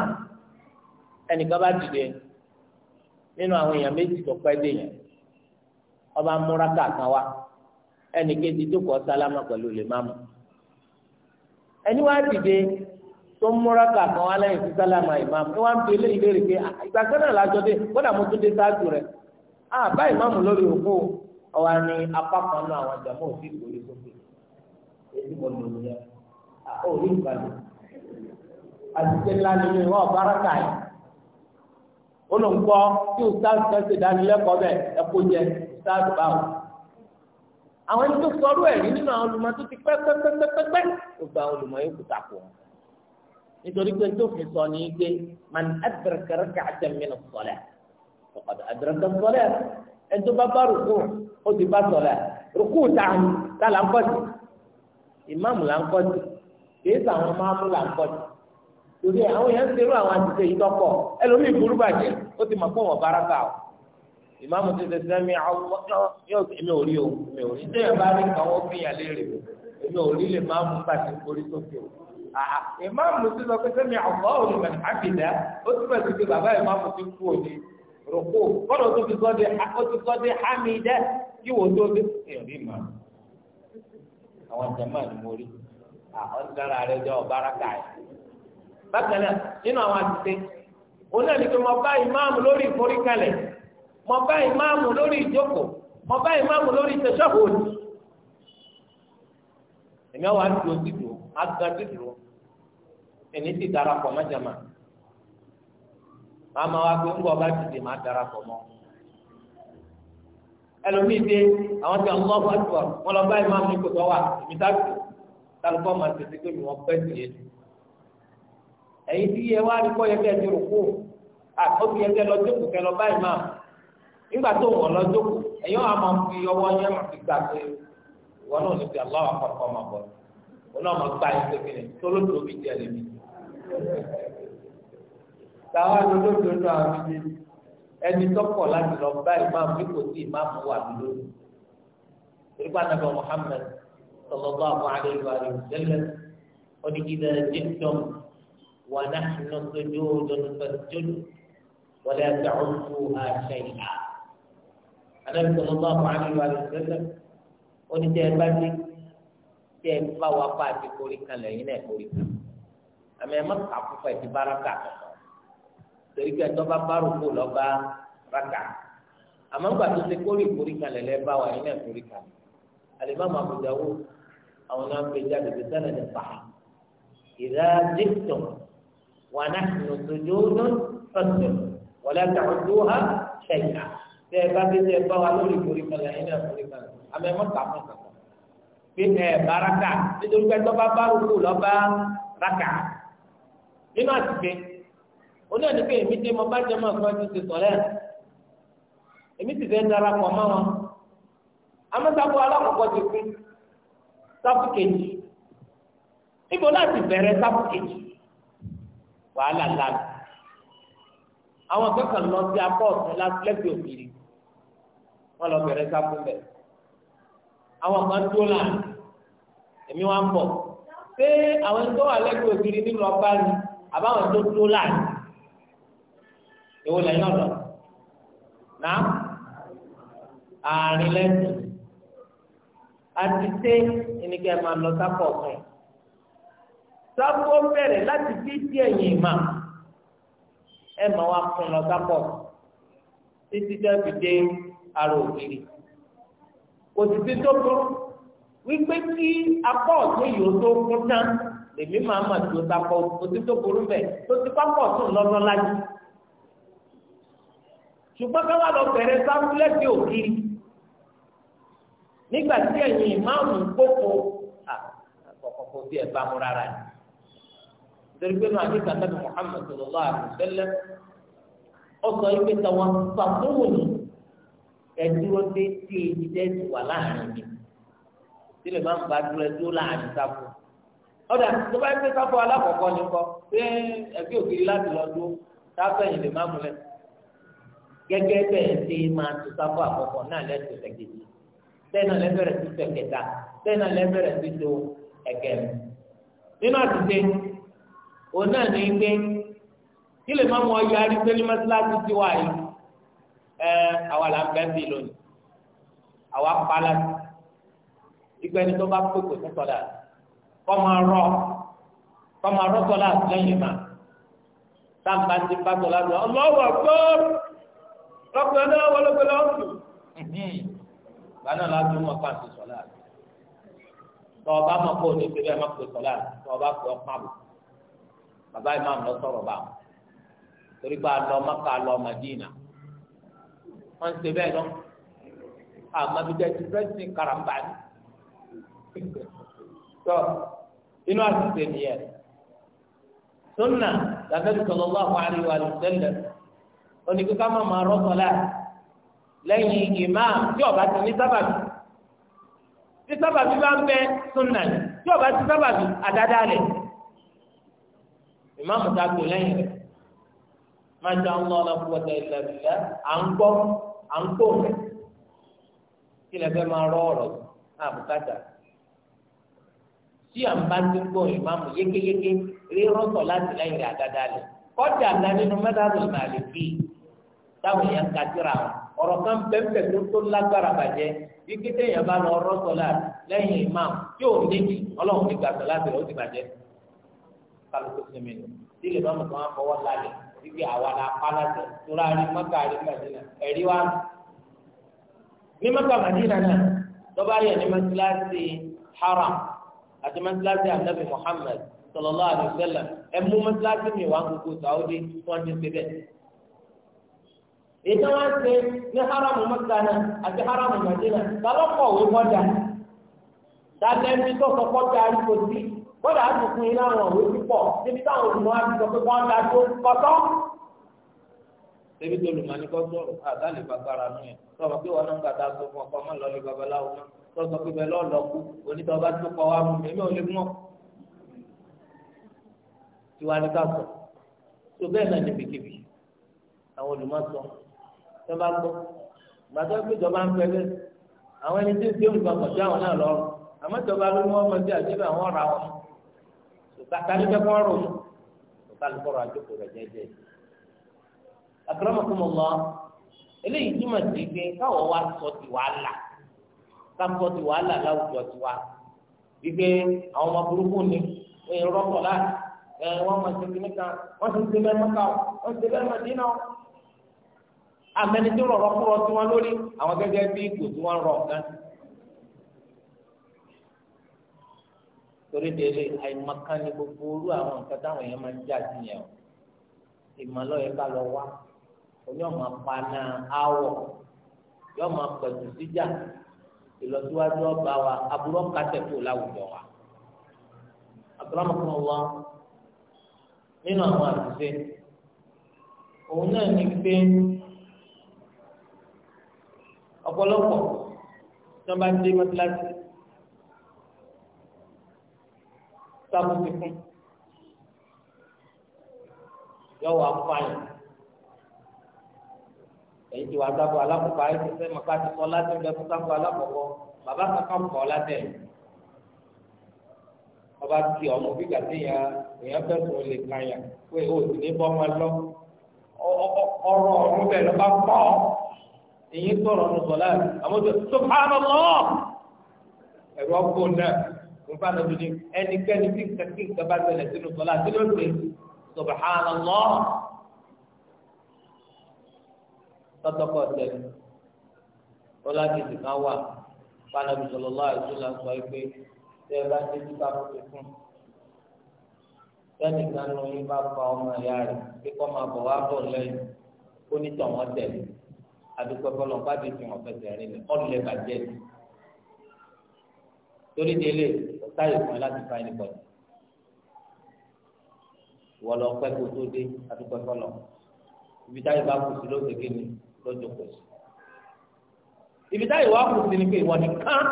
ẹnìkan bá dìde nínú àwọn èèyàn méjì tó pẹ́ dé yẹn ọba múra kàkan wa ẹnìkejì tó kọ́ sálámà pẹ̀lú lè máàmù. ẹni wá dìde tó ń múra kà kan wá lẹ́yìn sísá lámà ìmáàmù ni wọ́n ń fi eléyìí léèrè pé ìgbà kan náà lájọ dé kódà mo tún dé sáájú ìmáàmù lórí òkú ni apá kan náà àwọn jàmọ́ òsì ìkórè sókè èyí mo lò nìyẹn ó rí ìbàdàn àtijọ́ ńlá ni mi wọ́n àwọn ẹni tó sọrú ẹ̀rí nínú àwọn olùmọ̀ tó ti pẹ́ pẹ́ pẹ́ pẹ́ pẹ́ pẹ́ gbogbo àwọn olùmọ̀ yóò kú takò wọn. nítorí pé tó fi sọ ní gbé man adraka rak'atan min as-salah faqad adraka as-salah ẹni tó bá bá rúkú ó ti bá sọlẹ̀ rúkú tàn tá là ń kọ́ sí ìmáàmù là ń kọ́ sí kìí sàwọn máàmù là ń kọ́ torí àwọn èèyàn ń serú àwọn àtìsẹ́ yìí tọ́kọ̀ ẹlòmíì burú bàjẹ́ ó ti mọ̀ pé wọ́n bára ká o ìmáàmù ti tẹ̀sẹ̀ mi àwọn yóò èmi ò rí o èmi ò rí tẹ́yẹ̀ bá rí kan wọ́n fi yàn léèrè o èmi ò rí lè máa mú pàṣẹ orí sókè o. ìmáàmù ti sọ pé sẹ́mi àwọn òní mẹ́ta àbìdá ó ti bẹ̀rẹ̀ sí bàbá ìmáàmù ti kú òní rògbò kọ́dọ̀ tó ti sọ́dẹ̀ ó ti sọ́dẹ̀ hámídẹ́ kí wò tó dé èrí mà. àwọn jàmbá ni mo rí àwọn dára rẹ jọ ọ̀bárakà yìí. bákan náà nínú àwọn àtúnṣe mo bá ìmáàmù lórí ìjókòó mo bá ìmáàmù lórí ìtẹ̀sọ́fòdì èmi àwọn àdúró dídò àgbà dídò èmi ti darapọ̀ mọ́jàmá màmá wa pé ńgbọ́ bá dìde má darapọ̀ mọ́ ẹlòmíì dé àwọn tí àwọn ọmọ àti wọn lọ bá ìmáàmù ní kòtò wa èmi tá kù kálukọ́ máa tètè pé mi wọ́n pẹ́ sí yẹn ẹ̀yin tí yẹ wá rí kọ́ yẹ kẹ́ ẹ ti rò kó àkókò yẹ kẹ́ lọ nígbà tó wọ̀ lọ́jọ́ ẹ̀yọ́ wa máa fi ọwọ́ yẹn máa fi gbà pé ìwọ náà ní ti aláwọ̀ àkọ́kọ́ máa bọ̀ òun náà máa gba ẹsẹ̀ kìnnì tó lóṣù omi jẹ lèmi. táwa lólódò náà fi ẹni tọkọ láti lọ bá ìmáàmù bí kò sí ìmáàmù wà lónìí. nípa nàbẹ Muhammad sallallahu alayhi wa sallam wọn kì í dẹ náà nọ sójú ọdún fẹsẹ̀ jọdún àṣẹ ìhà anabi sallallahu alaihi wa sallam oníṣẹ ẹ bá dé tí ẹ bá wà pa àti kórì kan lẹ́yìn náà kórì kan àmì ẹ má kà púpọ̀ ẹ ti bá raka torí pé ẹjọ́ bá bá rògbò lọ́ba raka àmọ́ nígbà tó ṣe kórì kórì kan lẹ́lẹ́ bá wà yín náà kórì kan alimami Abu Dawud àwọn náà gbé jáde bí sẹ́nà ní pa ìdá dìtò wà náà nùtòjó lọ́sọ̀tò wọlé àtàwọn tó hà ṣẹ̀yà tẹ ẹ bá dé tẹ ẹ bá wa lórí ìforí kan lẹ́yìn náà ìforí kan àmọ́ ẹ mọ fún kàkà pé ẹ bá raka nítorí pé tọ́ba bá rúkú lọ́ba raka nínú àtìgbé oní àdìgbé èmi tí mo bá jẹ mọ àgbọn tó ti sọ̀rọ̀ ẹ èmi ti fẹ́ dara pọ̀ mọ́ wọn amọ́sáfó alákọ̀ọ́kọ́ ti pín sáfù kejì níbo láti bẹ̀rẹ̀ sáfù kejì wàhálà lánàá àwọn akẹ́kọ̀ọ́ lọ sí apá ọ̀sán lẹ́gbẹ̀ẹ́ òkìrì wọn lọ bẹ̀rẹ̀ sáfù bẹ àwọn kan dúró là èmi wá ń bọ̀ pé àwọn tó wà lẹ́gbẹ̀ẹ́ ògiri nínú ọgbà ni àbáwọn tó dúró là èwo lẹ́yìn ọ̀dọ̀ náà àárín lẹ́sìn àti sé ẹnìkẹ́ máa lọ sáfù ọ̀kan sáfù ó bẹ̀rẹ̀ láti fi díẹ̀ yìí mà ẹ̀ máa wá fún lọ sáfù títí dẹ́ fi dé. ara ògiri kò tó kún wípé kí apá ọ̀tún yìí ó tó kún tán lèmi máa mà tó sapọ̀ kò sì tó kún tó ti pápọ̀ tún lọ́nà lájú ṣùgbọ́n káwá lọ bẹ̀rẹ̀ sáfúlẹ́sì ògiri nígbà tí ẹ̀yin ìmáàmù kókó àkọ́kọ́ bí ẹ̀ bá mú rárá ni torí pé náà àdéhùn àtàkùn ẹdúró dé tí evidence wà láàrin mi tí lè má ba dúró ẹdúró láàrin sáfù ọ̀dà tó bá gbé sáfù alákọ̀ọ́kọ́ ni kọ́ pé ẹgbẹ́ òkiri láti lọ dúró sáfẹ̀yìn lè má múlẹ̀ gẹ́gẹ́ bẹ́ẹ̀ ṣe máa tó sáfù àkọ́kọ́ náà lẹ́sẹ̀ tẹ̀gẹ̀dì bẹ́ẹ̀ náà lẹ́bẹ̀rẹ̀ sí tẹ̀kẹ̀ta bẹ́ẹ̀ náà lẹ́bẹ̀rẹ̀ sí tó ẹ̀kẹ́ nínú àtúnṣe òun náà ní gbé kí lè má mú ọyọ arígbé ní mọ́sálásí ti wáyé ẹ àwa là ń bẹ́ẹ̀ bí lónìí àwa kpala ìgbẹ́ni tó bá kókò sí sọ́dà kọ́ máa rọ kọ́ máa rọ sọ́dà lẹ́yìn mà sáǹpà ti bá sọ́dà lọ ọlọ́wọ́ gbọ́ọ́ lọ́kùnrin náà wọlé pẹ̀lú ọ̀sùn gbaná la tó mọ̀ pàṣẹ sọ̀lá tọ́ ọba mọ̀ kó o ní síbẹ̀ má pè sọ̀lá tọ́ ọba pè ọ́ pàbò bàbá ìmáàmù lọ sọ̀rọ̀ bá torí pé alọ́ mọ́ká alọ́ Madina wọ́n ń ṣe bẹ́ẹ̀ lọ àmàbíjà ti fẹsẹ karamba ni tọ inú àtúntò nìyẹn sunna làbẹ́bí sallallahu alaihi wa sallam oníkó ká máa máa rọ́tọ̀ láì lẹ́yìn imam tí ọba ti ní sábàbí tí sábàbí bá ń bẹ sunna ni tí ọba ti sábàbí àdádálẹ̀ imam ta tó lẹ́yìn rẹ̀ máa ń jẹ́ àwọn ọlọ́pàá ọ̀tẹ̀ ìlànà à ń gbọ́ à ń tó rẹ̀ kí lè fẹ́ máa rọ ọ̀rọ̀ àbùkátà tí à ń bá ti ń gbọ́ ìmáàmù yékéyéké rírọ́tọ̀ láti lẹ́yìn rẹ̀ àdáda lẹ̀ kọ́jà ńlá nínú mẹ́tàlú ìmàlè bíi táwọn èèyàn ń katira wọn ọ̀rọ̀ kan bẹ́ẹ̀ tó tó lágbára bàjẹ́ bí kété èèyàn bá lọ rọ́tọ̀ láti lẹ́yìn ìmáàmù tí ò níbi ọlọ́run ti gbàtọ̀ láti rẹ̀ ó ti bàjẹ́ kálukú sinmi nù ibi àwa la pálásẹ̀ tóra rí mọ́tà rí mẹ́dínà ẹ̀rí wa ní mọ́tà mẹ́dínà náà lọ́ba yẹ ní mọ́tíláṣí haram àti mọ́tíláṣí anabi muhammed sallallahu alaihi wasallam ẹ mú mọ́tíláṣí mi wá gbogbo sàwọ́dí wọ́n ti ṣe bẹ́ẹ̀. ètò wọn ṣe ní haram mọ́tà náà àti haram mẹ́dínà tálọ́kọ̀ òwe kọjá tàbí ẹni tó sọ kọjá rí kò sí bọ́dà àdùnkún iná àwọn òwe púpọ̀ níbi táwọn olùmọ̀ á ti sọ pé wọ́n ta tó kọ́tọ́. Ṣébi tó lùmọ̀ ní kọ́ sọ̀rọ̀ àdáni bàbára nù yẹn sọ̀rọ̀ pé wọn náà ń gbà tá a sọ fún ọkọ ọmọ lọ́ọ́ ní babaláwo náà sọ̀rọ̀ pé bẹ́ẹ̀ lọ́ọ́ lọ́ọ́ kú onítọ̀ bá tó kọ́ wa mú mi èmi ò lè mú Tiwa ni ká sọ. Tó bẹ́ẹ̀ náà níbikíbi àwọn olùmọ̀ sọ. Ṣé bá gbọ́? Gbàtọ́ ìgbéjọba ń fẹ́ bẹ́ẹ̀. Àwọn ẹni tí ń àwọn náà bàtà ló fẹ́ kọ́ ọ̀rọ̀ kò ká lùkọ́rọ̀ àjòkò rẹ̀ jẹ́jẹ́. akramakumullah eléyìí túmọ̀ sí pé káwọn wá sọ ti wàhálà káwọn ti wàhálà láwùjọ ti wá wípé àwọn ọmọ burúkú ni rọ́pọ̀ láti wọ́n máa ṣe kíní kan wọ́n ti ṣe bẹ́ẹ̀ mọ́ká wọ́n ti ṣe bẹ́ẹ̀ mọ́dínà amẹnitó rọ̀rọ̀ kúrọ̀ tí wọ́n lórí àwọn gẹ́gẹ́ bí kò tí wọ́n rọ̀ torí délé àìmọ̀kan ni gbogbo orú àwọn nǹkan táwọn èèyàn máa ń jà sí yẹn o ìmọ̀lọ́ yẹn bá lọ wá oní ọmọ paná awọ yọ ọmọ pẹ̀tù síjà ìlọsíwájú ọba wa aburú kátẹ́kù láwùjọ wa abúlámọ̀kùnrin wa nínú àwọn àtúnṣe òun náà ní pé ọ̀pọ̀lọpọ̀ tí wọ́n bá ń dé mọ́tíláṣí. sábò ti fún yóò wá fáyìn èyí ti wá sábò alákòókò ayé ti fẹ́ màkà ti kọ́ láti bẹ fún sábò alákòókò bàbá kankan kọ́ látẹ̀ ọba ti ọmọ bí gàdé ya èèyàn fẹsùn lè kàn yà pé o sì ní bọ́ máa lọ ọ̀rọ̀ ọ̀run bẹ́ẹ̀ lọ́ba pọ̀ èyí sọ̀rọ̀ ọ̀run sọ̀lá àmọ́jọ sọ̀kánà lọ́ọ̀ ẹ̀rọ ọkọ̀ náà nípa nàbí ni ẹnikẹ́ni tí kàkí nǹkan bá tẹ̀lẹ̀ sínú sọlá tí ló gbé subhanallah tọ́tọ́kọ̀ tẹ̀lé ọlá kejì kan wà pàdánù sọlọ́lá àìsílá sọ pé tẹ́ ẹ bá dé tí bá fi fún sẹ́nìkan ló yín bá fa ọmọ ìyá rẹ̀ pé kọ́ máa bọ̀ wá bọ̀ lẹ́yìn ó ní tọ̀wọ́n tẹ̀lé àdúgbò ẹ̀fọ́lọ́ bá dé tí wọ́n fẹsẹ̀ rìn lẹ̀ ọ̀lẹ́ torí délé táyé fún ẹ láti fa ẹni bọ̀dì wọ́n lọ pẹ́ kó tó dé àdúgbò ẹ̀fọ́ lọ ibi táyé bá kù sí lóde kéde lọ́jọ́ kù sí ibi táyé wà kù sí ni pé ìwọ nìkan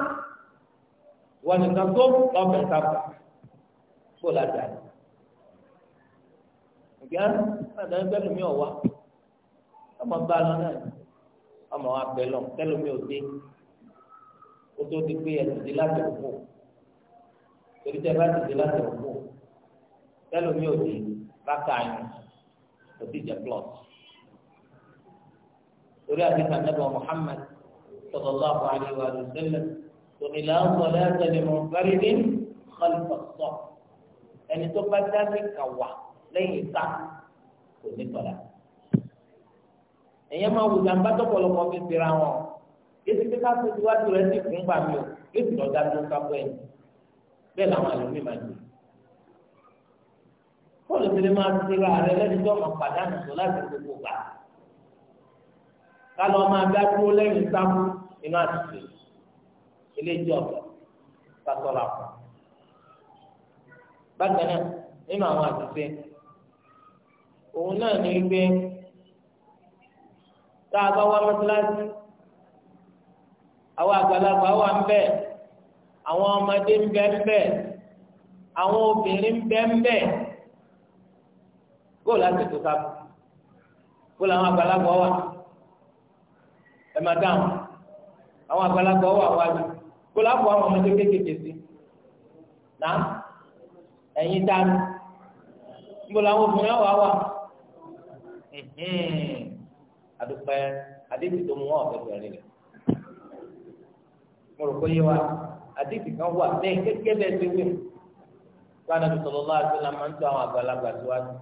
ìwọ nìkan tó lọ́bẹ̀ sábà kó láti àná ìgbà àti ẹgbẹ́ lómi ọ̀wá ọmọ bá lọ náà ọmọ wa bẹ̀ lọ kẹ́lómi ò dé kó tó di pé ẹ̀sìn láti òkú torí tẹ bá ti di láti òkú tẹ́lẹ̀ mi ò di rákà yín kò sí jẹ plọt torí àti sànẹ́bà Muhammad sallallahu alaihi wa sallam tòmí là ń sọ lẹ́sẹ̀ ni mo bẹ́rẹ̀ ní kọ́lùfọ̀sọ̀ ẹni tó bá dábì kà wà lẹ́yìn ìta kò ní tọ́lá ẹ̀yẹ́ máa wù jàǹbá tó pọ̀lọpọ̀ fi fira wọn yéésì pé ká tó ti wá tó rẹ̀ sí fún gbàmí o yóò sì lọ́ọ́ dá ká bọ́ ẹ̀yìn bẹ́ẹ̀ làwọn àlùmí máa dùn. bọ́ọ̀lù ti ni máa ti ra rẹ lẹ́ni tó ọmọ pàdánù sọ láti gbogbo gbà. ká lọ́ọ́ máa dá dúró lẹ́yìn sáfù inú àtúnṣe ilé ìjọ sàtọ́lá fún. bákan náà nínú àwọn àtúnṣe òun náà ní gbé tá a bá wá mọ́tíláṣí àwọn àgbàlagbà wà ń bẹ́ẹ̀ àwọn ọmọdé ń bẹ ń bẹ àwọn obìnrin ń bẹ ń bẹ kó láti tó sábà kó làwọn àgbàlagbà wà ẹ má dáhùn àwọn àgbàlagbà wà wájú kó lápò àwọn ọmọdé kékeré sí náà ẹ̀yin dání níbo làwọn obìnrin wà wà àdùpẹ́ adébìtò mú wọn ọ̀fẹ́ bẹ̀rẹ̀ rẹ̀ mo rò pé yé wa àdìsí kan wà bẹ́ẹ̀ gẹ́gẹ́ bẹ́ẹ̀ ṣe wí gbọ́dọ̀ tó sọ̀rọ̀ lọ́wọ́ àti ọ̀la máa ń tó àwọn àgbàlagbà síwájú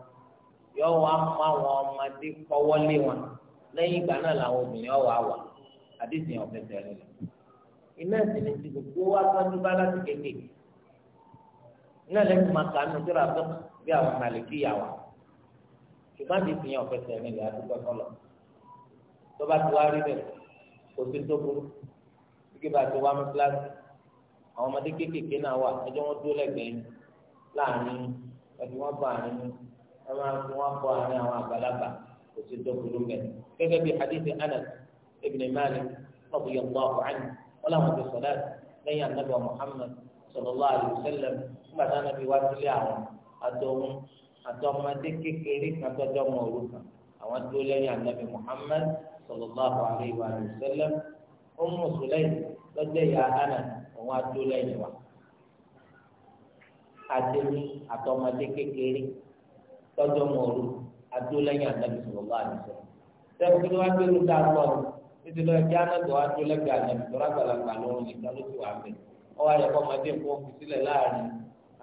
yọ wá mọ àwọn ọmọdé kọ́wọ́ lé wọn lẹ́yìn ìgbà náà làwọn obìnrin ọ̀wà wà àdìsí yẹn ọ̀fẹ́ tẹ̀lé lọ. iná ìsinmi ti gbogbo wa sọ́jú bá láti kékeré iná lẹ́sìn máa kà á nu síra tó bí àwọn màlìkì yà wà ṣùgbọ́n àdìsí yẹn ọ̀fẹ́ tẹ̀lé àwọn ọmọdé kéékèèké náà wà ẹjọ́ wọn dúró lẹ́gbẹ̀ẹ́ láàrin ẹbí wọn bọ àárín ẹ máa fi wọn bọ àárín àwọn àgbàlagbà kò sí dọ́kúrú mẹ́ gẹ́gẹ́ bíi hadithi anas ibn malik ọkọ anhu wọn làwọn ti sọ̀dá lẹ́yìn anabi wa muhammad sallallahu alayhi wa sallam nígbà tí anabi wá ti lé àwọn àtọ̀hún àtọ̀mọdé kékeré kan tọ́jọ́ mọ̀ kan àwọn dúró lẹ́yìn anabi muhammad sallallahu alayhi wa sallam ó mú sùlẹ̀ lọ́jọ́ yà anas wọn á dó lẹ́yìn wa àtẹmí àtọmọdé kékeré tọjọ mọọlù adó lẹ́yìn anabi sọlọ lọ àdìsọ sẹfún kí ló wá gbẹrù tá a sọ ọ títí lọ ẹjẹ anadọ adó lẹ́gbẹ̀ẹ́ anabi tọrọ àgbàlagbà lọrùn nìkan ló ti wà bẹ ọwọ́ ayọkọ ọmọdé kó fi sílẹ̀ láàrin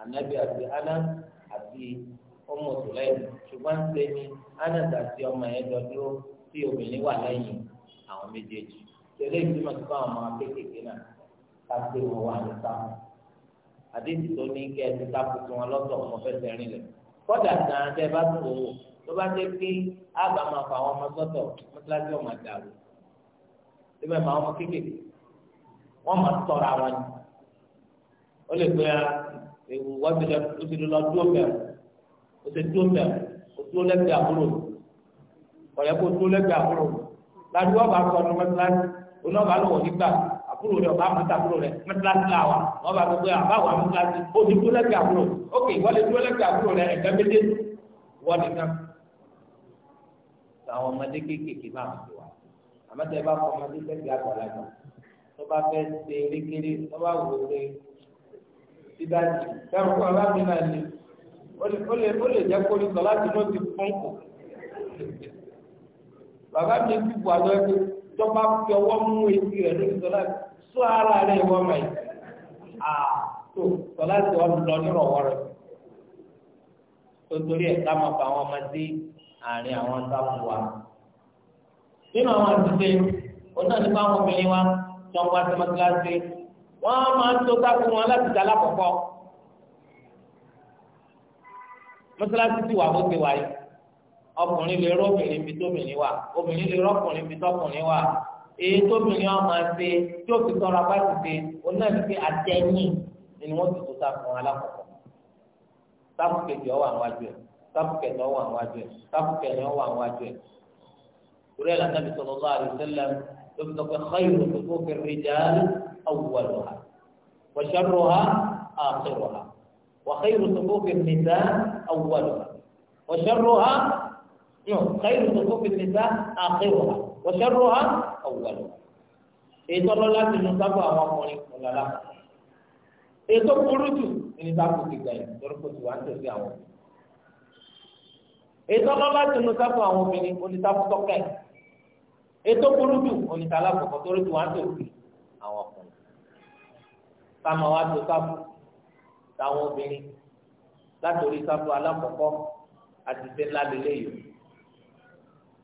anabi àti ana àti ọmọ sọlẹyìn ṣùgbọ́n sẹni anadọ àti ọmọ yẹn jọ dúró tí obìnrin wà lẹ́yìn àwọn méjèèjì tẹ́lẹ̀ ìdí mọ sí àwọn ọmọ akékèké náà kásì wọn wà ní sáfù àdéhùn tó ni kẹ́ ẹ ti sáfù tí wọn lọ́tọ̀ ọmọ fẹsẹ̀ rìn lẹ̀ kọ́dà gan-an tẹ́ ẹ bá tó owó tó bá dé pé àbá máa fa àwọn ọmọ sọ́tọ̀ mọ́tíláṣí ọmọ àdàrú síbẹ̀ máa ọmọ kékeré wọ́n máa tọ̀ra wọn ni ó lè gbé ewu wọ́n ti lọ ó ti lọ dúró bẹ̀rù ó ti dúró bẹ̀rù ó dúró lẹ́gbẹ̀ẹ́ àbúrò ọ̀yẹ́ kó dúró lẹ́gbẹ̀ẹ́ àbúrò làdúrà bá sọ ọdún mọ́tíláṣí onáwó alówó nígbà àbúrò rẹ ọba àmọ́tà àbúrò rẹ mẹtíláṣí là wà wọn bá gbogbo àbáwọ mẹtíláṣí ó ti dúró lẹ́gbẹ̀ẹ́ àbúrò ok wọ́n lè dúró lẹ́gbẹ̀ẹ́ àbúrò rẹ ẹ̀gbẹ́ méjì wọ́n nìkan. àwọn ọmọdé kéékèèké máa ń wà àmọ́tà ẹ bá fọ ọmọdé lẹ́gbẹ̀ẹ́ àgbàlagbà tó bá fẹ́ ṣe erékeré tó bá wò ó ṣe sídájì fẹ́ràn fún ọlá mi náà ni ó lè jẹ́ kórìtọ̀ láti ló ti pọ́ńkù bàbá mi ti bù àlọ́ ẹgbẹ́ tó fi ọwọ́ mú etí rẹ̀ lórí sọ sọ ara rẹ̀ wọ́n mọ̀ yìí àtò sọlá ti wọ́n lọ nírọ̀wọ́ rẹ̀ tontorí ẹ̀ ká máa fa àwọn ọmọ sí àárín àwọn sáfù wa nínú àwọn àtúnṣe òun náà nípa àwọn obìnrin wa tí wọ́n wá sí mọ́tíláṣí wọ́n máa ń tó sáfù wọn láti dá lákọ̀ọ́kọ́ mọ́tíláṣí ti wà bó wáyé ọkùnrin lè rọ obìnrin bí tóbìnrin wà obìnrin lè rọ ọkùnrin bí tọkùnrin èyí tó bìnrin ọmọ ẹsẹ tí ó fi tọrọ apá ti ṣe òun náà ti fi àtẹ̀yìn ni wọ́n ti tó sáfù wọn alákọ̀ọ́kọ́ sáfù kejì ọwọ́ àwọn àjọ ẹ̀ sáfù kẹta ọwọ́ àwọn àjọ ẹ̀ sáfù kẹrin ọwọ́ àwọn àjọ ẹ̀ torí ẹ̀ lànà bisọ̀ lọ́wọ́ àdìsẹ́lẹ̀ ló fi tọ́kẹ́ xeyìrò tó kó fèrè jáde awùwà lọ ha wàṣàrò ha àṣẹwò ha wàxeyìrò tó kó fèrè nìta awùwà lọ ha wàṣàrò ha xeyìrò tó kó fèrè nìta àṣẹwò ha wàṣàrò ha awùwàlù ètò ọlọ́lá ti nu sábà àwọn ọkùnrin ọ̀làlá ètò burú jù ní sábà ti gbà yìí lórí kò tí wàá tẹ̀sí àwọn ètò ọlọ́lá ti nu sábà àwọn obìnrin onítàkùtọ̀kẹ́ ètò burú jù onítàlákọ̀kọ̀ torí tí wàá tẹ̀sí àwọn ọkùnrin káma wàá tó sábà táwọn obìnrin látòrí sábà alákọ̀ọ́kọ́ àti sẹ́ńlá lélẹ́yìí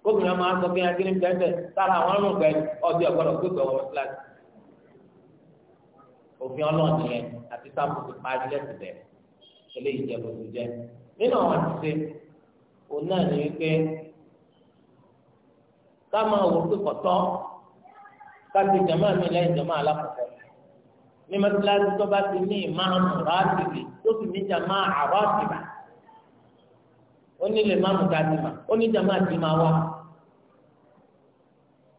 obìnrin máa sọ pé akéré bẹ́ẹ̀ sára àwọn ọ̀rùn pẹ̀lú ọdún ọ̀gbọ́dọ̀ gbẹ̀gbẹ̀ wọn síláàsì òfin ọlọ́run nìyẹn àti sáàpù ti parí lẹ́sìn bẹ́ẹ̀ eléyìí jẹ́ gbogbo jẹ́ nínú àwọn àtúnṣe òun náà ní wípé ká máa wò pé kọ̀tọ́ ká ti jàmá mi lẹ́yìn jàmá alákọ̀ọ́kọ́ ní mẹ́tíláṣí tó bá ti ní ìmáàmù ráàtìbì tó sì ní jàmá àrọ́ọ̀tìbà ó ní ti mà ó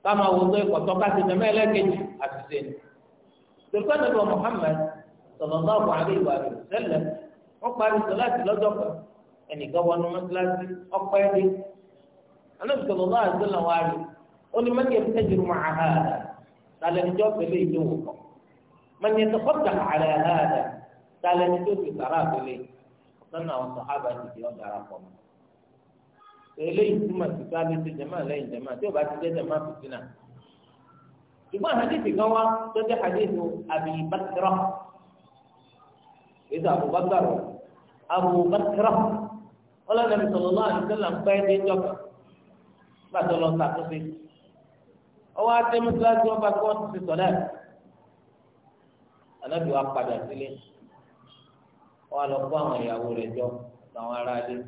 káma wo pé kọ̀tọ́ ká ti tẹ̀mẹ́ ẹlẹ́kẹ̀jì àtúnṣe ni. Dùkọ́ ní bọ̀ Mùhàmmad sọ̀rọ̀lá ọ̀bọ̀ àrí ìwà rẹ̀ sẹ́lẹ̀ wọ́n parí sọ láti lọ́jọ́ kan ẹnìkan wọnú mọ́tíláṣí ọpẹ́ dé. Anábì sọ̀rọ̀lá àdúrà wa rí ó ní mẹ́kẹ́ tẹ́jú mọ́ àhàdà tàlẹ́nijọ́ pẹ̀lú ìdíwò kan. Mẹ́kẹ́ tó kọ́ dàgbà àhàdà tàlẹ́nijọ́ pẹ̀lú eléyìí túmọ̀ sí pé alẹ́ ti jẹ̀mọ́ lẹ́yìn jẹ̀mọ́ tí o bá ti jẹ́ jẹ̀mọ́ fìtínà. ṣùgbọ́n hadithi kan wá tó jẹ́ hadithi Abi Bakra ètò Abubakar Abubakra ọlọ́dà mi sọ̀rọ̀ lọ́wọ́ àdìsẹ́là ń pẹ́ dé jọ́kà gbàtọ́ lọ sàkóso ọwọ́ àti mùsùlùmí ọba kí wọ́n ti ti sọ̀dá anábì wa padà sílé wọ́n lọ kó àwọn ìyàwó rẹ̀ jọ làwọn ará ilé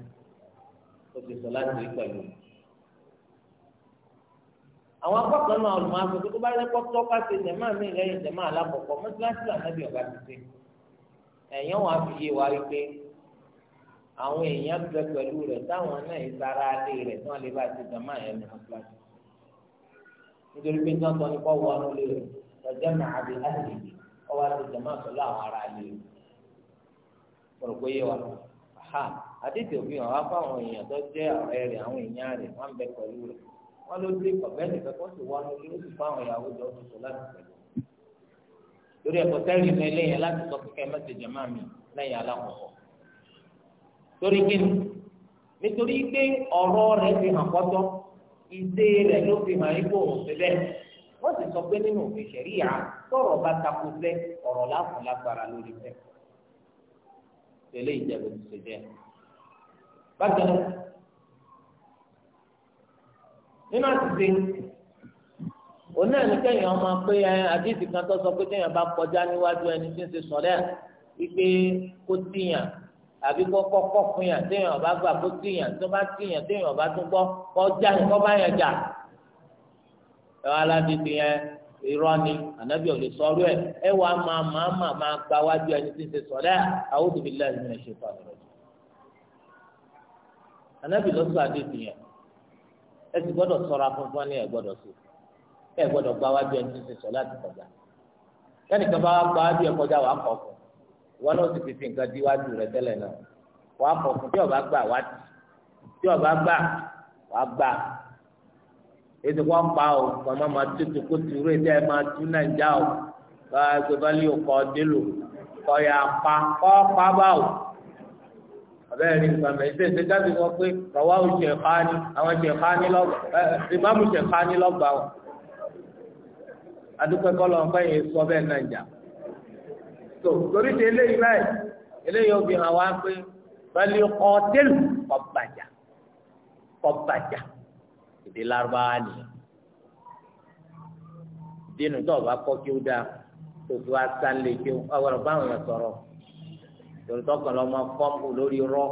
ó ti sọ láti rí pẹ̀lú. àwọn akọ́kọ̀ọ́ náà ọ̀rùn máa sọ pé bá yẹ kọ́tọ́ ká ṣe jẹ̀má mi lẹ́yìn jẹ̀má alákọ̀ọ́kọ́ mọ́tíláṣí ànábì ọ̀gá ti ṣe ẹ̀yàn wàá fi yé wa wípé àwọn èèyàn bẹ pẹ̀lú rẹ̀ táwọn náà ìsara alé rẹ̀ tí wọ́n lè bá ti jẹ̀má yẹn ní mọ́tíláṣí nítorí pé nígbà tó ní kọ́ wọ ọ́nú lé rẹ̀ ha àdéhùn òbí hàn wá fáwọn èèyàn tó jẹ́ ọ̀rẹ́ rẹ̀ àwọn èèyàn rẹ̀ wọ́n ń bẹ pẹ̀lú rẹ̀ wọ́n ló dé ọ̀bẹ́ nìkan kó sì wá lórí ó sì fáwọn ìyàwó jọ tuntun láti pẹ̀lú. lórí ẹ̀kọ́ tẹ́rì mi lẹ́yìn láti sọ kíkẹ́ mẹ́sẹ̀jẹ̀ máa mi lẹ́yìn alákọ̀ọ́kọ́. torí kí ni nítorí pé ọ̀rọ̀ rẹ̀ fi hàn kọ́tọ́ ìdè rẹ̀ ló fi hàn ipò òṣèlè wọ́n bákan náà nínú àtìsí òun náà ní kẹ́yìn ọmọ pé àdìsí kan tó sọ pé téèyàn bá kọjá níwájú ẹni tí ń ṣe sọ̀rẹ́ wípé kó tìyàn àbí kọ́kọ́ kọ́ fún yàn téèyàn bá gbà kó tìyàn tó bá tìyàn téèyàn bá tún gbọ́ kọjá yẹn kọ́ bá yẹn jà ẹ̀wọ̀n aládìsí yẹn irọ́ ni ànábì ò lè sọ̀rọ̀ ẹ̀ ẹ̀ wà máa máa máa gba wájú ẹni tí ń ṣe sọ̀rẹ́ àwọn òdòdó ilé ẹ̀ anabi lọsọ àdéhùn yẹn ẹ sì gbọ́dọ̀ ṣọ́ra fúnfún ní ẹ gbọ́dọ̀ sí ẹ gbọ́dọ̀ gba wájú ẹni tó ti sọ láti kọjá kẹ́nìkan bá gba wájú ẹ kọjá wàá kọ fún wọn náà sì fi fi nǹkan di wájú rẹ tẹ́lẹ̀ náà wàá kọ fún tí ọba gbà wá tì tí ọba gbà wàá gbà ètò wọn pa ọ màmá máa tutù kó turu ètò ẹ máa tú nàìjà ọ bá a gbé kọ ọ délò kọ yà pa kọ pa báwò abẹ́rẹ́ ní nǹkan mẹ́ ṣe ṣe dábì wọ́n pé rọwá o ṣe ká ní àwọn ṣe ká ní lọ́gbà ìmáàmù ṣe ká ní lọ́gbà wọn. adúpẹ́ kọ́lọ̀ ń fẹ́yìn sọ bẹ́ẹ̀ náà jà. tó torí ṣe eléyìí báyìí eléyìí obìnrin àwa pé pẹ̀lú ọ̀tẹ́lù ọ̀bàjà ọ̀bàjà èdè lárúbáwá nìyẹn. dínú tó o bá kọ́ kí ó dáa tó o tó a sá lé kí ó àwọn báwọn yẹn sọ̀rọ̀ tòlótọ́ kan lọ́mọ fọ́ọ̀mù lórí rọ́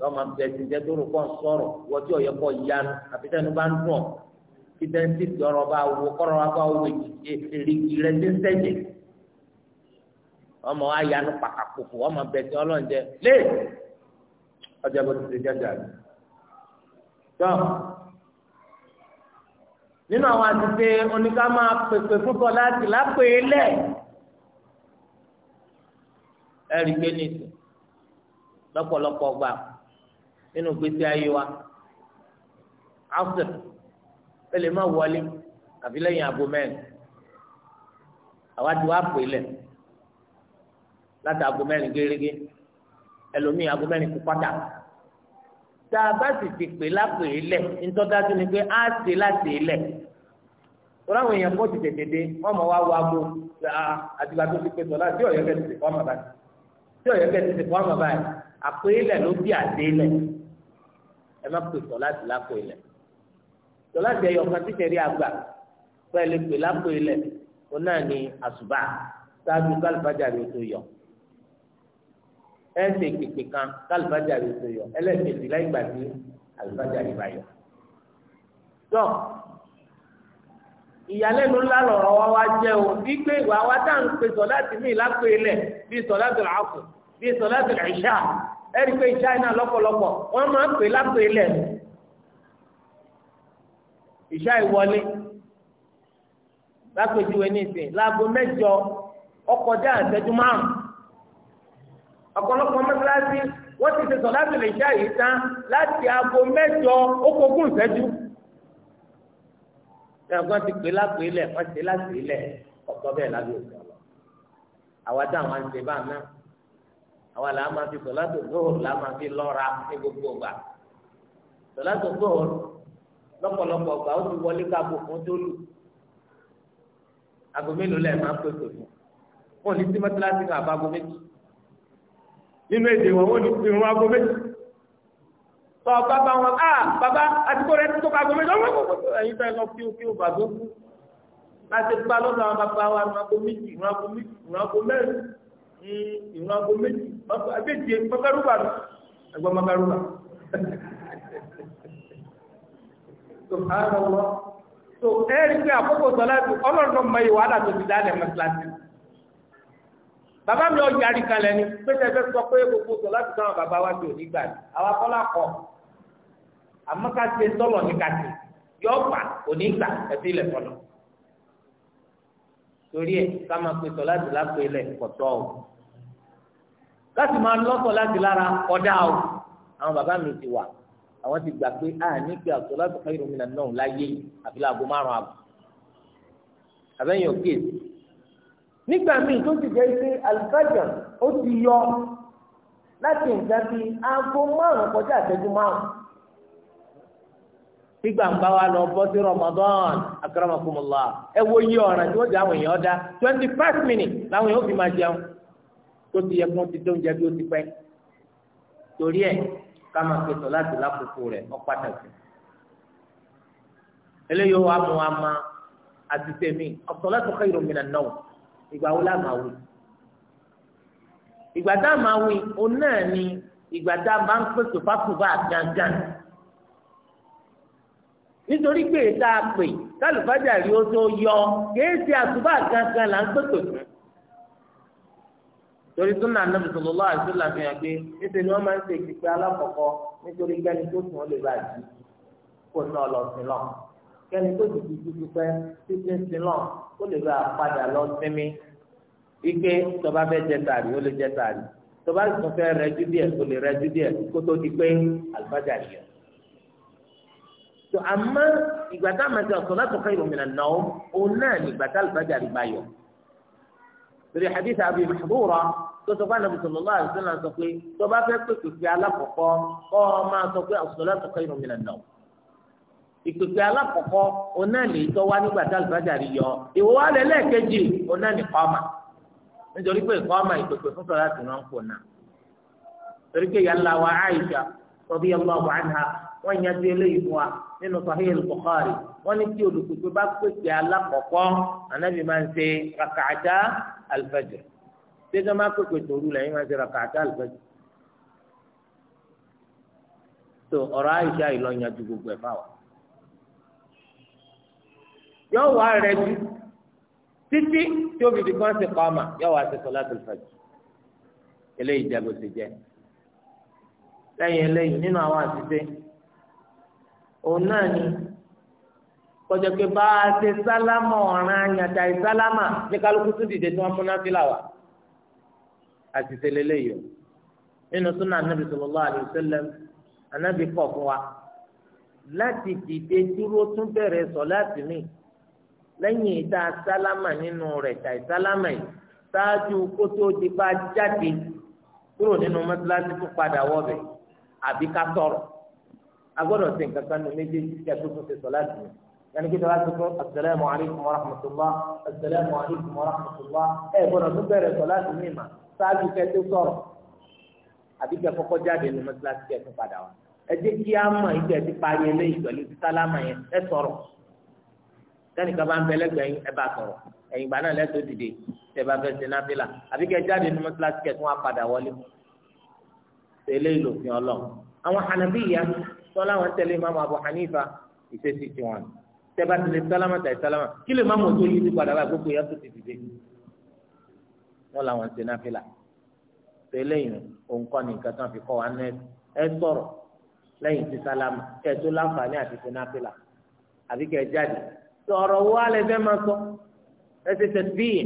lọ́mọ bẹ̀sìn jẹ́ tó rò kọ́ sọ̀rọ̀ wọ́n tí ọ̀yẹ́ kọ́ yanu àfi tẹ́nu bá ń dùn kíkẹ́ ń ti tọrọ bá wo kọ́rọ̀ wá bá wo èrìgì rẹ ti ń sẹ́yìn ọmọ wa yanu pàkàkùkù ọmọ bẹ̀sìn ọlọ́njẹ lé ọjà bó ti ṣe jáde àná tọ́ nínú àwọn àti pé oníkà máa pèpè fún bọ́lá lápè é lẹ́ẹ̀ ẹ̀rí gbé nìsín lọ́pọ̀lọpọ̀ gbà nínú gbèsè ayé wa after ẹ lè má wọlé àfi lẹ́yìn aago mẹ́rin àwa ti wá pè lẹ̀ láti aago mẹ́rin gẹ́gẹ́ ẹlòmíì aago mẹ́rin kú pátá tá a bá sì ti pè lápè lẹ̀ ńtọ́dájú ni pé á ṣe láti lẹ̀ wọ́n àwọn èèyàn kọ́ ti tètè dé wọ́n mọ̀ wá wá gbó ah, àtìgbà tó ti pè sọ̀rọ̀ àti ọ̀yọ́ kẹ́sì fọ́ọ̀mù àbájá tí ọ̀yọ́ kẹ́ ti ti fọ́ àmọ́ báyìí àpò ilẹ̀ ló bí àdé ilẹ̀ ẹ má pè sọ láti lápò ilẹ̀ sọ láti ẹyọ kan títẹ̀ rí àgbà pẹ̀lú pè lápò ilẹ̀ ó náà ní àṣùbà ṣáájú kálífàjà rẹ̀ tó yọ ẹ ń kan kálífàjà rẹ̀ tó yọ ẹlẹ́ẹ̀kejì láì gbà sí àlùfàjà rẹ̀ bá yọ ìyàlẹ́nu ńlá lọ̀rọ̀ wa wá jẹ́ o bí pé ìwà wa dá ń pe sọ láti mí lápé ilẹ̀ bí sọ láti rà áfò bí sọ láti rà ìṣá ẹ̀rí pé ìṣá iná lọ́pọ̀lọpọ̀ wọ́n máa ń pè lápé ilẹ̀ ìṣá ìwọlé lápèjúwe nísìn láago mẹ́jọ ọkọ̀ dá àtẹ́jú márùn ọ̀pọ̀lọpọ̀ mọ́tíláṣí wọ́n ti ṣe sọ láti rà ìṣá yìí tán láti aago mẹ́jọ ó kogún ìṣẹ́jú ẹnìkan ti pè lápè lẹ wọn ti láti lẹ ọtọ bẹ́ẹ̀ lábẹ́ òfin ọlọ àwa tá àwọn àti bá ná àwa là á máa fi sọlátò gbóhùn là á máa fi lọ́ra ní gbogbo ọgbà sọlátò gbóhùn lọ́pọ̀lọpọ̀ ọgbà ó ti wọlé káàbò fún tó lù aago lẹ máa pè pè fún wọn ní símọtìláṣí kan àbágo méjì nínú èdè wọn wọn ní irun aago méjì tọ́ ọba bá wọn a ah, bàbá àtikó rẹ tó kàgbọ́n mi lọ́wọ́ ẹ̀yin fẹ́ lọ fíw fíw bàbá kú láti gba lọ́dọ̀ àwọn bàbá wa ìrànwọ́ méjì ìrànwọ́ méjì ìrànwọ́ mẹ́rin ìrànwọ́ méjì àbẹ́jì mọ́kàrúbà ẹ̀gbọ́n mọ́kàrúbà tó ẹ̀rí pé àkókò sọ láti ọlọ́run lọ́mọ ìwà àdàtò ti dálẹ̀ mọ́sálásí bàbá mi ọjà rí kalẹ̀ ni pété ẹgbẹ́ sọ pé gbogbo sọ láti sọ àwọn bàbá wa ti òní gbà àwa kọ́lá kọ àmọ́ ká ṣe tọ́lọ̀ ní kàtì yọ gbà òní gbà ẹ̀sìn ilẹ̀ tọ́lọ̀ torí ẹ̀ ká máa pe sọ láti lápò ilẹ̀ kọ̀tọ́ o láti máa lọ́sọ̀ láti lára ọ̀dà o àwọn bàbá mi ti wà àwọn ti gbà pé a ní pé àtọ̀ láti ká ìròmìnà náà láyé àfi láago márùn-ún àbọ̀ àbẹ́yìn òkè nígbà míì tó ti jẹ́ pé alifájà ó ti yọ láti nǹkan bíi aago márùn kọjá àtẹ́jú márùn nígbà ń bá wa lọ bọ́ sí Ramadan akramakumullah ẹ wo iye ọ̀ràn tí wọ́n jẹ́ àwọn èèyàn dá twenty five minutes làwọn èèyàn fi máa jẹun tó ti yẹ kó ti tó oúnjẹ bí ó ti pẹ́ torí ẹ̀ ká máa fi sọ láti lákòókò rẹ̀ ó pàtàkì eléyìí ó wà mú wa máa àti tèmi as-salatu khayrun minan nawm ìgbà wo la máa wí ìgbà tá a máa wí òun náà ni ìgbà tá a bá ń pèsè fákùbà gángan nítorí pé tá a pè kálùfájà rí ó tó yọ kìí ṣe àtúbà gángan là ń pèsè fún torí tó náà nàbì sallallahu alaihi wasallam fi hàn pé níṣẹ́ ni wọ́n máa ń ṣe ìpìpẹ́ alákọ̀ọ́kọ́ nítorí kẹ́ni tó sùn ó lè bá jí kó náà lọ sí lọ kẹ́ni tó sì ti ti pẹ́ títí sí lọ kó lè bá a padà lọ sinmi ike tọba fẹ́ jẹ sààrì ó lè jẹ sààrì tọba tún fẹ́ rẹjú díẹ̀ kó lè rẹjú díẹ̀ kó tó di pé àlùfáàjà yẹ tó àmọ́ ìgbà tá a máa jẹ ọ̀sán látọ̀ká ìròmìnà náà òun náà ní ìgbà tá àlùfáàjà rí bá yọ lórí hadith Abi Mahdura tó sọ fún anabi sallallahu alaihi wasallam sọ pé tọba fẹ́ pèpè pé alákọ̀ọ́kọ́ kọ́ ọ máa sọ pé ọ̀sán látọ̀ká ìròmìnà náà ìpèsè alákọ̀ọ́kọ́ onáàlì tó wá nígbà tá àlùfáàjà rí yọ ìwọ wa lẹ lẹ́ẹ̀kejì onáàlì kọ́ọ̀mà nítorí pé kọ́ọ̀mà ìpèsè fún sọ̀rọ̀ àti náà ń kò náà torí pé yàrá wa Aisha radiyallahu anha wọ́n yanjú eléyìí fún wa nínú Sahih al wọ́n ní tí olùkùsù bá pèsè alákọ̀ọ́kọ́ ànábì máa ń ṣe rakàtà al-fajr ọ̀rọ̀ Aisha ìlọ yanjú gbogbo ẹ̀ fáwọn yọ wà rẹ̀ jù títí tí òbí ti kàn ṣe kọ́ ọmọ yọ wà ṣe sọlátul fajr eléyìí jẹ́ bó ti jẹ́ lẹ́yìn eléyìí nínú àwọn àṣìṣe òun náà ni kọjọ pé bá a ṣe sálámà ọ̀ràn àyàtà ìsálámà ní kálukú tún dìde tí wọ́n múná sí làwà àṣìṣe lélẹ́yìí o nínú súnà anábì sallallahu alaihi wasallam anábì kọ̀ fún wa láti dìde dúró tún bẹ̀rẹ̀ sọ láti mìíràn lẹ́yìn ìta sálámà nínú rẹ̀ tàì sálámà yìí ṣáájú kó tó di bá jáde kúrò nínú mọ́tíláṣí tó padà wọ́bẹ̀ àbí ká sọ̀rọ̀ a gbọ́dọ̀ sí nǹkan kan ní méjèèjì kí a tó tún ṣe sọ láti yẹn yẹn kí tọ́lá ti kọ́ asalaamu alaykum wa rahmatulah asalaamu alaykum wa rahmatulah ẹ gbọ́dọ̀ tó bẹ̀rẹ̀ sọ láti mí ma ṣáájú kẹ́ tó sọ̀rọ̀ àbí kẹ́ kọ́kọ́ jáde nínú mọ́tíláṣí tó padà wá ẹ jẹ́ kí a mọ̀ ìgbẹ́ tẹnika bá ń bẹ lẹ́gbẹ̀ẹ́ yín ẹ bá sọ̀rọ̀ ẹ̀yìn ìgbà náà lẹsọ dìde tẹ bá fẹ́ ṣe náfìlà àbí kẹ jáde ní mọsálásí kẹ tún wá padà wọlé tẹlẹ ìlòfin ọlọ àwọn hanabiya sọlá wọn tẹ̀lé mamu abu hanifa ìṣesí tiwọn tẹ bá tilẹ̀ sálámà tàì sálámà kí lè mamu tó yí sí padà bá gbogbo yẹn tó ti dìde wọn làwọn ṣe náfìlà tẹlẹ yìí òǹkọ ní nǹkan tán fi kọ wa ní ẹ sọ̀rọ̀ sọ̀rọ̀ wo alẹ́ fẹ́ máa sọ ẹsẹ̀ tẹ̀síì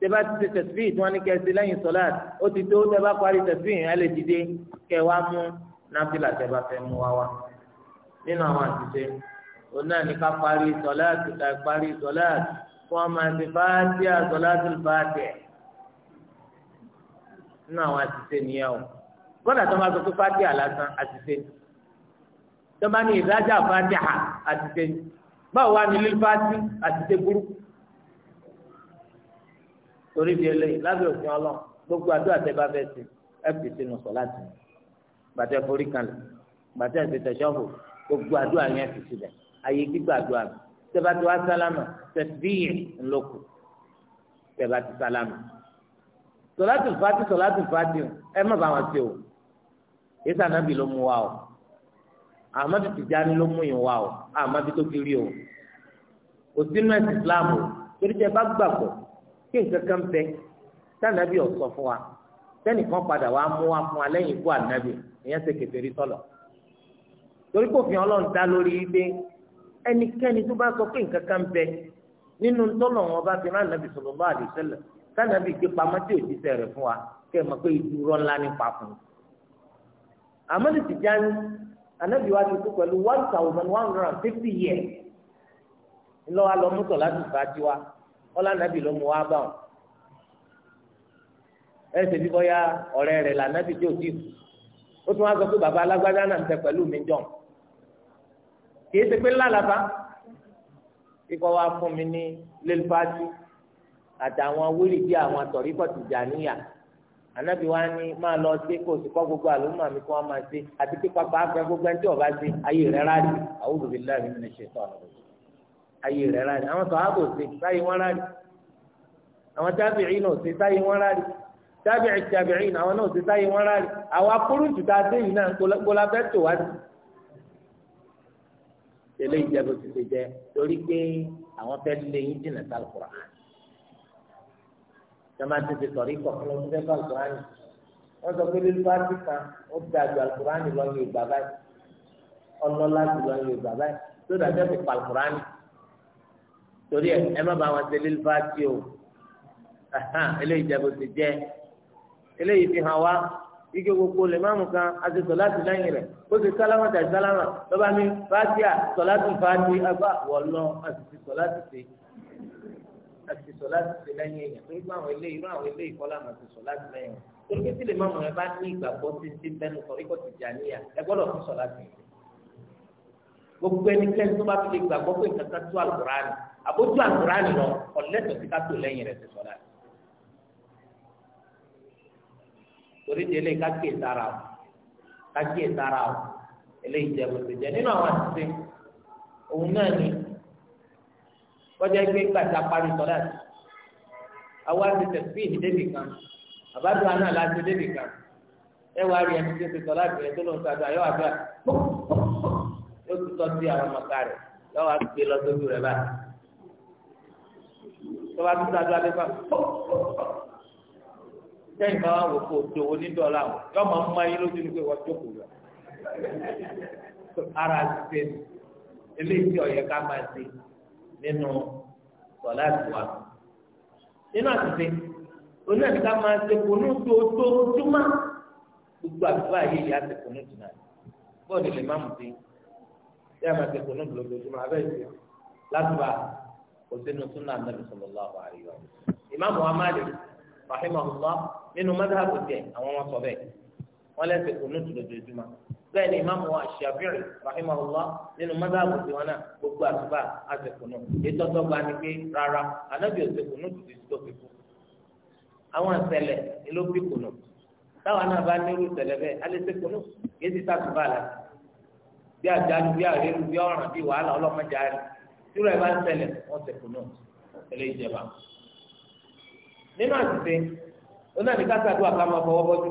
tẹ́bá ti ṣe tẹ̀síì tí wọ́n ní kẹ́sì lẹ́yìn sọ́lá ó ti tó tẹ́bá parí tẹ̀síì ẹ lè dìde kẹ́ wá mú náfìlà tẹ́bá fẹ́ mú wá wá nínú àwọn àtúnṣe òun náà ní ká parí sọ́lá ká parí sọ́lá fún ọmọ àti fàájì àsọ̀lá tó fàájì ẹ̀ nínú àwọn àtúnṣe nìyẹn o gbọ́dọ̀ tó máa sọ pé fàájì àlásán àtúnṣe tó bá ní ìdájà fàájì báwo wá ní lílfàtì àti tẹ́gbúrú torí di eléyìí lábẹ́ òfin ọlọ́run gbogbo àdúrà tẹ́ bá fẹ́ sí ẹ fi sínú sọ láti mú gbàtẹ́ forí kalẹ̀ gbàtẹ́ ìfẹsẹ̀ ṣọ́ọ̀bù gbogbo àdúrà yẹn fi sílẹ̀ ayé gbígbà àdúrà mi tẹ́bà tí wàá sálámà tẹ̀síbíyì ńlọ́kù tẹ́bà tí sálámà sọláàtù fàtì sọláàtù má bàa wọn o yíṣà ló mú wa o. Ahmadu Tijani ló mú yín wá o Ahmadu tó fi rí o kò sínú ẹ̀sìn Islam o torí tẹ bá gbàgbọ́ kí nǹkan kan bẹ sànàbí ọ̀sọ́ fún wa sẹ́nìkan padà wàá mú wa fún wa lẹ́yìn ikú ànábì ìyẹn ṣe kèfèrí sọ̀lọ̀ torí kò fi ọlọ́run dá lórí pé ẹnikẹ́ni tó bá sọ pé nǹkan kan bẹ nínú tọ́lọ̀ wọn bá fi rán ànábì sallallahu alaihi wasallam sànàbí gbé pamọ́ tí òjíṣẹ́ rẹ̀ fún wa kẹ́ ẹ mọ̀ pé ìdúró ńlá nípa fún un àmọ́ ní Tìjání anabi wa ti kú pẹ̀lú one thousand one hundred and fifty years ńlọ́wọ́ alọ́ mọ́tò láti fàájì wa ọlá anabi ló mú wa bá wọn ẹsẹ̀ bí bọ́yá ọ̀rẹ́ rẹ̀ là anabi tí o ti kú ó tún wá sọ pé bàbá alágbádá náà ń tẹ pẹ̀lú mi jọ̀ kì í ṣe pé ńlá làbá kíkọ́ wa fún mi ní lẹ́lifásí àtàwọn wíìlì bí àwọn àtọ̀ríkọ̀ tìjà níyà anabi wa ni máa lọ sí kò sí kọ́ gbogbo àlùmọ́ mi kí wọ́n máa ṣe àti pípa pàápàá gbogbo ẹni tí ọba ṣe ayé rẹ rárí a'udhu billahi minash shaitani rajim ayé rẹ rárí àwọn sàhábà ṣe sáyé wọn rárí àwọn tábìrì náà ṣe sáyé wọn rárí tábìrì tábìrì náà àwọn náà ṣe sáyé wọn rárí àwọn akúrúntù tá a ṣe yìí náà gbọ́lá fẹ́ tò wá sí tẹ́lẹ̀ ìjẹ́bù ti ṣe jẹ́ torí pé àwọn fẹ́ lé yín jìnnà tẹ́lẹ̀ ti ti sọ̀rí kọ̀ọ̀kan lọ́dún fẹ́ bá alukurani wọ́n sọ pé lílu fásitì kan ó da ju alukurani lọ yóò gbà báyìí ọlọ́lá ju lọ yóò gbà báyìí tó dàjọ́ ti pa alukurani torí ẹ ẹ má bá wọn ṣe lílu fásitì o eléyìí jẹ́ bó ti jẹ́ eléyìí fi hàn wá ike gbogbo lè má mú kan àti sọláàtì lẹ́yìn rẹ̀ ó ti sálámà tàbí sálámà lọ́ba mi fásitì sọláàtì fásitì agbá wọ̀ lọ àti sọláàtì sí i àti sọ láti ṣe lẹ́yìn èèyàn pé irú àwọn ilé irú àwọn ilé ìkọlà máa ti sọ láti lẹ́yìn wọn torí pé tí lè má mọ ẹ bá ní ìgbàgbọ́ tí ti bẹnu sọ ikọ̀ ti jà níyà ẹ gbọ́dọ̀ fún sọ láti ṣe gbogbo ẹnikẹ́ni tó bá fi lè gbàgbọ́ pé nǹkan kan tó àlùkùránì àbójú àlùkùránì lọ ọ̀lẹ́tọ̀ sí ká tó lẹ́yìn rẹ̀ ti sọ torí délé ká kí ìtara o ká kí ìtara o ni kọjá gbé gbàtà parí sọlá ti àwa ti tẹsí ìdí débì kan àbádùn àná láti débì kan ẹ wá rí ẹni tó ti sọlá ti rẹ tó ló ń sàdúrà yóò àdúrà yóò ti tọ́ sí àwọn ọmọkà rẹ yóò wá gbé lọ sójú rẹ báyìí tó bá tún sàdúrà lé fà sẹ́yìn bá wà wò kó dòwò ní dọ́là o yóò máa ń mọ ayé lójú ní pé wọ́n jókòó rẹ ara ti ṣe eléyìí ọ̀yẹ́ ká máa ṣe nínú sọlá ìwà nínú àtúnṣe oní àtúnṣe máa ṣe kùnú tójójúmọ́ gbogbo àtúnṣe ayé yìí àti kùnú jùlọ bọ́ọ̀lù lè má mú sí yá máa ṣe kùnú lójoojúmọ́ abẹ́rẹ́ sí látúbà kò sínú súnà nàbì sallallahu alaihi wa sallam ìmáàmù Ahmad rahimahullah nínú mọ́tàkùn àwọn ọmọ sọ bẹ́ẹ̀ wọn lẹsẹ kùnúùtù lójoojúmọ́ bẹ́ẹ̀ ni imaamu wa shafi'i rahimahullah nínú mọdàbù tiwọn náà gbogbo àtúbà àsèkùnú ìtọ́tọ́ gba ni pé rárá anábì òsèkùnú ti ti tó fi kú àwọn ìṣẹ̀lẹ̀ ni ló fi kùnú táwọn náà bá nírú ìṣẹ̀lẹ̀ bẹ́ẹ̀ alẹsẹkùnú kì í ti tàtúbà la bí àjálù bí àrélu bí ọ̀ràn bí wàhálà ọlọmọdé àrè tíwọ ẹ bá ń ṣẹlẹ̀ wọn sẹkùnú ẹlẹ ìjẹba nínú àtúnṣe onáníkàtà àdúrà ká fọwọ́ bọ́jú.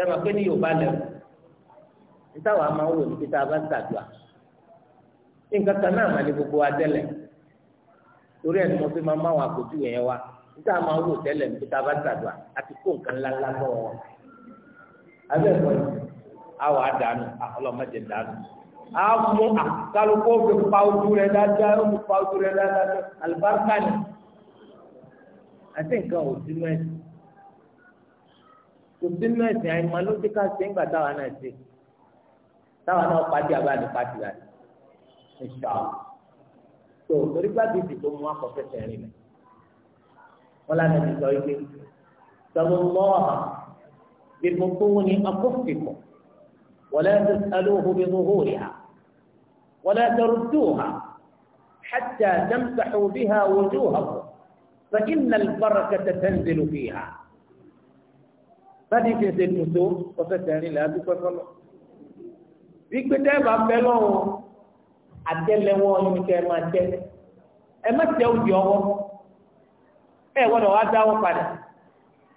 sẹ́mi pé ní yorùbá lẹ̀ nítawọ̀ a máa ń wò ní pété abá sàdúà nǹkan kan náà máa ní gbogbo wa tẹ́lẹ̀ torí ẹ̀ ni mo fi máa ń bá àwọn àpòtù yẹn wá níta máa ń wò tẹ́lẹ̀ ní pété abá sàdúà àti kó nǹkan ńlá ńlá sọ̀rọ̀ wọn. abẹ́ ẹ̀kọ́ yìí àwọn àdánù ọlọ́mọdé dánù a àkàlùkò fi pa ojú rẹ̀ dáadáa ó fi pa ojú rẹ̀ dáadáa àlùbáríkà ni kò sínú ẹ̀sìn àìmọ̀ ló ti ká sí ńgbà táwa náà ṣe táwa náà pàdé àbáàdé pàdé rà ìṣá tó torí gbàgbé ti tó mú akọ̀fẹ́sẹ̀ rìn lẹ̀ wọn lànà ti sọ ike mọ́ ọ̀hán bí gbogbo wọn ni akọ́fìkọ̀ wọlé ẹsẹ̀ alóhùn bí gbogbo rẹ̀ hà wọ́n wọlé ẹsẹ̀ rúdú hà ha wọ́n تمسحوا بها وجوهكم فإن البركة تنزل فيها láti fi ṣe tòótọ́ ọ̀fẹ́sẹ̀ rìn lẹ́yìn adúpẹ́ fọlọ́. wípé tẹ́ẹ̀bà fẹ́ lọ́wọ́ àtẹ́lẹwọ́ yín kẹ́ ẹ máa tẹ́ ẹ má tẹ òdì ọwọ́ ẹ gbọ́dọ̀ wá dáwọ́ padà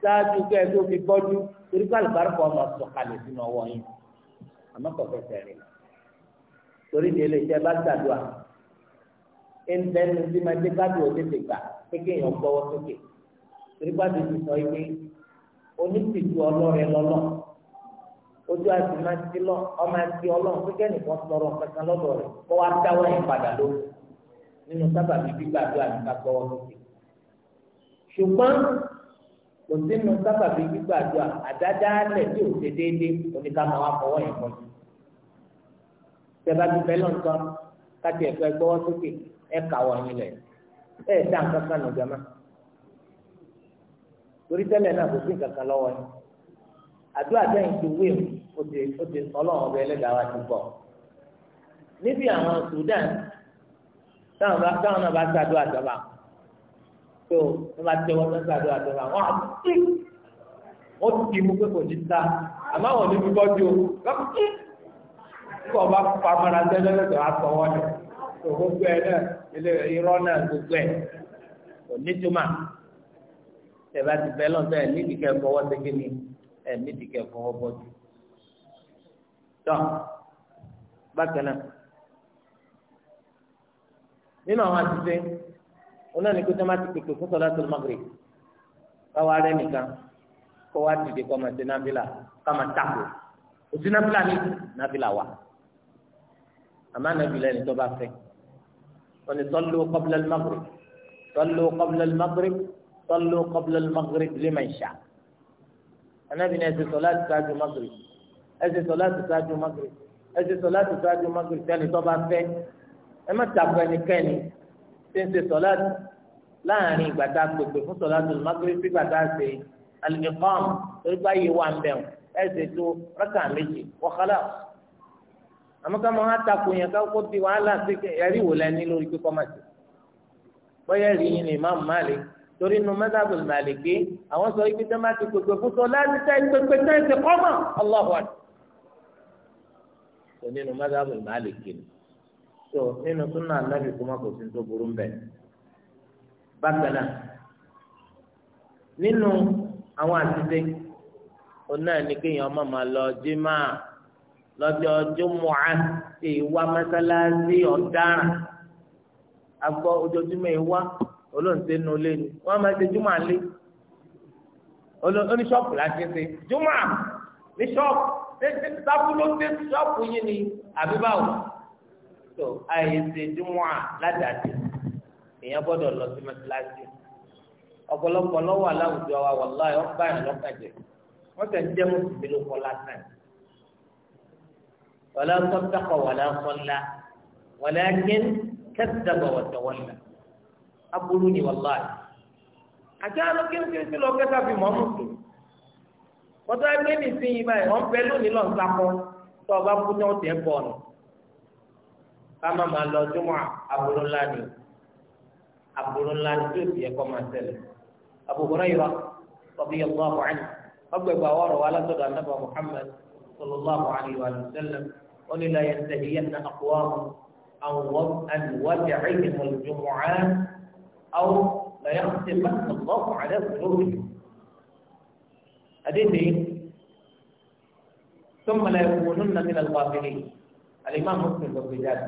ṣáájú kẹ́ ẹ tó fi bọ́jú torí ká àlùbáríkọ ọmọ sọ̀kalẹ̀ sínú ọwọ́ yín àmọ́ kò fẹsẹ̀ rìn torí di eléyìí bá gbàdúrà ẹnìtẹ́ni tí máa dé gbàdúrà ó onípìtú ọlọ́rẹ̀ lọ́lọ́ ojú àti máa ti lọ ọmọ àti ọlọ́run pẹ́kẹ́ nìkan sọ̀rọ̀ kankan lọ́dọ̀ rẹ̀ kó wá dáwọ́ yẹn padà lórí nínú sábàbí gbígbàdúrà nípa gbọ́wọ́ lókè ṣùgbọ́n kò sínú sábàbí gbígbàdúrà àdádáálẹ̀ tí ò ṣe déédéé oníkàmọ́ wa fọwọ́ yẹn pọ̀ jù tẹ́lá ti fẹ́ lọ́ntàn káti ẹ̀fẹ́ gbọ́wọ́ sókè ẹ̀ kàwọ́ yín lẹ̀ ẹ̀ dá nǹkan kan nù jẹ́ máa torí tẹ́lẹ̀ náà kò sí nǹkan kan lọ́wọ́ ni àdúrà tẹ́yìn ti wé o ti o ti ọlọ́run ọbẹ̀ ẹlẹ́dàá wa ti bọ̀ níbi àwọn Sudan táwọn bá táwọn náà bá ṣàdúrà jọba tó wọn bá tẹwọ́ fẹ́ ṣàdúrà jọba wọn á ti ó ti mú pé kò ní ta àmọ́ àwọn oníbi tọ́jú o lọ́kùn tí kò bá fa mara tẹ́lẹ̀ lọ́sọ̀ àtọ̀ wọn ni tó gbogbo ẹ̀ náà ilé irọ́ náà gbogbo ẹ̀ kò ní túmọ̀ tẹ̀bá ti bẹ́ lọ́sẹ̀ ẹ̀ nídìí kẹ́ fọwọ́ ṣẹ́gi ni ẹ̀ nídìí kẹ́ fọwọ́ bọ́jú. tọ́ bákan náà nínú àwọn àtúnṣe oná ní kó tó má ti pèpè fún sọlá tó magre báwa rẹ nìkan kó wá dìde kó máa ṣe nábìlà ká máa tako òsì nábìlà ní nábìlà wà àmọ́ nábìlà ẹni tó bá fẹ́ wọn ni sọlú kọ́bílẹ̀ magre sọlú kọ́bílẹ̀ magre sọlọ kọbílẹ maghrib liman sha anabi ní ẹsẹ sọlá ti ṣáájú maghrib ẹsẹ sọlá ti ṣáájú maghrib ẹsẹ sọlá ti ṣáájú maghrib sẹni tó bá fẹ́ ẹ má takọ ẹnikẹ́ni tí ń ṣe sọlá láàrin ìgbà tá a pèpè fún sọlá tó maghrib sí ìgbà tá a ṣe alìkọ́m torí bá yìí wà ń bẹ̀ ẹsẹ tó rákà méjì wọ́kálá àmọ́ ká takò yẹn ká kó wàhálà sí ẹ̀rí wò lẹ́ni lórí kíkọ́ máa ṣe bọ́yá ẹ̀rí yìí ni Imam Malik torí nu mẹ́tàbù màlìkì àwọn sọ ibi tẹ́ máa ti pèpè fún sọ láti tẹ́ pèpè tẹ́ ti kọ́mọ̀ ọlọ́wọ́ tó nínú mẹ́tàbù màlìkì ni tó nínú súnà anábì kọ́mọ́ kò sí tó burú mbẹ́ bákan náà nínú àwọn àtúndé onáà ní kéèyàn ọmọ máa lọ jímà lọ́jọ́ júmùá ìwà mẹ́sálásí ọ̀daràn agbọ́ ojoojúmọ́ ìwà olóńtẹ nu lé ni wọn máa ṣe júmọ àlẹ oní ṣọ́ọ̀pù la ṣe ṣe júmọ ní ṣọ́ọ̀pù sáfù ló dé ṣọ́ọ̀pù yín ni àbí báwo tó àyè ṣe júmọ ládàáde èèyàn gbọ́dọ̀ lọ sí mẹsàlásì ọ̀pọ̀lọpọ̀ lọ́wọ́ aláwùjọ wa wàláyé wọn bá yàn lọ́kàn jẹ wọn sì ń jẹ mùsùlùmí ló kọ lásán wàlá tọ́tàkọ̀ wàlá kọ́lá wàlá kín kẹ́sìdàgbọ̀ wọ̀tọ̀wọ̀lá aburú ni wàláyé àti àwọn kéńkéńké lọ kẹta fi mọ́ mú tó kọtọ ẹgbẹ́ ní ìsinyìí báyìí wọ́n fẹ́ lónìí lọ́n sakọ tó ọba kú tó tẹ̀ bọ̀ nù káma máa lọ júmọ́ aburú ńlá ni aburú ńlá ni tó tiẹ̀ kọ́ máa ṣẹlẹ̀ Abu Hurayra radiyallahu anhu ọgbẹ̀gbà wọ́ọ̀rọ̀ wa látọ̀dọ̀ anábà Muhammad sallallahu alayhi wa sallam wọ́n ní la yastahiyanna aqwamun àwọn wọ́n àti wọ́n ti أو لا يختمن الله على قلوبهم أديتي ثم لا يكونن من الغافلين الإمام مسلم والرجال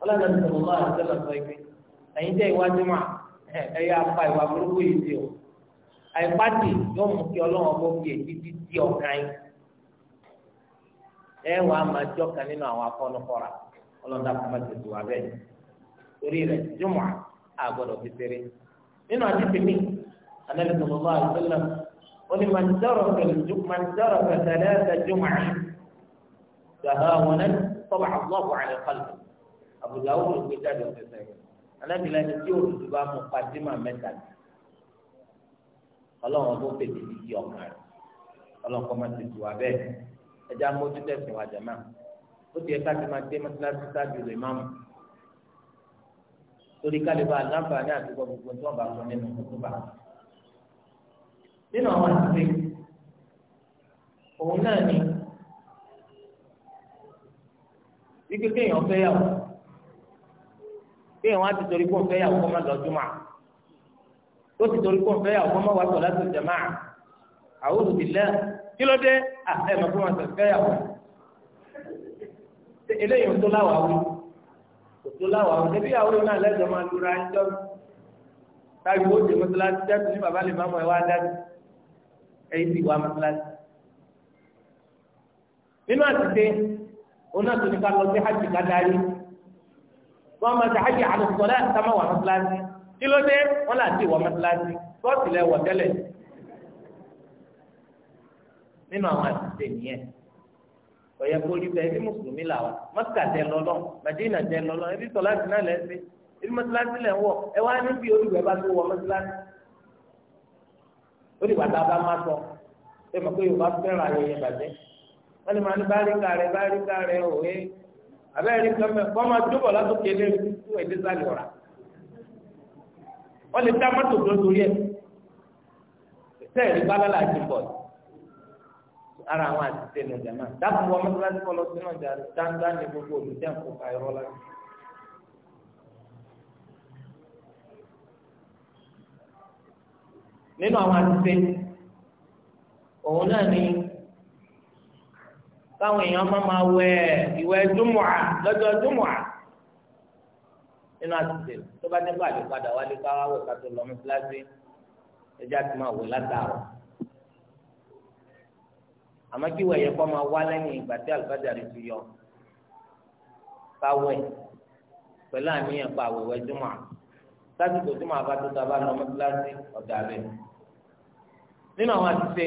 قال النبي صلى الله عليه وسلم أين جاي واجمع أي أبا وأمره يزيو أي باتي يوم كي الله أبوك يجي تيو كاين ẹ wàá máa jọ kan nínú àwọn afọnukọra ọlọ́dà kọ́mọ́tì tó wà bẹ́ẹ̀ torí rẹ̀ jùmọ̀ àgbọ̀dọ̀ fi ṣeré nínú àdìsí mi anabi sọlọ́lá àdìsílẹ̀ oní màndọ́rọ̀ kẹsàlẹ́ ẹ̀sẹ̀jùmọ̀ ṣàhà wọn ẹni tọ́ba àbúrò àlẹ́ kọlù àbùdá ó lè gbé jáde ọ̀sẹ̀sẹ̀ anabi lẹni tí olùdó bá mú pàdímà mẹ́ta ọlọ́run ọdún fèdè ní yí ọ̀kan rẹ̀ ọlọ́run kọ́ máa ti tù wá bẹ́ẹ̀ ẹja mójútẹ̀sìn wájà máa ó ti ẹ torí kálíbà láǹfààní àdúgbò gbogbo tí wọn bá sọ nínú gbogbo bá. nínú àwọn àti òun náà ni wípé kéèyàn fẹ́ yàwó kéèyàn wá ti torí kó fẹ́ yàwó kó má lọ jùmọ̀ tó ti torí kó fẹ́ yàwó kó má wà sọ láti jẹ̀mọ́ a'udhu billah kí ló dé àti ẹ̀ mọ̀ kó má fẹ́ yàwó eléyìí ń tó láwàá wí tó láwàá wọn ẹbí àwọn náà lẹ́jọ́ máa lura ẹjọ́ táyì wọ́n dé mọ́tíláṣí jẹ́tù ní bàbá lè má mọ̀ ẹ wá dájú ẹ̀yìn sì wá mọ́tíláṣí. nínú àtìsé oná tó ní ká lọ sí hajj kádàrí wọ́n máa ti hajj àlùkọ́lá sámá wà mọ́tíláṣí kí ló dé wọ́n là ti wà mọ́tíláṣí bọ́ọ̀sì lẹ tẹ́lẹ̀ nínú àwọn àtìsé nìyẹn ọ̀yẹ́ kó rí bẹ́ẹ̀ ẹbí mùsùlùmí là wà mọ́kà tẹ lọ́lọ́ màdínà tẹ lọ́lọ́ ẹbí sọ láti náà lẹ́sẹ̀ ẹbí mọ́sálásí lẹ̀ ń wọ̀ ẹ wá níbi olùwẹ̀ bá tó wọ mọ́sálásí ó lè wà tá a bá má sọ ẹ mọ̀ pé yorùbá fẹ́ràn ayẹyẹ bàjẹ́ wọ́n lè máa ní báríkà rẹ báríkà rẹ òwe abẹ́rẹ́ kan mẹ́ kọ́ máa dúbọ̀ látòkè lé fún ẹ̀dẹ́ sálẹ̀ ọ̀rá wọ́n lè dá mọ́tò tó torí ẹ̀ sẹ́ẹ̀rí bá lálàá ti bọ̀ ara àwọn àtìsẹ nù jàmá dákun wọn mọsálásí kọlọ sínú ọjà dáńdá ní gbogbo olùjẹ nǹkan kàìrọ la. nínú àwọn àtìsẹ òun náà ni káwọn èèyàn máa ma wẹ ìwẹ̀ júmùà lọ́jọ́ júmùà nínú àtìsẹ tó bá dé bá àlè padà wálé káwá wẹ kátó lọ mọsálásí ẹjẹ àti máa wẹ látàrọ àmọ́ kí wẹ̀yẹ kọ́ máa wá lẹ́yìn ìgbà tí àlùfáàjàre ti yọ káwẹ̀ pẹ̀lú àníyàn pa àwẹ̀wẹ̀ jùmọ̀ sásìkò jùmọ̀ àbátó tá a bá lọ mọ́tíláṣí ọ̀dà rẹ̀ nínú àwọn àtúnṣe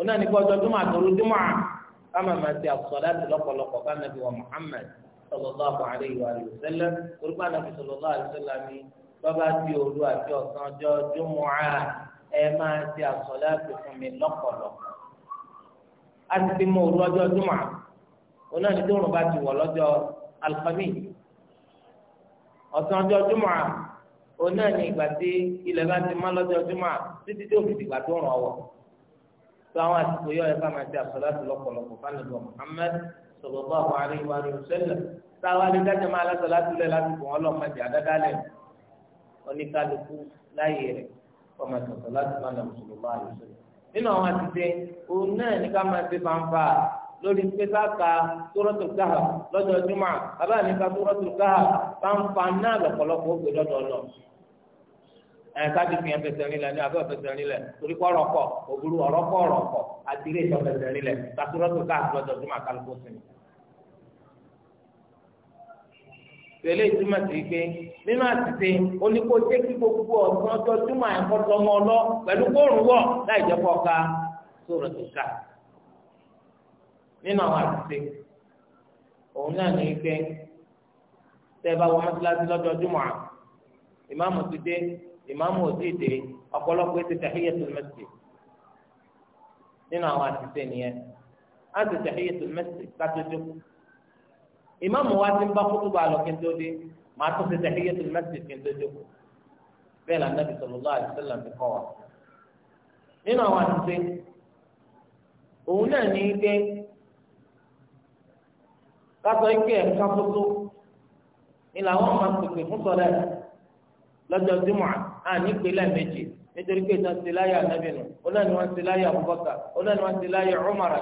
oná ní kọjọ jùmọ̀ àtòrò jùmọ̀ káma máa ti àkùsọ̀dá ti lọ́pọ̀lọpọ̀ bá nàbí wa Muhammad sallallahu alaihi wa sallam orúkọ nàbí sallallahu a ti ti mú òru ọjọ́ júmọ̀ oná ní tóorùn bá ti wọ̀ lọ́jọ́ alùpàmì ọ̀sán ọjọ́ júmọ̀ oná ní ìgbà tí ilẹ̀ bá ti má lọ́jọ́ júmọ̀ títí tó fi dìgbà tóorùn ọwọ́ tó àwọn àsìkò yọ ẹ̀ka máa ti àsọ̀lá sí lọ́pọ̀lọpọ̀ fánàbọ̀ Muhammad sallallahu alaihi wa sallam táwa lè dájọ́ máa lọ́sọ̀ láti lẹ̀ láti fún ọlọ́mọdé àdádálẹ̀ oníkálukú láyé rẹ̀ kọ́ máa sọ̀tọ̀ láti fánàbọ̀ sallallahu alaihi wa nínú àwọn àtìsẹ òun náà ní ká máa ṣe fanfa lórí pẹ́sà ka Suratul Kahf lọ́jọ́ júmọ̀ bàbá mi ka Suratul Kahf fanfa náà lọ́pọ̀lọpọ̀ ó gbé lọ́dọ̀ lọ. ẹ̀ káàdì fi hàn fẹsẹ̀ nílẹ̀ ní abẹ́ fẹsẹ̀ nílẹ̀ torí kọ́ ọ̀rọ̀ kọ̀ òbúrú ọ̀rọ̀ kọ̀ ọ̀rọ̀ kọ̀ àti ilé ìtọ́ fẹsẹ̀ nílẹ̀ ka Suratul Kahf lọ́jọ́ júmọ̀ kálukú sinmi. tẹ̀lé ìtumọ̀ sí pé nínú àtìsí oníkó jẹ́ kí gbogbo ọ̀sán ọjọ́ túmọ̀ ẹ̀kọ́ tọmọ ọlọ́ pẹ̀lú kóòrùn wọ̀ láì jẹ́ kó ọ̀ka sóòrò tó ká. nínú àwọn àtìsí òun náà ní pé tẹ́ bá wọ lọ́jọ́ túmọ̀ à ìmáàmù ti dé ìmáàmù ò dé ọ̀pọ̀lọpọ̀ ètò nínú àwọn àtìsí nìyẹn ká ìmáàmù wa ti ń bá kútúbà lọ kí n tó dé màá tún ṣe tahiyatul masjid kí n tó dé kù bẹ́ẹ̀ la nàbì sallallahu alaihi wasallam ti kọ́ wa. nínú àwọn àtúnṣe òun náà ní pé kátó ike ẹ̀ka kótó ni làwọn máa tètè fún sọ̀rọ̀ ẹ̀ lọ́jọ́ jùmọ̀ à ní ìpínlẹ̀ méjì nítorí pé ìtàn ti láyé ànábìnú ó náà ni ti láyé Abubakar ó náà ni ti láyé Umar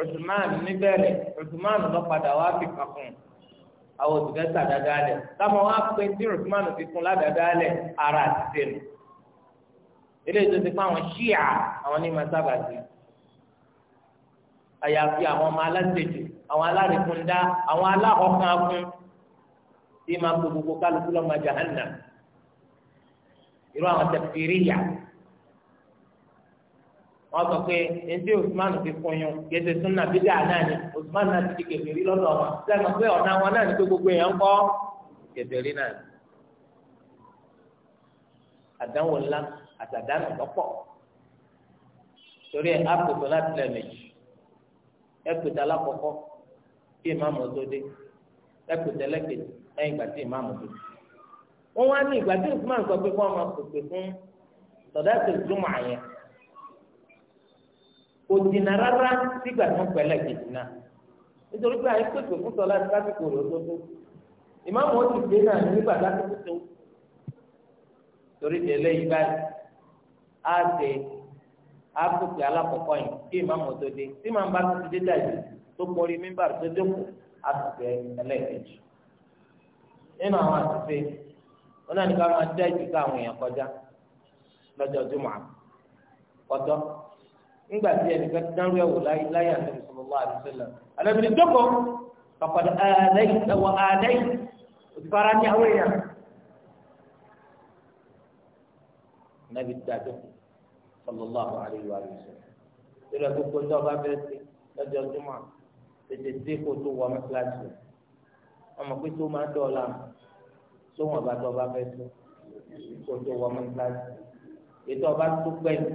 Usman níbẹ̀rẹ̀ Usman lọ padà wá fi kàn fún un àwọn òṣìṣẹ́ sàdáadáa lẹ̀ táwọn wá pé tí Usman fi kún ládàádáa lẹ̀ ara àti sẹ́nu eléyìí tó ti pa àwọn ṣíà àwọn ní ma sábà sí àyàfi àwọn ọmọ alásèjì àwọn alárìkúndá àwọn aláhọkànkún tí ma gbogbo kálukú lọ́mọ jahannam irú àwọn tẹ̀fìrìyà wọ́n sọ pé ẹni Usman ti fún yín yẹtẹ tún nàbí dà náà ni Usman náà ti di kẹfẹ́rí lọ́dọ̀ wọn sẹ́nu pé ọ̀nà wọn náà ni pé gbogbo èèyàn ń kọ́ kẹfẹ́rí náà ni. àdánwò ńlá àtàdánù lọ́pọ̀ torí ẹ̀ ápùtò láti lẹ̀ méjì ẹ̀pùtò alákọ̀ọ́kọ́ kí ìmáàmù tó dé ẹ̀pùtò ẹlẹ́kẹ̀ẹ́ ẹ̀yìn ìgbà tí ìmáàmù tó dé. wọ́n wá ní ìgbà tí Usman sọ pé kó ọmọ kò jìnnà rárá sígbà tó ń pẹlẹ kejì náà nítorí pé àyè pèsè fún sọlá lásìkò rẹ dị ìmáàmù ó ti dé náà nígbà lásìkò tó torí tẹ́lẹ̀ yìí báyìí á ṣe áfíìsì alákọ̀ọ́kọ́ yìí kí ìmáàmù tó dé tí màá bá tó ti dé tó kọrí mímbà tó nínú àwọn wọn náà ní ká máa dá ìdíkà àwọn èèyàn kọjá lọ́jọ́ jùmọ̀ ńgbà tí ẹnìkan dánrú ẹ̀wò láyé àti ìṣòwò àdìsẹ́lẹ̀ alábìrin jókòó kàpàdé àlẹ́yìn ẹ̀wọ̀ àlẹ́yìn òtìfara ní àwọn èèyàn nàbì dájọ́ sallallahu alayhi wa sallam ìrẹ̀ gbogbo ní ọba bẹ́ẹ̀ sí lọ́jọ́ jùmọ̀ tètè dé kó tó wọ mẹ́kíláàsì ọmọ pé tó máa dọ̀ọ̀la tó wọn bá tọ́ ọba bẹ́ẹ̀ sí kó tó wọ ètò ọba tó gbẹ̀yìn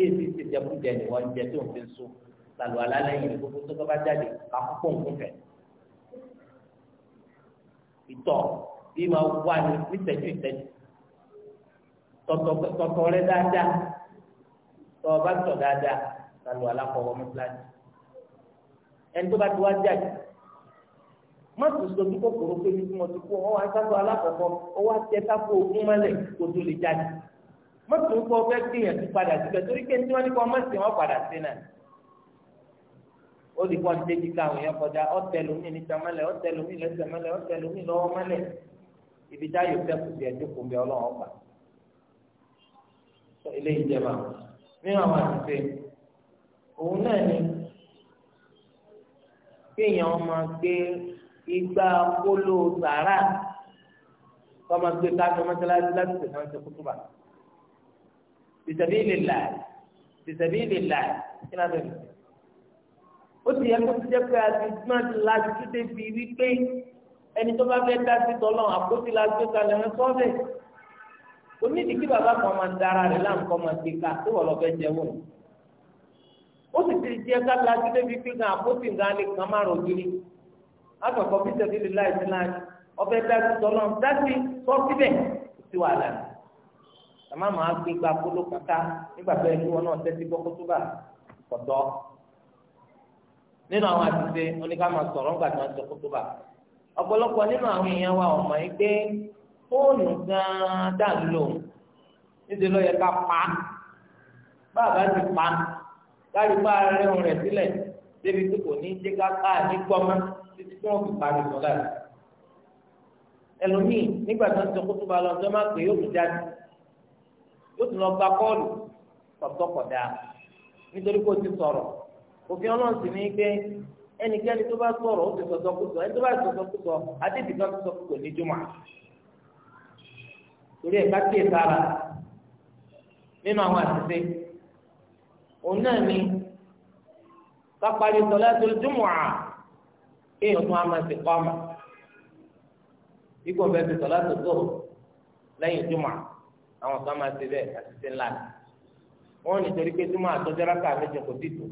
èyí ti jẹkújẹ ni wọ́n jẹ tí wọ́n fi ń sùn lálù alálẹ́yìn gbogbo tó kọ́ bá jáde kakúkọ̀ nǹkan fẹ̀. ìtọ̀ bí máa wá ní nítẹ̀jú ìtẹ̀jú tọ̀tọ̀ rẹ dáadáa tọ̀ ọ bá tọ̀ dáadáa lálù alákọ̀ọ́ mọ́tíláàdì. ẹni tó bá ti wá jáde mọ́tò sojú kòkòrò pé ní tí mo ti kú ọ wá sábà alákọ̀ọ́kọ́ ọ wá tẹ sáfù ogún mọ́lẹ̀ kó tó lè jáde mọ́tò ń kọ́ fẹ́ gbìyànjú padà síbẹ̀ torí pé tí wọ́n ní kọ́ mọ́sìn wọn padà sí náà ó di kọ́ débi káwọn èèyàn kọjá ọ̀tẹ̀ lómi níta mọ́lẹ̀ ọ̀tẹ̀ lómi lẹ́sẹ̀ mọ́lẹ̀ ọ̀tẹ̀ lómi lọ́wọ́ mọ́lẹ̀ ibi tá yóò fẹ́ kùsì ẹ̀dín kùn bí ọlọ́run ọgbà eléyìí jẹ́ bá nínú àwọn àtúnṣe òun náà ni kéèyàn máa gbé igbá kóló sàrà kọ́ máa gbé káàdùn mọ́tàlá láti pèsè àwọn ìṣekútùbà bisabilillah bisabilillah kí ló dé ó ti yẹ kó ti jẹ́ pé a ti máa ti lajú tó débi wípé ẹni tó bá fẹ́ dá sí tọ́lọ́ àpótí la gbé kalẹ̀ wọn sọ́ọ̀bẹ̀ onídìí kí bàbá kan máa dára rẹ̀ láǹkọ́ máa gbé ká tó wọ̀ lọ́fẹ́ jẹ́ wọ̀ ó sì ti jẹ́ ká lajú débi pé gan àpótí gan lè kàn máa rò kiri látọ̀kọ́ bí sẹ́bílì láìsí láàyè ọbẹ̀ dá sí tọ́lọ́ dá sí sọ́ọ̀bẹ̀ ti wà lánàá àmọ́ àmọ́ agbégbá kóló kàkà nígbà tó yẹ kí wọn náà tẹ́tí gbọ́ kótóbà kọ̀tọ́ nínú àwọn àtúnṣe oníkà máa sọ̀rọ̀ ńgbà tí wọ́n sọ kótóbà ọ̀pọ̀lọpọ̀ nínú àwọn èèyàn wa ọ̀mọ̀ yìí pé fóònù gan-an dà ń lò níṣẹ́ ló yẹ ká pa bàbá ti pa kárí bá rẹ̀hùn rẹ̀ sílẹ̀ débi tó kò ní jẹ́ ká ká ní gbọ́mọ́ títí tí wọ́n fi parí sọ̀rọ̀ ẹlòmíì nígbà tí wọ́n sọ kótóbà lọ́jọ́ ó ti lọ gba kọ́ọ̀lù tọ̀tọ̀kọ̀dá nítorí kó o ti sọ̀rọ̀ òfin ọlọ́run sì ní pé ẹnikẹ́ni tó bá sọ̀rọ̀ ó ti sọ̀tọ̀kùsọ ẹni tó bá sọ̀tọ̀kùsọ adébì kan sọ kò ní torí sára nínú àwọn òun náà ni kápárí sọlá tó à tún á máa ti kọ́ ọmọ àwọn kan máa ṣe bẹ́ẹ̀ àṣìṣe ńlá ni wọn nítorí pé júmọ àtọjọráka méje kò tí tó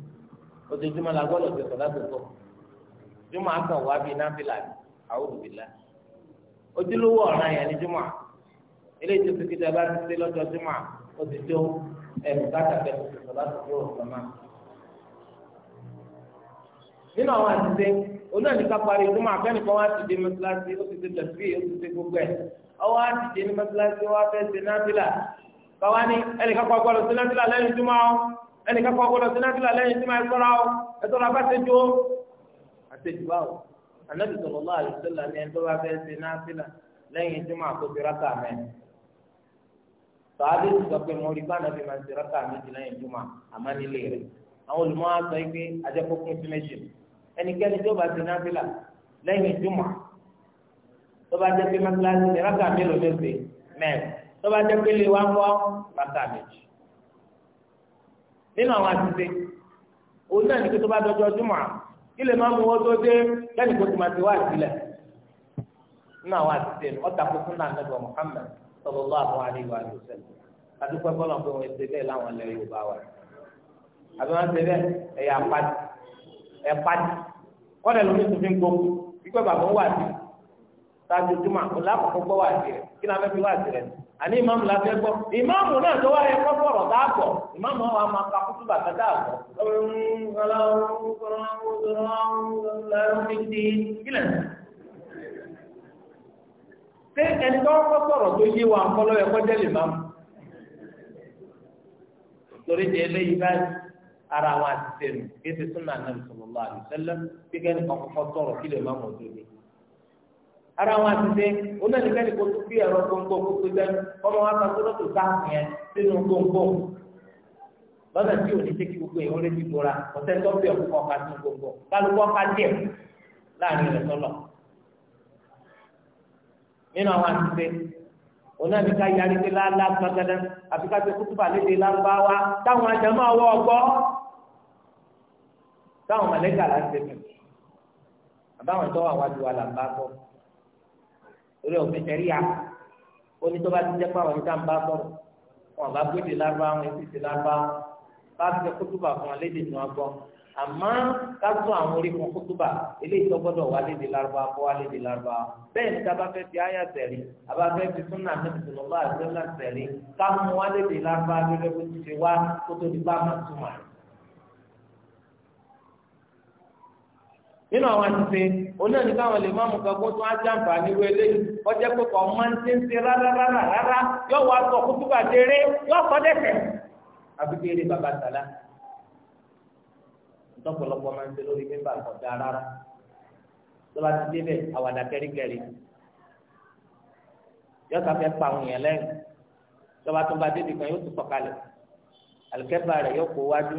ojoojúmọ́ la gbọ́dọ̀ ti sọdá tó tó júmọ akàn wá bíi náfìlà ni àwòrán ìlà ojúlówó ọ̀ràn yẹn ni júmọ eléyìí tó ti kí dábàá ti ṣe lọ́jọ́ júmọ ó ti tó ẹnu káta bẹ́ẹ̀ tó ti sọdá tó tó ọmọ nínú àwọn àṣìṣe onáà ní ká parí júmọ akẹ́nìkan wá ti di mọ́tíláṣí ó ti ti tẹ̀sí ó ti ti gbogbo ẹ̀ ọwọ́ àdìjẹ ní mọ́tíláṣí wa fẹ́ ṣe nábìlà báwa ni ẹnìkan kọ́ ọgbọ́dọ̀ ṣe nábìlà lẹ́yìn túmọ̀ ọ́ ẹnìkan kọ́ ọgbọ́dọ̀ ṣe nábìlà lẹ́yìn túmọ̀ ẹ sọ́ra ọ́ ẹ sọ́ra bá ṣe jó àṣejù báwo anabi sallallahu alaihi wasallam ni ẹni tó bá fẹ́ ṣe nábìlà lẹ́yìn túmọ̀ àkóso rákà mẹ́rin sàádé ti sọ pé mo rí bá anabi máa ṣe rákà méjì lẹ́yìn túmọ̀ àmọ́ nílé rẹ̀ àwọn olùmọ̀ wa sọ pé ajẹ́kọ̀ọ́kùn sí méjì ẹnikẹ́ni tó bá ṣe nábìlà lẹ́yìn túmọ̀ tó bá jẹ́ pé mọ́tíláṣí ní rákà mélòó ló pè mẹ́rin tó bá jẹ́ pé lè wá ń wọ́ rákà méjì. nínú àwọn àtúnṣe òun náà ní pé tó bá dọjọ́ júmọ̀ à kí lè má mú owó tó dé lẹ́nu kó tó máa ti wá ìbílẹ̀ nínú àwọn àtúnṣe ọ̀tà kúkú náà nàbẹ̀ Muhammad sallallahu alaihi wa sallam adúgbò bọ́lá pé wọ́n ṣe bẹ́ẹ̀ láwọn ilẹ̀ Yorùbá wa àbí wọ́n ṣe bẹ́ẹ̀ ẹ̀yà pàdé ẹ̀ pàdé kọ́dà lómi tó fi sáájú juma ọlákòókò gbọ́ wá tirẹ̀ kí ni a fẹ́ fi wá tirẹ̀ àní ìmáàmù la fẹ́ gbọ́ ìmáàmù náà tó wáyé kọ́kọ́ ọ̀rọ̀ tá a gbọ́ ìmáàmù wa máa ka kútu bàtà tá a gbọ́. ṣé ẹ̀ńtọ́ kọ́kọ́ ọ̀rọ̀ tó yé wa kọ́lọ́ yẹ kọ́jẹ́ lè máa mú. torí di eléyìí báyìí ara wa ti sẹ́nu kí ẹ ti sún náà nàbì sallallahu alaihi wasallam kí kẹ́ni ara wọn ti dé onáníkẹ́ni kò tún bí ẹ̀rọ gbòǹgbò kó tó dẹ́nu ọmọ wa kan tó lọ́tò sáàmù yẹn sínú gbòǹgbò lọ́nà tí ò ní ṣe kí gbogbo èèyàn lè ti bora ọ̀sẹ̀ tó bí ọkọ̀ ọ̀ka sínú gbòǹgbò kálukọ́ ká díẹ̀ láàrin rẹ̀ sọ́lọ̀ nínú àwọn àti dé onáni ká yarí pé lálá gbàgádá àfi ká ṣe kútùbà lédè lárúbáwá táwọn àjàmọ́ àwọ̀ ọgbọ́ táwọn mọ̀lẹ́kà láti orí òfin tẹ̀rí ya oní tó bá ti jẹ́ pàrọ̀ níta ń bá sọ̀rọ̀ wọn bá gbèdè lárúbá wọn èsì ti lárúbá wọn bá ti jẹ́ kótóbà fún wọn léde ní wọn gbọ́ àmọ́ ká tún àwọn orí fún kótóbà eléyìí tó gbọ́dọ̀ wá léde lárúbá kó wá léde lárúbá bẹ́ẹ̀ ni ká bá fẹ́ fi àyà tẹ̀rí a fẹ́ fi súnà mẹ́tìtì lọ́wọ́ àti sẹ́lá tẹ̀rí ká mú wá léde lárúbá gẹ́gẹ́ bó ti ṣe wá kótó nínú àwọn àtúnṣe onáà ní káwọn lè má mú kan kó tún á jàǹfà níwé eléyìí ọjọ́ pé kò máa ń ṣe ń ṣe rárá rárá rárá yóò wá sọ kó túbà déré yóò sọ dẹ́ṣẹ̀ àbí kéré bàbá sàlá ntọ́pọ̀lọpọ̀ máa ń ṣe lórí mímbà kọjá rárá tó bá ti débẹ̀ àwàdà kẹ́ríkẹ́rí yóò sáfẹ́ pa àwọn èèyàn lẹ́yìn tó bá tún bá débi kan yóò tún sọ̀kalẹ̀ àlùkẹ́bà rẹ̀ yóò kó wájú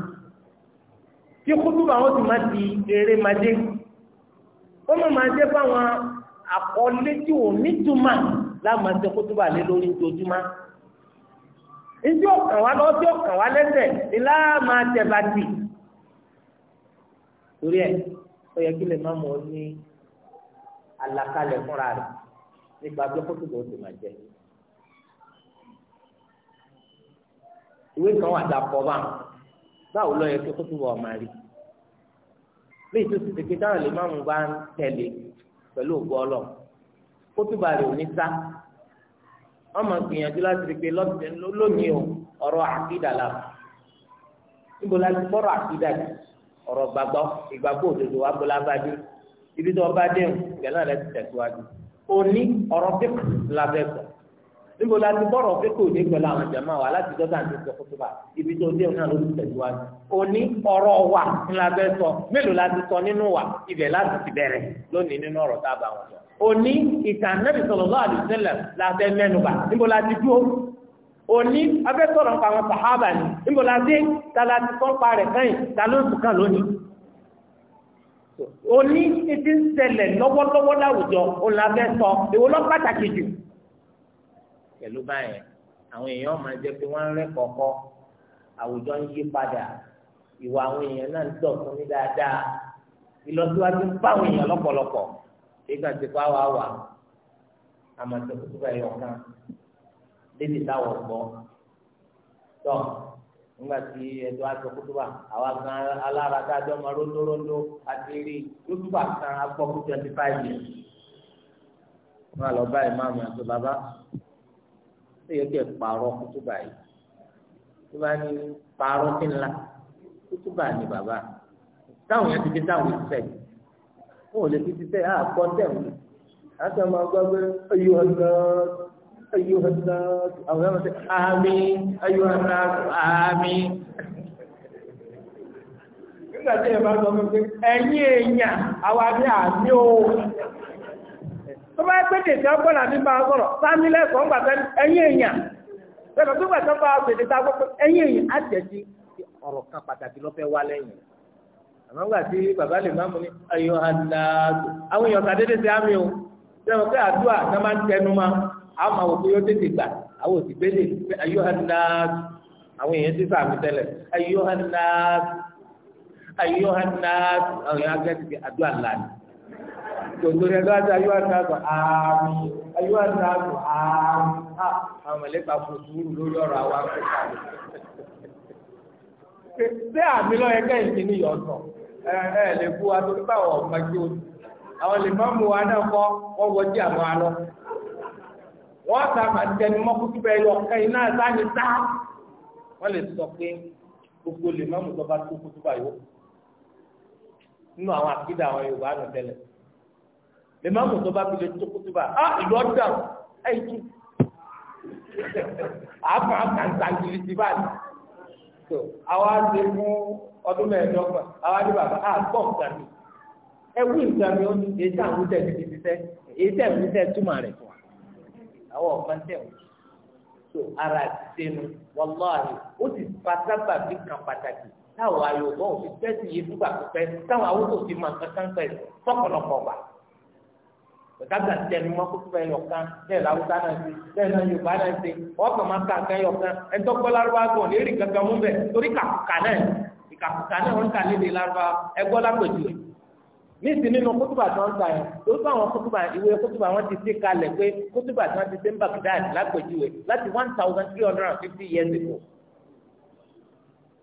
kí kútùbà wọn ti máa di eré máa dé ó mọ̀ máa dé fáwọn àkọlé tí ò ní túmọ̀ láwọn máa ń tẹ kútùbà lé lórí ojoojúmọ́ ìdí ọ̀kàn wa lọ sí ọ̀kàn wa lẹ́sẹ̀ ni láà máa tẹ̀ bá ti torí ẹ̀ ó yẹ kí lè má mọ̀ ọ́ ní àlàkalẹ̀ fúnra rẹ̀ nípa bí kútùbà ó ti máa jẹ ìwé kan wà dà pọ̀ báwọn báwo lọ yẹ kí kó túbọ̀ ọmọ rí léyìí tó ti tètè táwọn lè má mú bá ń tẹ̀lé pẹ̀lú ògbó ọlọ kó túbọ̀ rẹ̀ ò ní sá ọmọ gbìyànjú láti rí pé lónìí o ọ̀rọ̀ àkídà la níbo la ti bọ́rọ̀ àkídà dì ọ̀rọ̀ gbàgbọ́ ìgbàgbọ́ òdodo wa bó bá dé ibi tó ọba dé o ìgbà náà rẹ ti tẹ̀síwájú òní ọ̀rọ̀ pípọ̀ la bọ̀ níbo la ti bọ̀rọ̀ pé kò ní pẹ̀lú àwọn jàmáà wa láti dọ́tà àti ìjọ kótóbà ibi tó dé náà ló ti tẹ̀síwájú. òní ọ̀rọ̀ wa ni la fẹ́ sọ mélòó la ti sọ nínú wa ibẹ̀ láti ti bẹ̀rẹ̀ lónìí nínú ọ̀rọ̀ tá a bá wọn sọ. òní ìtàn Ànábì sallallahu alaihi wasallam la fẹ́ mẹ́nuba níbo la ti dúró. òní afẹ́ sọ̀rọ̀ nípa àwọn sàhábà ni níbo la dé ta la ti sọ́pa rẹ̀ kẹ́yìn ta ló sùn kàn lónìí. òní ti ń ṣẹlẹ̀ lọ́wọ́lọ́wọ́ láwùjọ òun la fẹ́ sọ ìwọ lọ́ pàtàkì jù pẹ̀lú báyẹn àwọn èèyàn máa jẹ́ pé wọ́n ń rẹ́ kọ̀ọ̀kọ́ àwùjọ ń yí padà ìwà àwọn èèyàn náà ń dọ̀tún ní dáadáa ìlọsíwájú ń báwọn èèyàn lọ́pọ̀lọpọ̀ ìgbà tí kò àwọn àwà àmọ̀tẹ́kùtù bẹ́ẹ̀ yọ̀ kan débi táwọn gbọ́ tọ́ nígbà tí ẹjọ́ aṣọ kútúbà àwa gan alára dájọ́ máa rondórondó àti rí kútúbà kan agbọ́kú twenty five years. wọ́n á lọ bá ìmáàmù àti bàbá ó yẹ kí ẹ pààrọ̀ kútúbà yìí tó bá ní pààrọ̀ kí ńlá kútúbà ni bàbá táwọn yẹn ti fi táwọn ìfẹ́ wọn ò lè fi ti fẹ́ àkọ́ tẹ̀wọ̀n láti ọmọ ọgbọ́n pé ayé ọ̀nà ayé ọ̀nà àwọn ọmọ sẹ àmì ayé ọ̀nà àmì nígbà tí ẹ bá sọ fún mi pé ẹ̀yin èèyàn àwa ní àmì òun. tó bá pé tètè ọgbọ́nà mi bá sọ̀rọ̀ sámi lẹ́sọ̀ọ́ gbà ẹ̀yìn èèyàn bẹ́ẹ̀ tó gbà bá tá a ẹ̀yìn èèyàn ọ̀rọ̀ kan pàtàkì ló fẹ́ lẹ́yìn àmọ́ gbà bàbá lè má ní ayọ̀ àdáàtò àwọn èèyàn kà sí àmì o sẹ́wọ̀n pé àdúrà máa ń tẹnu ma àwọn àwọn òkú yóò tètè gbà àwọn òsì tòótọ́ rẹ̀ lọ́wọ́ ayé wa sàgbọ̀ àmì ayé wa sàgbọ̀ àmì àwọn mọ̀lẹ́kà fò sùúrù lórí ọ̀rọ̀ àwa kọ́kà rẹ̀. ṣé àmì lọ́yẹ kẹ́yìn kí ni yọ̀ọ̀tọ̀ ẹ ẹ lè fún wa tó bá wọ̀ ọ̀gbà kí o àwọn lè má mú wa náà kọ́ wọ́n wọ́n jí àmọ́ alọ́. wọ́n sá màtẹni mọ́kútù bẹ́ẹ̀ yọ kẹ́yìn náà sáni tá wọ́n lè sọ pé gbogbo lè má mú tọ́ bá tó kútù bá yó nínú àwọn àkídà àwọn Yorùbá nù tẹ́lẹ̀ ìmáàmù tó bá fi lè tó kútúbà ah, á ìlú ọ̀dà ẹ̀jú àbá kàńtàǹtìlì ti bá ní. tó àwa ṣe fún ọdún mẹ́ẹ̀ẹ́dọ́gbọ̀n àwa ní bàbá á ah, gbọ́ nǹkan mi ẹwú nǹkan mi ó ní èyí tẹ̀ ń tẹ̀ ti tẹ́ èyí tẹ̀ ń tẹ̀ túmọ̀ rẹ̀ fún wa àwọn ọ̀gbọ́n tẹ̀ wọ́n tó ara ti sẹ́nu wàláhì ó ti pátábà bí kan pàtàkì táwọn ayò bọ́ọ̀ fi tẹ́sí yìí fúgbà pípẹ́ táwọn awúkò ti máa kankan pẹ̀ fọ́pọ̀lọpọ̀ gbà gbàgbà tẹ ẹnu mọ kókó ẹ yọkan bẹ́ẹ̀ làwùsá náà ṣe bẹ́ẹ̀ náà yorùbá náà ṣe ọkàn máa ka nǹkan yọkan ẹtọgbọ lárúbá gbọn lérí kankan mú bẹ torí kàkùkà náà ìkàkùkà náà wọn kà lédè lárúbá ẹgbọ lápẹjù níìsí nínú kótóbà tí wọn ń ta yẹn tó tó àwọn kótóbà ìwé kótóbà wọn ti ṣe kalẹ̀ pé kótóbà tí wọn ti ṣe ń Baghdad lápẹjùwe láti one thousand three hundred and fifty years ago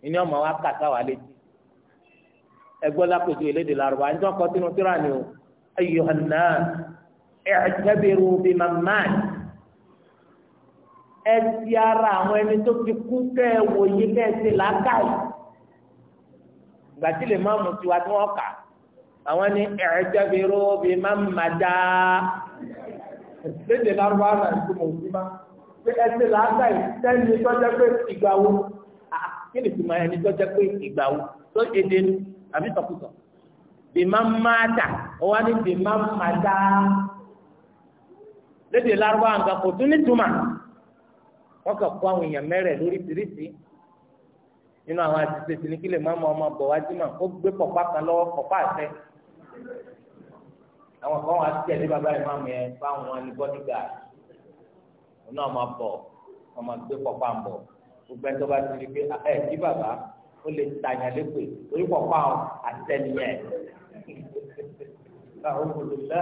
ìní ọmọ wa kà sáwà létí ẹgbọ́ lápẹjùwe lédè lárúbá ẹni tí wọn ni o ayyuhan ẹ̀ẹ́dẹ́bẹ̀rù bí màmá ẹ ti ara àwọn ẹni tó ti kú kẹ́ ẹ wòye kẹ́ ẹ ti làákàyè gbàtí lè má mu tiwa tí wọ́n kà àwọn ni ẹ̀ẹ́dẹ́bẹ̀rù bí màmá dáa lédè lárúbá náà tó mọ̀ òbí má pé ẹ ti làákàyè sẹ́ni tọ́jẹ́ pé ìgbà wo ah, kí ni tìmọ̀ ẹni tọ́jẹ́ pé tó èdè nu àbí tọkùtọ̀ bí màmá dà wọ́n á ní bí dáa lédè lárúbá nǹkan kò tún nítumọ̀ wọn kàn kó àwọn èèyàn mẹrẹ lóríṣiríṣi nínú àwọn àtìsẹ tí ní kí lè má mọ ọmọ bọ wájú mọ ó gbé pọpá kan lọ́wọ́ pọpá àṣẹ àwọn kan wá tẹ̀lé bàbá yìí máa mú yẹn fáwọn wọn ní bọdígà wọn náà máa bọ wọn máa gbé pọpá ń bọ gbogbo ẹjọ bá ti di pé ah, ẹ kí bàbá ó lè tàyàn lépè orí pọpá àṣẹ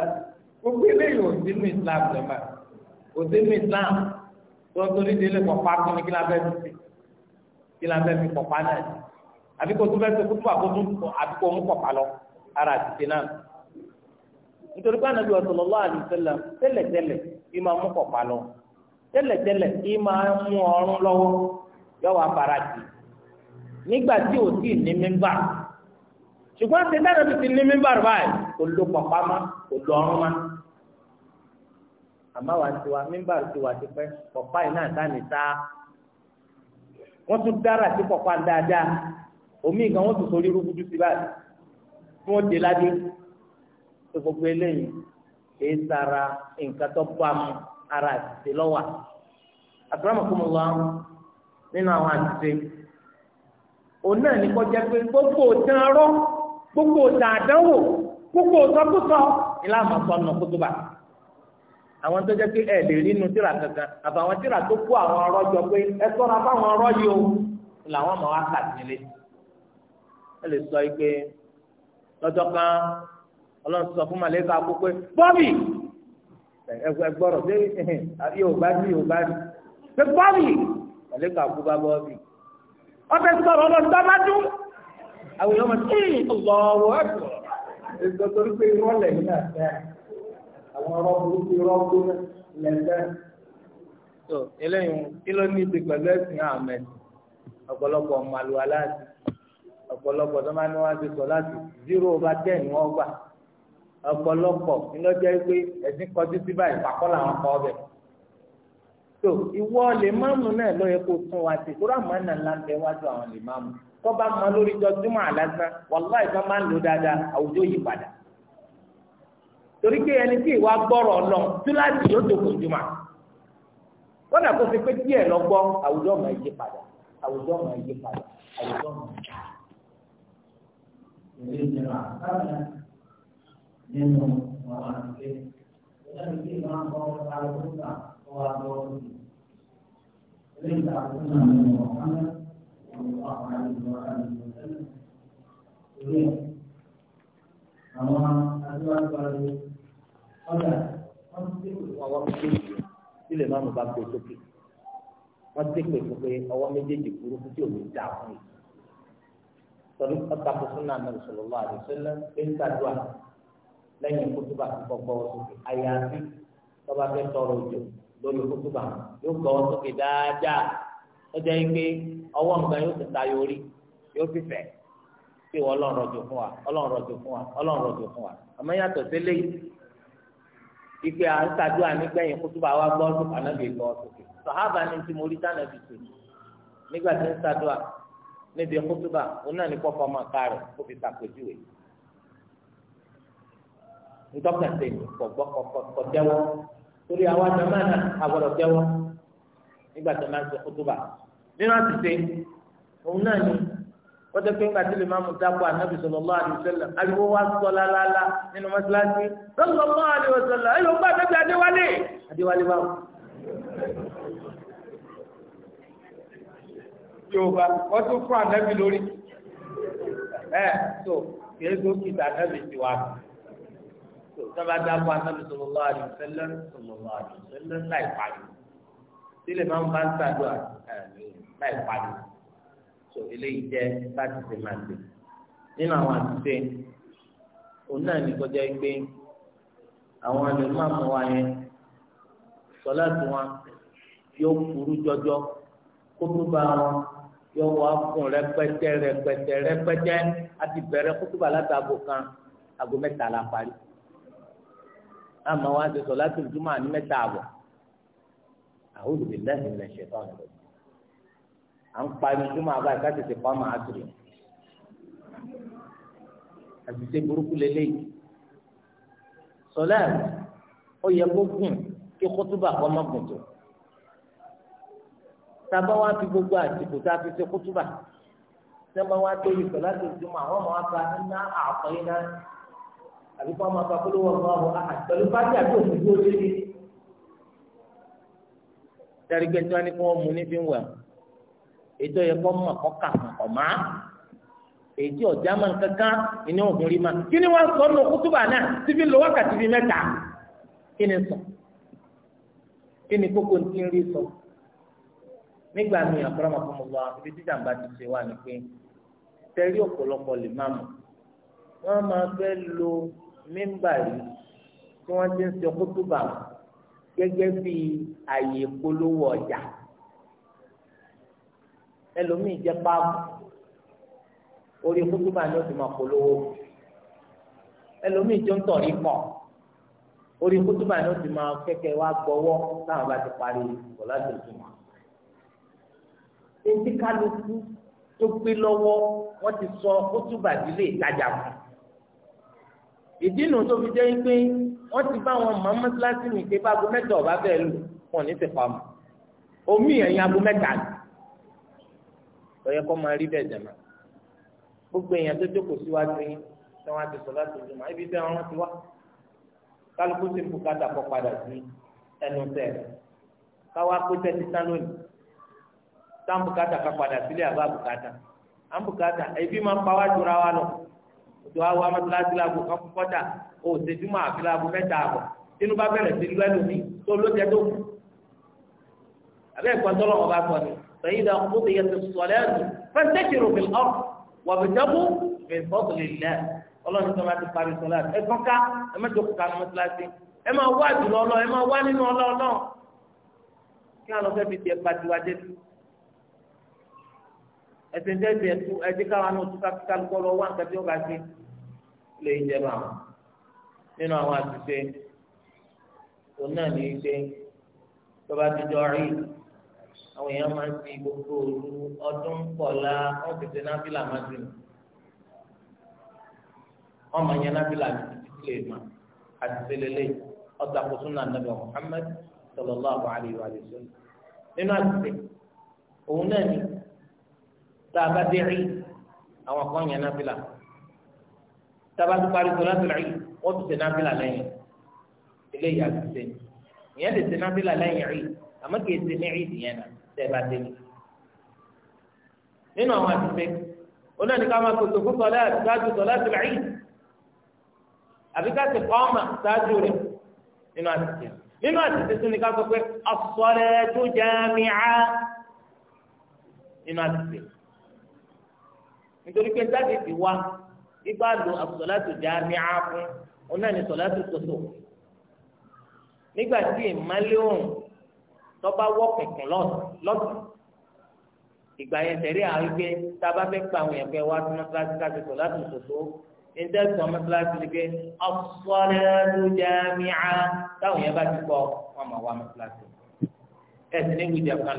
gbogbo eléyìí ò sí ní islam jẹba ò sí ní islam tó ń torí délé pọpá tó ní kílábẹ fi sí kílábẹ fi pọpá náà àbí kò tó fẹ́ tó kútu àkótó àbí kò mú pọpá lọ ara àti ti náà nítorí pé anabi sallallahu alaihi wasallam tẹ́lẹ̀tẹ́lẹ̀ kí máa mú pọpá lọ tẹ́lẹ̀tẹ́lẹ̀ kí máa mú ọrùn lọ́wọ́ yọwọ abara ti nígbà tí ò tí ì ní mímbà ṣùgbọ́n ṣe dáná ti ti ní mímbà báyìí kò ló pọ̀pá mọ́ kò lọ ọrùn mọ́ àmọ́ wàá tiwa mímbà tiwa ti pẹ́ pọ̀pá yìí náà dání ta wọ́n tún dára sí pọ̀pá dáadáa omi gan wọ́n tún sórí rúgudu sí báyìí tí wọ́n dé ládé tó gbogbo eléyìí kì í sara nǹkan tó bá mu ara àtìsí lọ́wọ́ akramakumullah nínú àwọn àtìsí òun náà ní kọjá pé gbogbo òtàn arọ gbogbo òtàn àdánwò gbogbo òsọkúsọ ìlànà sọnù kútùbà àwọn tó jẹ́ pé ẹ lè rí inú tíra kankan àtàwọn tíra tó kó àwọn ọ̀rọ̀ jọ pé ẹ ṣọ́ra fáwọn ọ̀rọ̀ yìí o làwọn máa wá kà nílé ẹ lè sọ pé lọ́jọ́ kan ọlọ́run sọ fún màlẹ́kà kó pé bọ́bì ẹ gbọ́rọ̀ pé yóò bá rí yóò bá rí pé bọ́bì màlẹ́kà kó bá bọ́bì ọ̀fẹ́ sọ̀rọ̀ ọlọ́run bá bá dún àwọn èèyàn máa ń ṣe ìlọ́wọ́ ẹ̀kọ́ nǹkan tó ń pè irọ́ lẹ́yìn náà fẹ́ àwọn ọ̀rọ̀ burúkú irọ́ kú lẹ́sẹ̀. tó eléyìí kí ló ní ti pẹ̀lú ẹ̀sìn ahmed ọ̀pọ̀lọpọ̀ màlúwa láti ọ̀pọ̀lọpọ̀ tó máa ní wá ti sọ láti zero over ten ni wọ́n gbà ọ̀pọ̀lọpọ̀ ńlọ́jọ́ pé ẹ̀sìn kọjú sí báyìí pàkọ́ làwọn kọ́ ọbẹ̀ tó ìwọ lè máàmù náà ló yẹ kó tún wá sí tó rà mọ́ náà láǹdẹ̀ wájú àwọn lè máàmù tó bá mọ lórí jọjúmọ́ àlásán wàlúwà ìfọ́n máa ń lò dáadáa àwùjọ yìí padà torí pé ẹni tí ìwà gbọ́rọ̀ lọ túláàsì yóò tó kò jùmọ̀ kódà kó fi pé díẹ̀ lọ gbọ́ àwùjọ máa yí padà àwùjọ máa yí padà àwùjọ máa yí padà. ìwé ìjọba àkàrà nínú صلى الله عليه وآله وسلم إليه أما أزواج بعد قال Ilé máa mú bá gbé sókè. Wọ́n ti pè fún pé ọwọ́ méjèèjì kúrú fún tí ò ní dá fún yìí. Sọ̀rọ̀ ọ̀tà kò sún náà nàbì sọ̀rọ̀ lọ́wọ́ àdìsẹ́lẹ̀ pé ń gbàdúrà lẹ́yìn kótóbà tó kọ́kọ́ sókè. Àyàfi tọ́ba fẹ́ tọrọ òjò lórí kótóbà yóò gbọ́ sókè dáadáa ó jẹ́ pé ọwọ́ nǹkan yóò ti tayọ orí yóò fi fẹ̀ pé ọlọ́run rọ̀jò fún wa ọlọ́run rọ̀jò fún wa ọlọ́run rọ̀jò fún wa àmọ́ yàtọ̀ sílẹ̀ ìpè à ń ṣàdúrà nígbẹ̀yìn kó túbọ̀ wá gbọ́ sókè ànábì gbọ́ sókè sọ̀hábà ni ti mo rí tánàbì tó nígbà tí ń ṣàdúrà níbi kótóbà òun náà ní kọ́kọ́ máa ká rẹ̀ kó fi ṣàpèjúwe ntọ́kẹ̀tẹ̀ kọ̀gbọ́ kọ̀tẹ́wọ́ torí àwọn àjọ máa nínú àtìsẹ òun náà ni wọ́n tẹ́ pé ńgbà tí lè máa mú dápọ̀ ànábì sallallahu alaihi wasallam ariwo wa sọ lálálá nínú mọ́sálásí sallallahu alaihi wasallam ẹ̀yọ́ gbọ́ àtẹ́bí adéwálé adéwálé báwo. yorùbá wọ́n tún fún ànábì lórí ẹ̀ tó kìí tó kìtà ànábì ti wà tó sábà dápọ̀ ànábì sallallahu alaihi wasallam sallallahu alaihi wasallam láì pariwo sílẹ̀ máa ń bá ń sàdúrà láì parí so eléyìí jẹ́ láti ṣe máa ṣe nínú àwọn àtúnṣe òun náà ní kọjá pé àwọn àlùmọ́ọ̀mù wa yẹn sọlá tí wọn yóò kúrú jọjọ kótóbá wọn yóò wá fún rẹpẹtẹ rẹpẹtẹ rẹpẹtẹ àti bẹ̀rẹ̀ kótóbá látàgò kan àgọ mẹ́ta la parí àmọ́ wọn ti sọlá tó dùnmọ àní mẹ́ta àbọ̀ a'udhu billahi minash shaitani rajim à ń pa ẹni tó máa bá ẹ̀ka tètè pa máa tìrì àtìsẹ́ burúkú lélẹ́yìí sọlá ó yẹ kó gùn kí kótóbà kọ́ má gùn tó tábà wá fi gbogbo àtìkù tá a fi ṣe kótóbà sẹ́mbà wá tó yìí sọlá tó mọ́ àwọn ọmọ wa iná àpọ̀ iná àbí kọ́ ọmọ akọ́lówó ọmọ ọmọ àtẹlẹ́fájà tó fún gbóòdì tẹ̀rí pé tí wọ́n ní kí wọ́n mu níbi wẹ̀ ètò yẹ kọ́ mọ̀ kọ́ kà mọ̀ kọ́ má èyí ọ̀já máa ń kankan ìní òògùn rí ma kí ni wọ́n sọ nù kútùbà náà tí fi lọ wákàtí bíi mẹ́ta kí ni sọ kí ni kókó ti ń rí sọ nígbà míì àkọ́rọ́mọ fún mi wá ibi tí jàǹbá ti ṣe wà ní pé tẹ́rí ọ̀pọ̀lọpọ̀ lè má mọ̀ wọ́n máa fẹ́ lo mímbà yìí tí wọ́n ti ń ṣe kútùbà wọn gẹ́gẹ́ bí àyè polówó ọjà ẹlòmíì jẹ́ páàmù orí kútúbà ni ó ti máa polówó ẹlòmíì jọ ń tọ̀rí pọ̀ orí kútúbà ni ó ti máa kẹ́kẹ́ wá gbọ́wọ́ táwọn bá ti parí ọ̀la tó tún wọn. etí kálukú tó gbé lọ́wọ́ wọ́n ti sọ kútúbà dílé ìtajà fún ìdí nu tó fi jẹ́ pé wọ́n ti bá wọn mọ̀ mọ́sálásí mi pé báago mẹ́ta ọ̀bá bẹ́ẹ̀ lò wọn ní ti pamọ́ omi ẹ̀yìn aago mẹ́ta ni ọ̀yẹ́ kọ́ máa rí bẹ́ẹ̀ jẹ̀mọ́ gbogbo èèyàn tó jókòó síwájú yín tí wọ́n á ti sọ láti jùmọ̀ ibi tí wọ́n ti wá kálukú ti ń bùkátà kọ́ padà sí ẹnu tẹ̀ káwá pé tẹ́tí sá lónìí sáà bùkátà ká padà sílé àbá bùkátà àbùkátà ẹbí máa ń pa wá jura wa lọ òtò wa wá mọ́tíláṣí láago kan fún kọ́tà o ò ṣèjúmọ́ àfi láago mẹ́ta àbọ̀ inú bá bẹ̀rẹ̀ sí lu ẹlòmíì tó ló jẹ tó kù. àbẹ́ ẹ̀kọ́ tọ́lọ̀ wọn bá sọ ni sẹ́yìn dà kó ti yẹ ti sọ lẹ́nu fẹ́ntẹ́kì rò fìlọ́ wà fi jẹ́kú fi fọ́ọ̀tù lè lẹ́ ọlọ́run tó máa ti parí sọlá ẹ kàn ká ẹ má jókòó kánú mọ́tíláṣí ẹ máa wá jùlọ ọlọ́ ẹ máa wá nínú ọlọ́ ọlọ́ kí ẹsẹ̀ ń tẹ̀sí ẹtú ẹtí káwọn náà tún kálukọ́ lọ wá nǹkan tí ó bá ṣe lè jẹba nínú àwọn àtúnṣe òun náà ní í ṣe tọ́ba ti jọ rí àwọn èèyàn máa ń fi gbogbo òru ọdún kọ̀ọ̀la wọ́n ti ṣe náfìlà máa ti nù wọ́n máa yan náfìlà títí lè mà àti ṣẹlẹ̀lẹ̀ ọ̀tà kò súnà nàbẹ̀ Muhammad sallallahu alayhi wa sallam nínú àtúnṣe òun náà ní í tá a bá dé rí àwọn kan yẹn náfìlà tá a bá tó parí sọlá tó rí wọn tún ṣe náfìlà lẹ́yìn eléyìí àti ṣe ìyẹn lè ṣe náfìlà lẹ́yìn rí àmọ́ kìí ṣe ní ìdí yẹn náà tẹ ẹ bá dé rí nínú àwọn àtúnṣe onáni ká máa kótó fún sọlá ṣáájú sọlá tó rí àbí ká ti kọ́ ọmọ ṣáájú rẹ nínú àtúnṣe nínú àtúnṣe tún ni ká sọ pé as-salatu jami'a nínú àtúnṣe nítorí pé dáàbì ti wá ipá lo àsọ̀látò jámíà fún òun náà ní sọ̀látò tòtò nígbà tí ìmálẹ́ òun tó bá wọ́ kẹ̀kẹ́ lọ́tún ìgbà yẹn tẹ̀lé àwọn gbé tá a bá fẹ́ pa àwọn èèyàn pé wá sí mọ́tíláṣí ká ti sọ̀látò tòtò níta sọ mọ́tíláṣí ni pé ọ̀sọ̀látò jámíà táwọn èèyàn bá ti kọ́ wọn mọ̀ wá mọ́tíláṣí ẹ̀sìn ní ìwé ìjẹ̀ká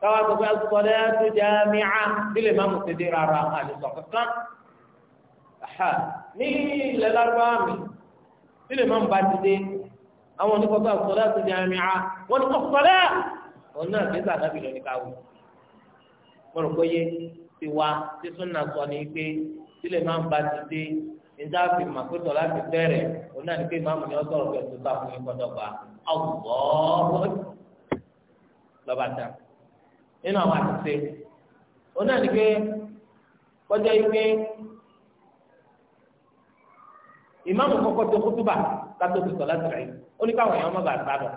káwá sọ pé asọ̀lẹ́ tó jẹ́ mìíràn nílé máa mú ti dé rárá àdìsọ kankan. ní ilẹ̀ lárúbáwá mi nílé máa mú bá ti dé àwọn oníkọ́ bá asọ̀lẹ́ tó jẹ́ mìíràn wọ́n ti kọ́ sọ̀lẹ́ òun náà fi sàdá bìlọ ní káwé. mo rò pé yé tiwa tí súnà sọ ni pé nílé máa mú bá ti dé níta fi mà pé sọ̀lá ti bẹ̀rẹ̀ òun náà ni pé máàmù ni ọ sọ̀rọ̀ pẹ̀lú sáfù ní kọ́dọ̀gba àwùjọ lọ́ba tán nínú àwọn àtúnṣe òun náà ní pé kọjá yìí pé ìmáàmù kọ́kọ́ tó kútúbà kátó tó sọ̀lá tẹ̀lé ó ní káwọn èèyàn má bàa sábà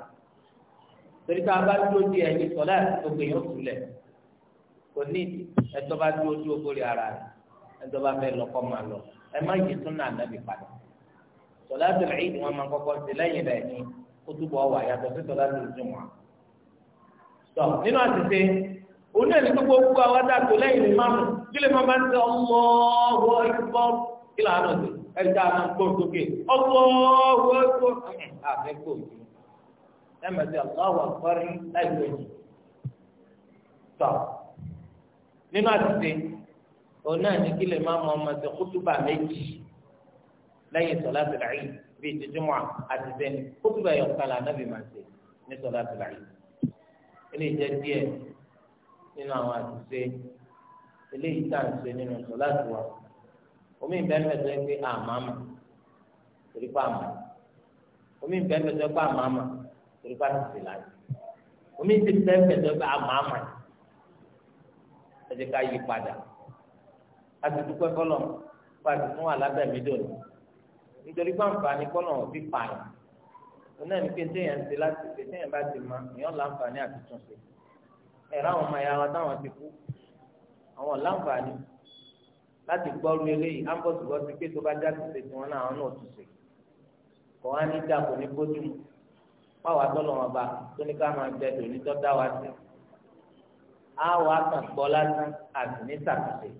torí ká bá dúró di ẹni sọ̀lá gbogbo èèyàn tù lẹ̀ kò ní ẹjọ́ bá dúró dúró kórè ara rẹ̀ ẹjọ́ bá fẹ́ lọ́kọ́ máa lọ ẹ má yí tún náà nàbì padà sọ̀lá tẹ̀lé yìí wọ́n máa kọ́kọ́ sí lẹ́yìn rẹ̀ ní kútúbà ọ̀wà yàtọ̀ sí sọ̀lá tẹ̀lé jùmọ̀ òun náà ní gbogbo gbogbo àwọn adáko lẹ́yìn ìmáàmù kí lè máa bá ń tẹ ọmọ ọwọ́ ìgbọ kí là á nà sí ẹja àmọ́ gbọ sókè ọmọ ọwọ́ ìgbọ àfẹkọ òjò ẹ mọ sí aláwọ àkọrí láì lóyún tọ nínú àtúnṣe òun náà ní kí lè nínú àwọn àtúnṣe eléyìí tá à ń ṣe nínú sọláàtì wa omi ìbẹ́ẹ̀mẹ̀tọ́ yẹ pé àmàmà torí pa àmà omi ìbẹ́ẹ̀mẹ̀tọ́ yẹ pé àmàmà torí pa àtúnṣe láti omi ìbẹ́ẹ̀mẹ̀tọ́ yẹ pé àmàmà ẹ̀jẹ̀ ká yí padà láti dúpẹ́ kọ́lọ̀ pàtó fún alábẹ̀mí dòní nítorí pàǹfààní kọ́lọ̀ fi pààyàn onáà ní pé téèyàn ń ṣe láti ṣe téèyàn bá ti mọ èèyàn láǹfààní àtúntún ṣe ẹ̀rọ àwọn ọmọ ẹ̀yà wa táwọn ti kú àwọn láǹfààní láti gbọ́rú eléyìí ambọ̀sibọ́ ti pé tó bá jáde ṣe tiwọn náà àwọn náà tún ṣe kọ́ wá ní dà kò ní bójú mu báwa tọ́lọ̀ wọn bá tó ní ká máa bẹ tòní tó dá wa sí á wàá kàn gbọ́ lásán àti ní sàkùsẹ̀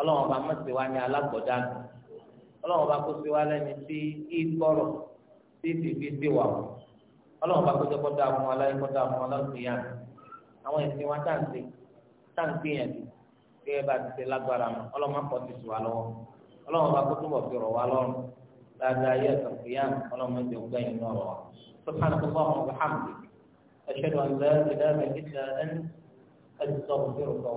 ọlọ́wọ́n bá mọ̀sí wa ní alágbọ̀dá nù ọlọ́wọ́n bá kó sí wa lẹ́ni tí ìgbọ́rọ̀ tí ìfìfì sí wa ọlọ́wọ́n bá kó jẹ́ kó dáa fún wa láyé kó dáa fún wa lọ́sùn yàrá àwọn ẹ̀sìn wa táǹsì táǹsì yẹn ti gẹ́gẹ́ bá ti ṣe lágbára mọ́ ọlọ́mọ akọ ti sùn wá lọ́wọ́ ọlọ́mọ bá kó túbọ̀ fi rọ̀ wá lọ́rùn dáadáa yẹ ẹ̀sán kìíyàn ọlọ́mọ ẹ̀jẹ̀ ń gbẹ̀yìn náà lọ́wọ́ subhanahu wa ta'ala alhamdu ashhadu an la ilaha illa anta astaghfiruka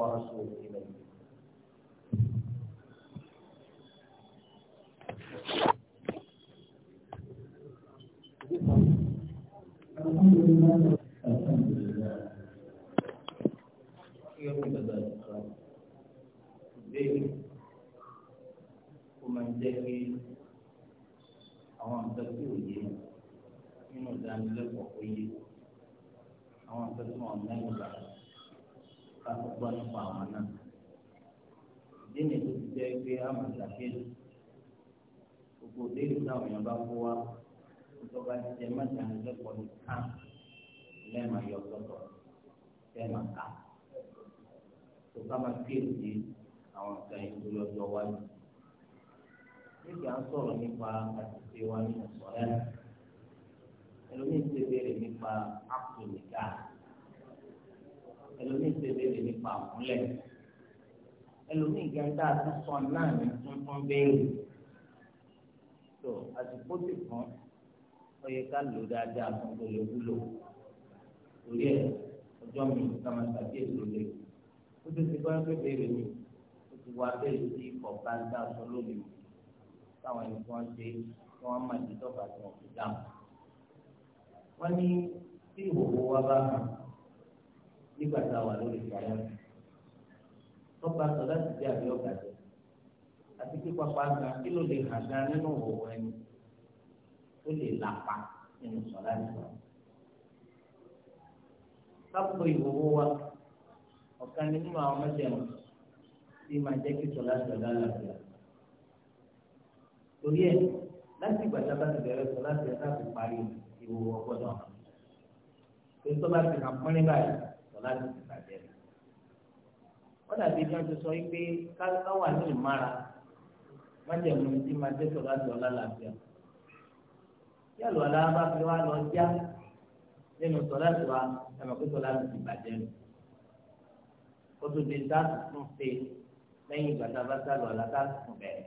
Thank you. nígbà tó àti sọ ìbéèrè ó máa ń jẹ́ pé àwọn nǹkan tí ò yé nínú ìdánilẹ́kọ̀ọ́ kó yé àwọn nǹkan tí wọ́n mẹ́rin bá ká tó gbọ́ nípa àwọn náà ìdí nìyí tó ti jẹ́ pé a gbogbo ìbéèrè táwọn èèyàn bá kó wa ìjọba ti jẹ mọ́ ìdánilẹ́kọ̀ọ́ nìkan lẹ́ẹ̀ma yọ sọ́tọ̀ lẹ́ẹ̀ma ká tó ká máa kéèké àwọn nǹkan yìí tó lọ́jọ́ wájú. nígbà ń sọ̀rọ̀ nípa àtìsí wa nínú sọ̀rẹ́ ẹlòmíín ti béèrè nípa ápùlùmíkà ẹlòmíín ti béèrè nípa àmúlẹ̀ ẹlòmíín gẹ́gẹ́ àti sọ náà ní tuntun béèrè tó àsìkò ti kàn ó yẹ ká lò dáadáa fún olówó lò torí ẹ ọjọ́ mi ká máa ṣàkíyèsí lórí ó ti ti báyọ̀ pépé rẹ̀ mi ó ti wá bẹ́ẹ̀ sí ọ̀gá dá aṣọ lónìí táwọn ẹni tí wọ́n ṣe kí wọ́n má ti tọ́ka tí wọ́n fi dáhùn. wọ́n ní tí ìhòòhò wa bá hàn nígbà tá a wà lórí ìgbàlá tọ́ka sọ láti jẹ́ àbí ọ̀gá jẹ àti pípa pàǹkà kí ló lè hàn gan nínú òwò ẹni ó lè làpá nínú sọ̀lá nìkan. ká pọ̀ ìhòòhò wa ọ̀kan ni nínú àwọn mẹ́tẹ̀ẹ̀mọ̀ tí máa jẹ́ kí sọ̀lá sọ̀lá làbíà. torí ẹ̀ láti ìgbà tí a bá ti bẹ̀rẹ̀ sọ̀lá sọ̀lá láti parí ìwòwò ọgbọ́dọ̀ hàn. pé tó bá ti hàn pọ́nrín báyìí sọ̀lá ti ti bàjẹ́ rẹ̀. wọ́n dàbí bí wọ́n ti sọ pé káwà ní ìmára mẹ́tẹ̀ẹ̀mọ̀ tí máa jẹ́ sọ̀lá sọ̀lá làbíà. yálò aláwọ̀ bá fi wá lọ já nínú sọ̀lá sọ̀lá ẹ̀ kó tó di dáàtú tún ṣe lẹ́yìn ìgbà tá a bá sálọ àlátàtú tún bẹ̀rẹ̀.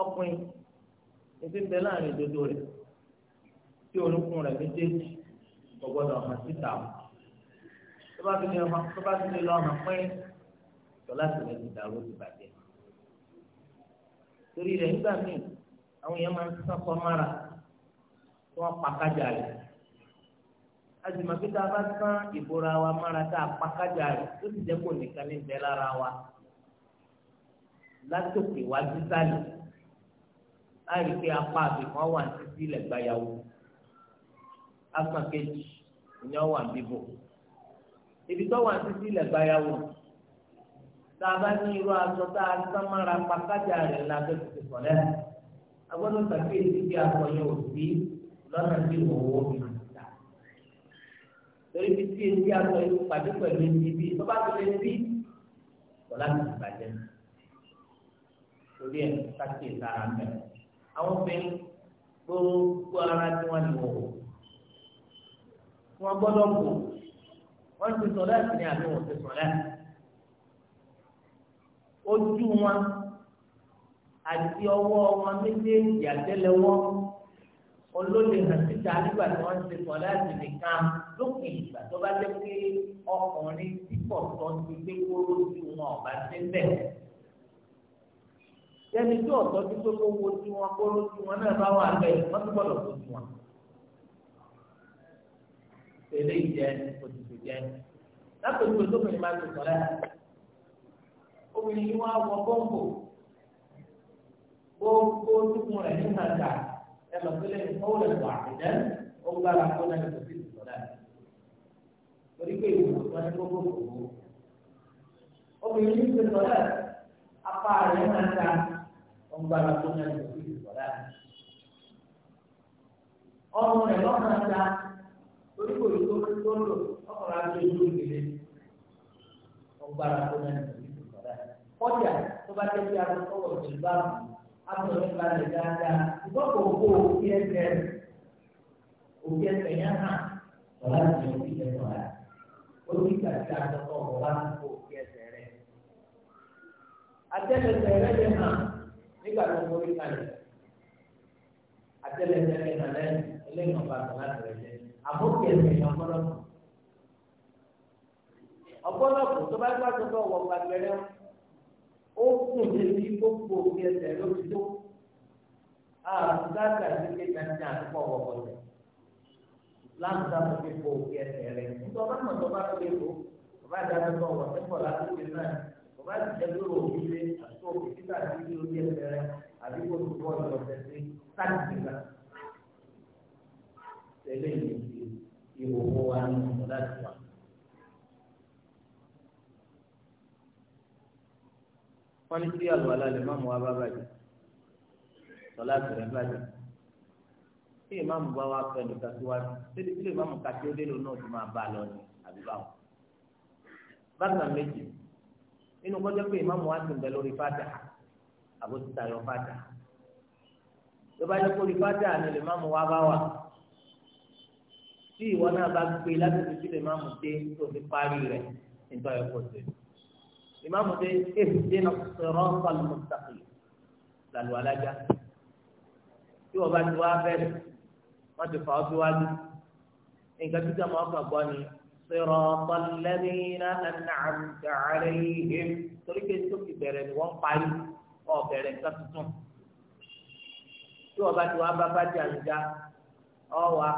ọkùnrin etí ń bẹ láàrin dodo rẹ̀ tí orúkún rẹ̀ méjèèjì kò gbọdọ̀ hàn síta o tó bá ti lè lọ hàn pín tó láti lè ti dàrú ti bàjẹ́ torí rẹ̀ nígbà míì àwọn èèyàn máa ń sọ́kọ́ mára tí wọ́n pa kájà rẹ̀ azìmọ̀ pé tá a bá tán ìbora wa mára tá a pa kájà rẹ̀ tó ti jẹ́ kó nìkan ní bẹ́ẹ̀ lára wa látòkè wá sísàlẹ̀ láì pé apá àbìkan wà ní sílẹ̀ gbáyàwó apá kejì ìyẹn wà bíbò ibi tó wà ní sílẹ̀ gbáyàwó tá a bá ní irú aṣọ tá a tán mára pa kájà rẹ̀ la tó ti ti sàkíyèsí bí aṣọ yẹn ò tí òwò mi torí bí tí etí aṣọ yìí pàdé pẹ̀lú etí bí tó bá ti lè bí kò láti ti bàjẹ́ torí ẹ̀ káṣí ìtara ń bẹ̀. àwọn obìnrin gbogbo ara tí wọ́n lò ó wọ́n gbọ́dọ̀ kù wọ́n ti sọ láti ní àbí wọ́n ti sọ láti. ojú wọn àti ọwọ́ wọn méjèèjì àtẹ́lẹwọ́ olóde hàn síta nígbà tí wọn ṣe sọ láti nìkan lópin ìgbà tó bá jẹ pé ọkùnrin tí pọ̀ sọ ti gbé kóró tí wọn ọba ṣe ń bẹ̀. yẹni tí ọ̀tọ́ tí tó lówó tí wọn kóró tí wọn náà bá wà lẹ̀ wọ́n ti gbọ́dọ̀ tó tiwọn. tẹ̀lé ìjẹ òtítù jẹ lápẹ̀tù olóbìnrin máa ti sọ obìnrin yìí wọ́n á wọ bọ́ǹbò gbogbo dúkùn rẹ̀ nígbà tá ẹ̀mọ̀ pé lẹ́yìn kọ́wọ́ lẹ́nu àbẹ̀dẹ́ ó gbára kó náà lẹ́nu sí ìsọ̀lá torí pé ìwòsàn wọn ní gbogbo òwò obìnrin ní ìsọ̀lá apá rẹ̀ máa ta ó gbára kó náà lẹ́nu sí ìsọ̀lá ọmọ rẹ̀ lọ́kàn ta torí pé òyìnbó tó lò ọkùnrin àti ojú ìgbèlè ó gbára kó náà lẹ́nu sí ìsọ̀lá kọjá tó bá jẹ́ bí arúgbó ọ̀gbìn bá wù àtọ̀rọ̀ balẹ̀ dáadáa ṣùgbọ́n kò kó òkú ẹsẹ̀ òkú ẹsẹ̀ yẹn hàn ọ̀la ti òkú ẹsẹ̀ ọ̀la orí kàtí àtọ̀kọ̀ ọ̀la ti kó òkú ẹsẹ̀ rẹ̀. Àtẹ̀lẹsẹ̀ rẹ̀ lè hàn nígbà tó mórí kalẹ̀ àtẹ̀lẹsẹ̀ rẹ̀ hàn lẹ́yìn eléyìí ọba àtọ̀lá rẹ̀ jẹ́ àbókè ẹsẹ̀ yẹn ọgbọ́dọ̀ ọgbọ́dọ̀ tó bá gbàgbọ́ ó kùn lé ní gbogbo òkè ẹsẹ̀ lórí tó àgbàgbà ní kékeré àti pọ̀ wọ̀wọ̀ rẹ̀ láǹtà mo fi bo òkè ẹsẹ̀ rẹ̀ nítorí wọn mọ̀ tó bá tó lè lò bàbá ìdájọ́ tó wọ̀ sẹ́pọ̀ lásìkò náà bàbá ìjẹ́ lórí òkè rẹ̀ àti òkè títà sí ní orí ẹsẹ̀ rẹ̀ àbí kò tó bọ́ ìlọsẹ̀ sí sáàtì náà tẹ̀lé ìhòòhò wa nínú láti. wọ́n ní sí àlùwalá lè má mú wa bá bàjẹ́ sọlá tẹ̀lé bàjẹ́ tí ìmáàmù bá wa pẹ́ nìkan síwájú tẹ́lẹ̀ tí ìmáàmù kàtí ó délò náà ti máa bá a lọ ní àbíbá wọn. bákan méjì nínú kọjá pé ìmáàmù wa ti ń bẹ lórí fatiha àbó ti tayọ fatiha tó bá yẹ kó rí fatiha ni lè máàmù wa bá wà tí ìwọ náà bá gbé láti fi sílẹ̀ máàmù dé tó fi parí rẹ̀ nítorí ẹ̀kọ́ sílẹ̀ ìmáàmù pé ihdina siratal mustaqim làlù alájà tí wọ́n bá ti wá bẹ́ẹ̀ wọ́n ti fà ọ́ bí wájú nǹkan tí sọ́mọ́ ọkàn gbọ́ ni siratal ladina an'amta alayhim torí pé tó ti bẹ̀rẹ̀ ni wọ́n parí ọ̀ bẹ̀rẹ̀ nǹkan tuntun tí wọ́n bá ti wá bá bá jà lùjá ọ̀ wà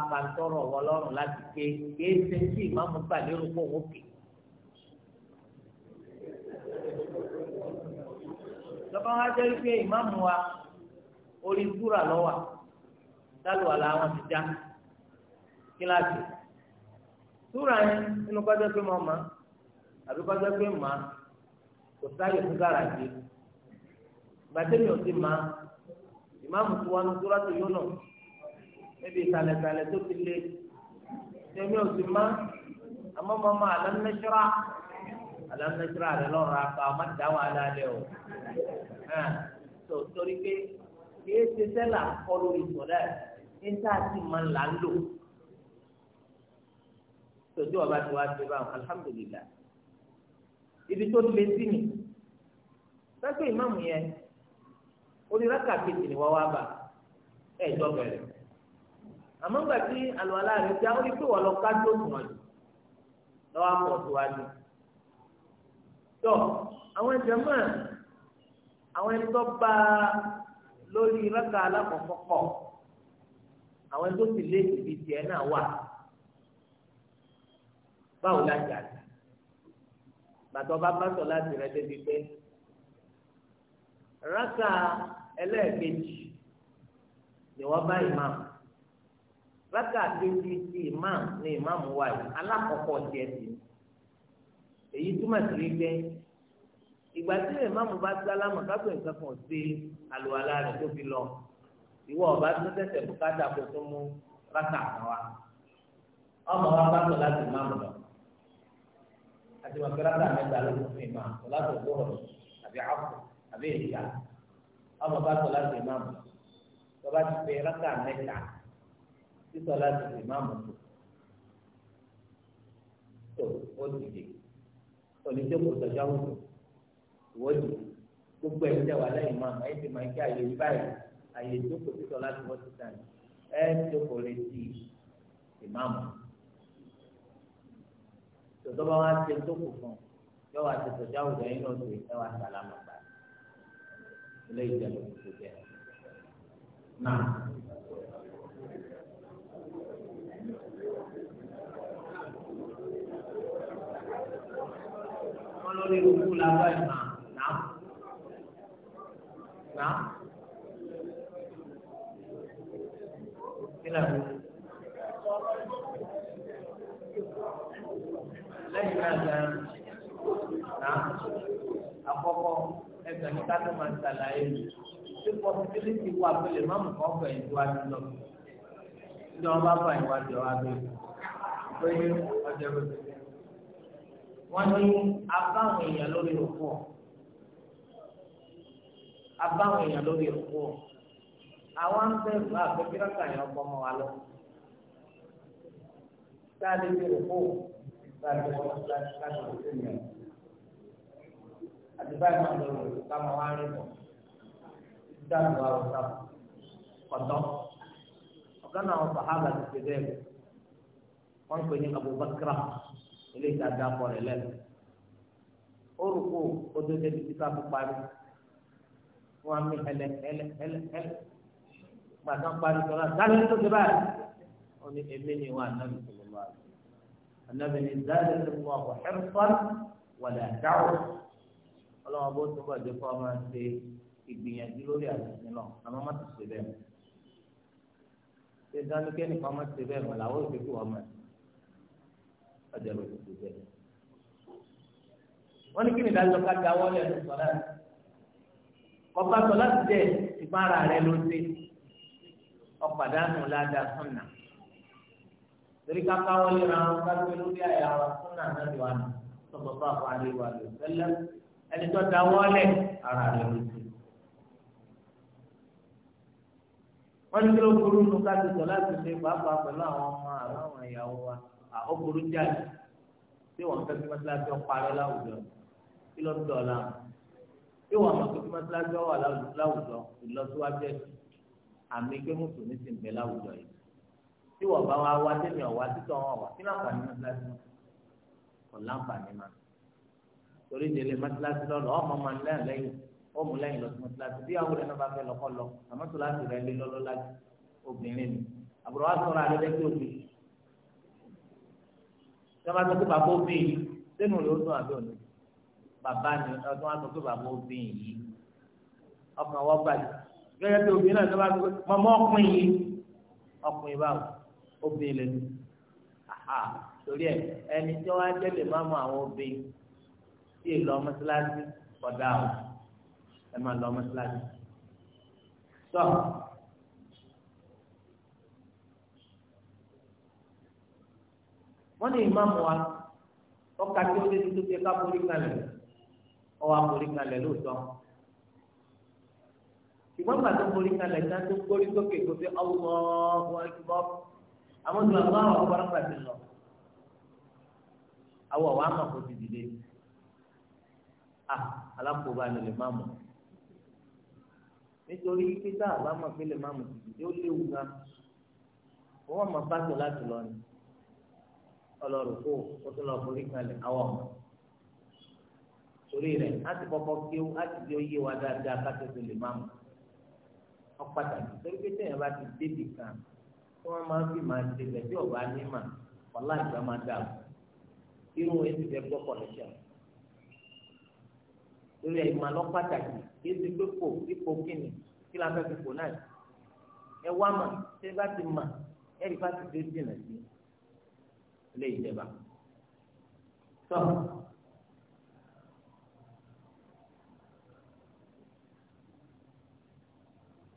lọ́ba wá jẹ́ wípé ìmáàmù wa orí súrà lọ́wà dálù wà láwọn ti já kíláàsì súrà yẹn nínú kọjá pé mo mọ̀ àbí kọjá pé mà kò sáyè fún gàràjì gbàtẹ́mi ò ti mà ìmáàmù tó wà ní súrà tó yónà níbi ìsàlẹ̀sàlẹ̀ tó ti lé tẹ̀mí ò ti mà àmọ́ mo mọ̀ àlọ́ nẹ́sọ́rà alámẹ́sírà rẹ lọ́rọ̀ apá ọmọ dá wà lálẹ́ o tó torí pé kí é ṣe sẹ́là kọ́ lórí sọ̀dá ẹ̀ níta ti máa ń là ń lò tòjú ọba tí wàá ṣe báwọn alhamdulilah ibi tó lé sí ni sẹ́gbẹ́ ìmáàmù yẹn orí kejì ni wọ́n wá bà ẹ̀jọ́ bẹ̀rẹ̀ àmọ́ ńgbà tí àlọ́ aláàrẹ̀ ti àwọn orí pé wọ́n lọ ká tó sùn ọ̀jù lọ́wọ́ àpọ̀ tó wájú tọ́ àwọn jàmá àwọn ẹni tó bá lórí rákà alákọ̀ọ́kọ́ pọ̀ àwọn ẹni tó sì lé ibi tiẹ̀ náà wà báwo la jà sí gbàtọ́ bá bá sọ láti rẹ débi pé rákà ẹlẹ́ẹ̀kejì ni wọ́n bá ìmáàmù rákà kejì ti ìmáàmù ni ìmáàmù wà yìí alákọ̀ọ́kọ́ tiẹ̀ sì èyí túmọ̀ sí wípé ìgbà tí ìmáàmù bá sálámù kápẹ́ nǹkan kan sí àlùwàlá rẹ̀ tó fi lọ ìwọ ọba tó tẹ̀sẹ̀ bùkátà kó tó mú rákà kan wa ọmọ wa bá sọ láti máàmù lọ àti wọn fi rákà mẹ́ta ló fún mi máa sọ láti ògbóhùn àbí àpò àbí ìyá ọmọ bá sọ láti máàmù lọba ti fi rákà mẹ́ta sísọ láti fi máàmù tó tó ó ti dè oníṣẹ́ kò sọ̀jọ́ àwùjọ ìwọ́dì gbogbo ẹ̀yin tẹ̀ wà lẹ́yìn máa ẹ̀yin ti máa ń kí àyè yí báyìí àyè tó kò sí sọ láti wọ́n ti tàn ẹ̀ tó kò retí ìmáàmù tòtọ́ba wa ṣe tó kù fún yọ wá ti sọ̀jọ́ àwùjọ yín náà ṣe ẹ̀ wá sàlámù gbà ilé ìjẹun kò jẹ́ náà. lórí òkú làbá ìmọ̀ náà náà kílẹ̀ lẹ́yìn náà gan náà àkọ́kọ́ ẹgbẹ́ níta tó máa ń ṣàlàyé tí pọ́sibílítì wà pélé má mú kọ́ fẹ̀yìn tó wá sí lọ. Ìjọba bá ìwádìí ọ̀hún abẹ́rẹ́ pé ọjọ́ ìrọ̀lẹ́ wọ́n ní abáwọn èèyàn lórí òkú ọ̀ abáwọn èèyàn lórí òkú ọ̀ àwọn ń bẹ̀rù àgbẹ̀kírọ́kà yẹn ọkọ ọmọ wa lọ sáàlì bí òkú láti wọ́n láti láti wọ́n sí ìyẹn àti báyìí máa lọ rò káwọn wá rí bọ̀ dáàbò wa ọ̀sà ọ̀tọ̀ ọ̀gá náà ọ̀sà hábà ti ṣe bẹ́ẹ̀ wọ́n ń pè ní Abubakar ilé ìtajà kọ rẹ lẹ orúkọ ododo ibi tí sáfù parí wọn mi ẹlẹ ẹlẹ ẹlẹ ẹlẹ gbàtà parí sọlá dáná tó ti báyìí wọn ni èmi ni wọn ànábì sọlọ lọ àti ànábì ni dáná tó wọn kò xẹrùfọn wàlẹ àdáwò ọlọ́wọ́n bó tó bá dé kó ọmọ ṣe ìgbìyànjú lórí àtúnṣe náà àmọ́ má ti ṣe bẹ́ẹ̀ ṣe dáná kẹ́nìkan má ti ṣe bẹ́ẹ̀ mọ̀ làwọn òṣèlú ọmọ ẹ̀ ọjọ́ ló ti bẹ́ẹ̀. wọ́n ní kí ni ìdájọ́ ká gba wọlé ẹnu sọ̀lá ọba sọ̀lá ti jẹ́ ìpara rẹ ló dé ọ̀pàdánù ládàá sọ̀nà torí káká wọlé ra wọn ká gbé lórí àyà wa sọ̀nà náà ti wà ní sọ̀bọ̀bọ̀ àwọn àríwá rẹ̀ sẹ́lẹ̀ ẹni tó da wọlé ara rẹ ló dé. wọ́n ní kí ló burú nu ká ti sọ̀lá ti ṣe pàápàá pẹ̀lú àwọn ọmọ àwọn ìyàwó wa àkókòrò jáde tí wọn fẹ́ kí mọ́sálásí ọparẹ́ láwùjọ kí ló ń dọ̀la tí wọn mọ̀ kí mọ́sálásí ọwà láwùjọ ìlọsíwájú ẹ̀sìn àmì pé mùsùlùmí sì ń bẹ láwùjọ yìí tí wọn bá wá wá tẹ̀mí ọ̀wá títọ̀ wọn wà kí láǹfààní mọ́sálásí wọn kò láǹfààní ma torí délé mọ́sálásí lọ́lọ́ ọmọ ọmọ lẹ́yìn lẹ́yìn ọmọ lẹ́yìn lọ sí mọ́sálásí bí àwọn ọ̀rẹ́ náà bá fẹ́ lọ́kọ́ lọ àmọ́ tó láti rẹ lé lọ́lọ́ láti obìnrin ni àbúrò wa sọ̀rọ̀ wọ́n bá sọ pé bàbá obìnrin yìí sẹ́nu rẹ̀ ó dùn àbí òní bàbá ni ọdún wa sọ pé bàbá obìnrin yìí ọkàn wọ́n balẹ̀ gẹ́gẹ́ bí obìnrin náà sọ bá sọ pé mọ̀mọ́ ọkùnrin yìí ọkùnrin báwo obìnrin lẹ́nu àhà torí ẹ ẹni tí wọ́n á jẹ́ lè má mọ àwọn obìnrin tí èlò ọmọ síláàsì ọ̀dà ọ̀ ẹ máa lọ ọmọ síláàsì. wọ́n ní ìmáàmù wa ọkà tí ó dé tó fi ká borí kalẹ̀ ọwọ́ aborí kalẹ̀ lóòótọ́ ṣùgbọ́n gbà tó borí kalẹ̀ náà tó gbórí sókè tó fi ọwọ́ wọn gbọ́ àwọn tó àwọn àwọn ọgbọ́n gbà ti lọ àwọn àwọn àmọ̀ kò ti dìde à alákòóbá ni lè má mọ̀ nítorí pé tá àbámọ̀ pé lè má ti dìde ó léwu gan wọ́n mọ̀ pásọ̀ láti lọ ni ọlọ́rùkú ó tún lọ forí kalẹ̀ àwọn ọmọ torí rẹ̀ láti kọ́kọ́ kí ó láti di oyé wa dáadáa káṣí tó lè máa mọ̀ ọ́ pàtàkì torí pé tẹ̀yìn bá ti débi kan tí wọ́n máa ń fi máa ṣe bẹ̀ tí ọ̀bá ní mà ọ̀la ìgbà máa dà o irú ẹ̀ ti fẹ́ gbọ́ kọ̀lẹ́ṣẹ̀ torí ẹ̀ ìmọ̀ lọ pàtàkì kí ẹ ti ipò kíni kí la fẹ́ fi kò náà ẹ wá mà ṣé bá ti mà ẹ̀ rí bá ti dé dìnnà sí i lè jẹba tọ.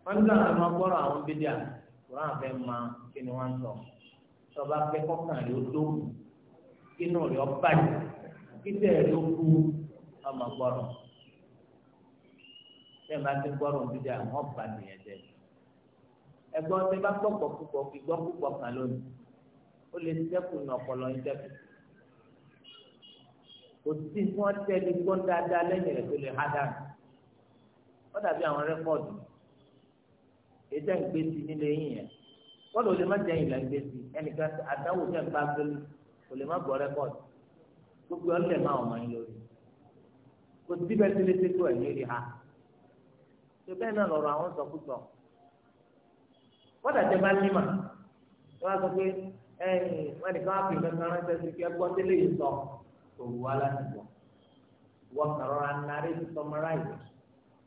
wọ́n ní láti máa gbọ́rọ̀ àwọn bídíà kúrán fẹ́ máa kí ni wọ́n ń sọ tọba pẹ́ kọ́kàn rẹ̀ ó tó kínú rẹ̀ ó bàjẹ́ kíkẹ́ rẹ̀ ó kú ọmọ gbọ́rọ̀ tẹ́ ẹ bá ti gbọ́rọ̀ bídíà wọ́n bàjẹ́ yẹn jẹ́ ẹgbọ́n tẹ́ bá gbọ́ pọ̀ púpọ̀ kí gbọ́ púpọ̀ kan lónìí ó lè dẹ́kun ní ọpọlọ yín dẹ́kun kò sí tí wọ́n tẹ́lẹ̀ gbọ́n dáadáa lẹ́yìn rẹ̀ tó lè há dànù wọ́n dàbí àwọn rẹ́kọ̀dù ètò ìgbésí nílé yín yẹn kọ́lù ò lè má jẹ́ ìlà ìgbésí ẹnìkan àdáwò jẹ́ ń bá gbélé kò lè má gbọ́ rẹ́kọ̀dù gbogbo ọ̀lẹ́ máa wọ̀n yín lórí kò sí bẹ́ẹ̀ tó lè tètè ẹ̀yìn rí ha tó bẹ́ẹ̀ náà lọ́rọ̀ àwọn sọkúsọ wọ́n dàjẹ́ bá ní mà wọ́n á sọ pé ẹ̀yìn wọn nìkan á fi kankan ránṣẹ́ sí kí ẹ gbọ́ délé yìí sọ kò wù wá láti gbọ́ wọn kàrọ anarí ti sọmọráìsì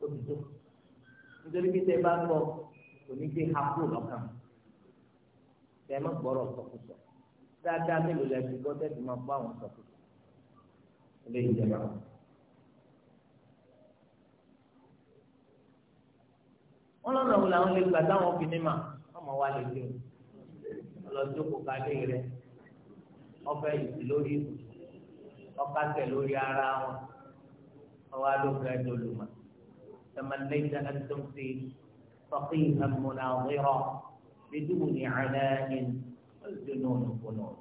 ó ti tó nítorí pé tẹ bá gbọ́ kò ní dé hapó lọ́kàn tẹ ẹ má gbọ́rọ̀ sọkùsọ dáadáa mélòó lẹbi gbọ́ tẹsí máa fọ àwọn sọkùsọ ilé ìjẹba. wọn lọ́nà wo làwọn lè gbà táwọn fi ní mà ọmọ wa lè dé o. ọlọ́dúnkù kálé rẹ ọfẹ́ yìí lórí ọkàtẹ̀ lórí ara wọn ọwọ́ alóògbé ẹ̀dọ́lùmọ̀ تمنيت أن تمسي فقيها مناظرا بدون عناء الجنون فنون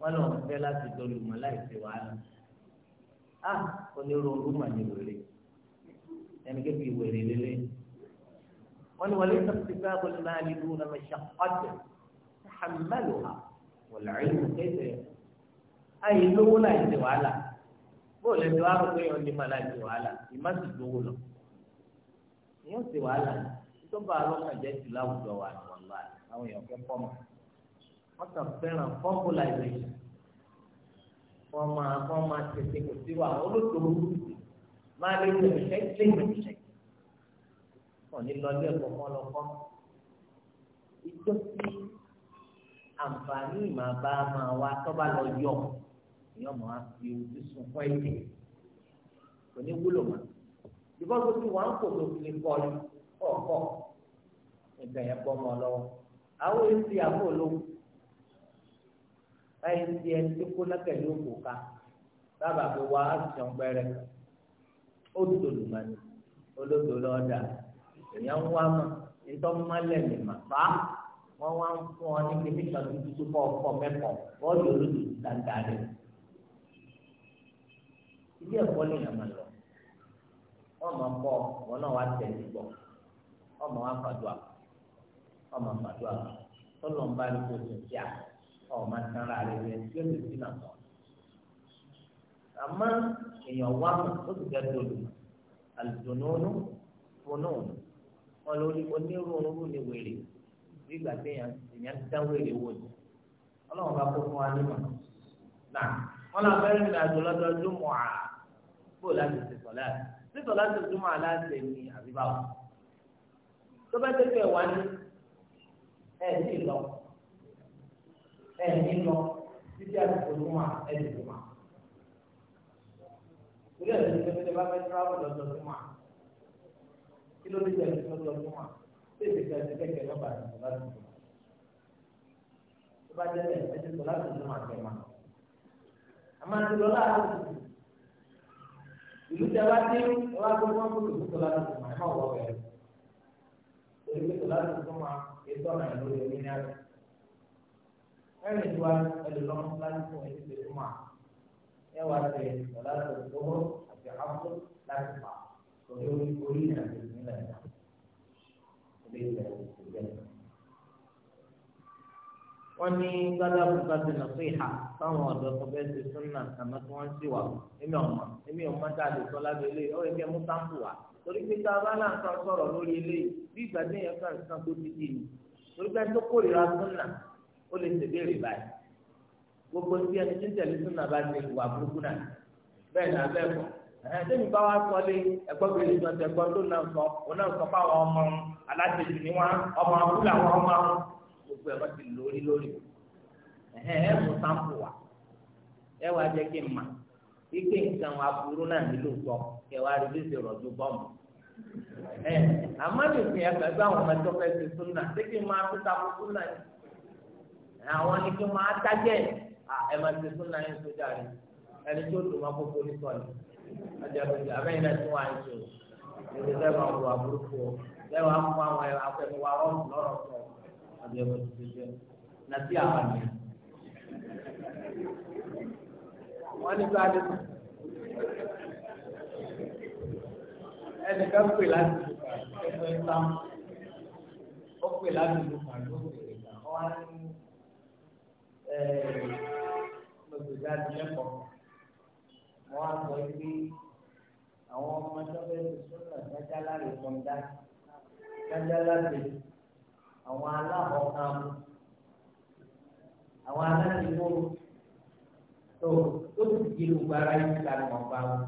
ولو ثلاث دول ملائكة وعلم ah onírúurú mà ní wèrè ẹni ké fi wèrè lélẹ̀ wọn ni wọlé sọ́kùtì fún abúlé máa ní ìlú náà ṣàkọ́tì tàhàmàlùhà wọ̀làrínù kéde ayé lówó láì ṣe wàhálà bóò lè lọ àrùn pé ọ̀nì máa láì ṣe wàhálà ìmá sì lówó lọ ìyẹn ṣe wàhálà tó bá a lọ́kàn jẹ́ jù láwùjọ wà ní wàhálà àwọn èèyàn fẹ́ pọ́ mọ́ wọ́n kàn fẹ́ràn fọ́pùláìzéṣin wọ́n máa wọ́n máa tètè kò sí wa olóṣòwò máa lè lè ṣe ṣe ṣe wọ́n ní lọ ilé ẹ̀kọ́ kọ́ lọ kọ́ ìjọ sí àǹfààní ìmàbá máa wá tọ́ba lọ yọ èèyàn máa fi ojú sun fún ẹ̀jẹ̀ kò ní wúlò mọ́ ìbọn tó ti ń kò tó fi kọ́ ni ọ̀kọ́ ìgbà yẹn bọ́ mọ́ lọ́wọ́ àwọn èsì àbò olówó báyìí ti ẹ ti kó lákẹ̀lé òkò ká bàbá mi wá àtúnyàn pẹ́rẹ́ ó dòdò mọ́ni olódò lọ́ọ́dà èèyàn ń wá mọ́ ìtọ́ mọ́lẹ̀ lè mà fà á wọn wá ń fún ọ ní kíní kan tó tó kọ ọkọ mẹkọ bọọlù olódò dáadáa rẹ ilé ẹ̀kọ́ lèèyàn máa lọ ọmọ kọ wọn náà wá tẹlẹ gbọ ọmọ wa fàdúà ọmọ fàdúà tọlọ ń bá ní kó tó kíá ọmọ sanra rẹ rẹ tí ó lè fi nà sọ àmọ́ èèyàn wá mọ ó sì fẹ́ dòlù àlùdùnúnú fúnúùnù wọn lórí onírúurú ni wèrè bí ìgbà téèyàn èèyàn dáwọ́ èrè wò ni ọlọ́run bá kó fún wa nímọ̀ náà wọn làwọn fẹ́ẹ́ rìnrìn àjò lọ́dọọdún mọ́ à bó láti ṣe sọ̀lá ṣe sọ̀lá ṣe túmọ̀ aláṣẹ ni àbíbáwò tó bá tẹ́ fẹ́ wá ní ẹ̀ ní lọ ẹ̀ ní lọ títí àtúntò tó mà ẹ̀ ní tó mà ìrẹsì tó fẹ́ bá fẹ́ tíráwọ̀ lọ́dọọdún mà kí ló dé tẹ̀lé lọ́dọọdún mà tètè kẹsì kẹkẹ lọ́ba àti sọ̀lá tó tó tó bá jẹ́ bẹ́ẹ̀ ẹ̀jẹ̀ sọ̀lá tó tó máa tẹ̀ máa. àmọ́ àti lọ́la àti ìlú tẹ wá dé wá tó wọ́n kó lòdù sọ̀lá tó tó máa ẹ̀ má wọ̀ bẹ̀rẹ̀. torí pé sọ̀lá tó tó máa ètò ọ̀nà ìlú rẹ̀ ní àlẹ́. ẹ̀rìn ìlú wa ẹ̀lú lọ́mọ láti fún ẹni tẹ̀ tó máa ẹ̀ wá tẹ̀ sọ̀lá tó tó àti àpò láti fà إلا بالجنة wọ́n ní gbádàbù bá ti nà sí ìhà táwọn ọ̀dọ́ tó bẹ́ẹ̀ ti súnà àmọ́ tí wọ́n ń sì wà èmi ọ̀mọ́ èmi ọ̀mọ́ dáadé sọ lábẹ́ ilé ọ̀ ẹ̀kẹ́ mú sáǹpù wá torí pé tá a bá náà kan sọ̀rọ̀ lórí ilé bí ìgbà tí kan sàn tó ti di ni torí gbogbo ẹni tí ń tẹ̀lé bá ti wà burúkú náà bẹ́ẹ̀ ẹ̀ẹ́dẹ́gbẹ̀ bá wá sọ lé ẹ̀gbọ́n bíi ìlú ọ̀sẹ̀ ẹ̀gbọ́n tó náà sọ òun náà sọ fáwọn ọmọ ni wọn ọmọ abúlé àwọn ọmọ àwọn gbogbo ẹ̀ wọ́n ti lórí lórí ẹ̀ẹ́ mú sáǹpù wa ẹ wá kí n mà ike nǹkan aburú náà nílò sọ ẹ wá rí bọ́ọ̀mù ẹ ẹgbẹ́ bá fẹ́ ti ṣé kí n máa ta fún àwọn ni kí n máa dájẹ́ ẹ máa ti ọjọpẹjọ abẹ́yìn náà tí wọ́n á ń ṣe ìdílé sẹ́wọ̀n àwọn ọ̀rọ̀ àbúrúkú ọ sẹ́wọ̀n á mú àwọn ẹ̀rọ afẹ́fẹ́ wa rọ́ọ̀mù lọ́rọ̀ sọ ọjọpẹjọ nàti àwọn àmì wọ́n ní sáà dẹ́kun ẹnì kan pè láti ẹgbẹ́ ìta ó pè láti ìlú pàdó ìgbà wọn á ní ẹ̀ẹ́dẹ́gbẹ̀dá ti lẹ́kọ̀ọ́ wọn á sọ pé àwọn ọmọ sọfẹ sọnà dájálá rẹ sọ dá dájálá rẹ àwọn aláhọkàn àwọn aláṣẹwò tó tó ti di gbogbo ara yìí ká lọ bá wọn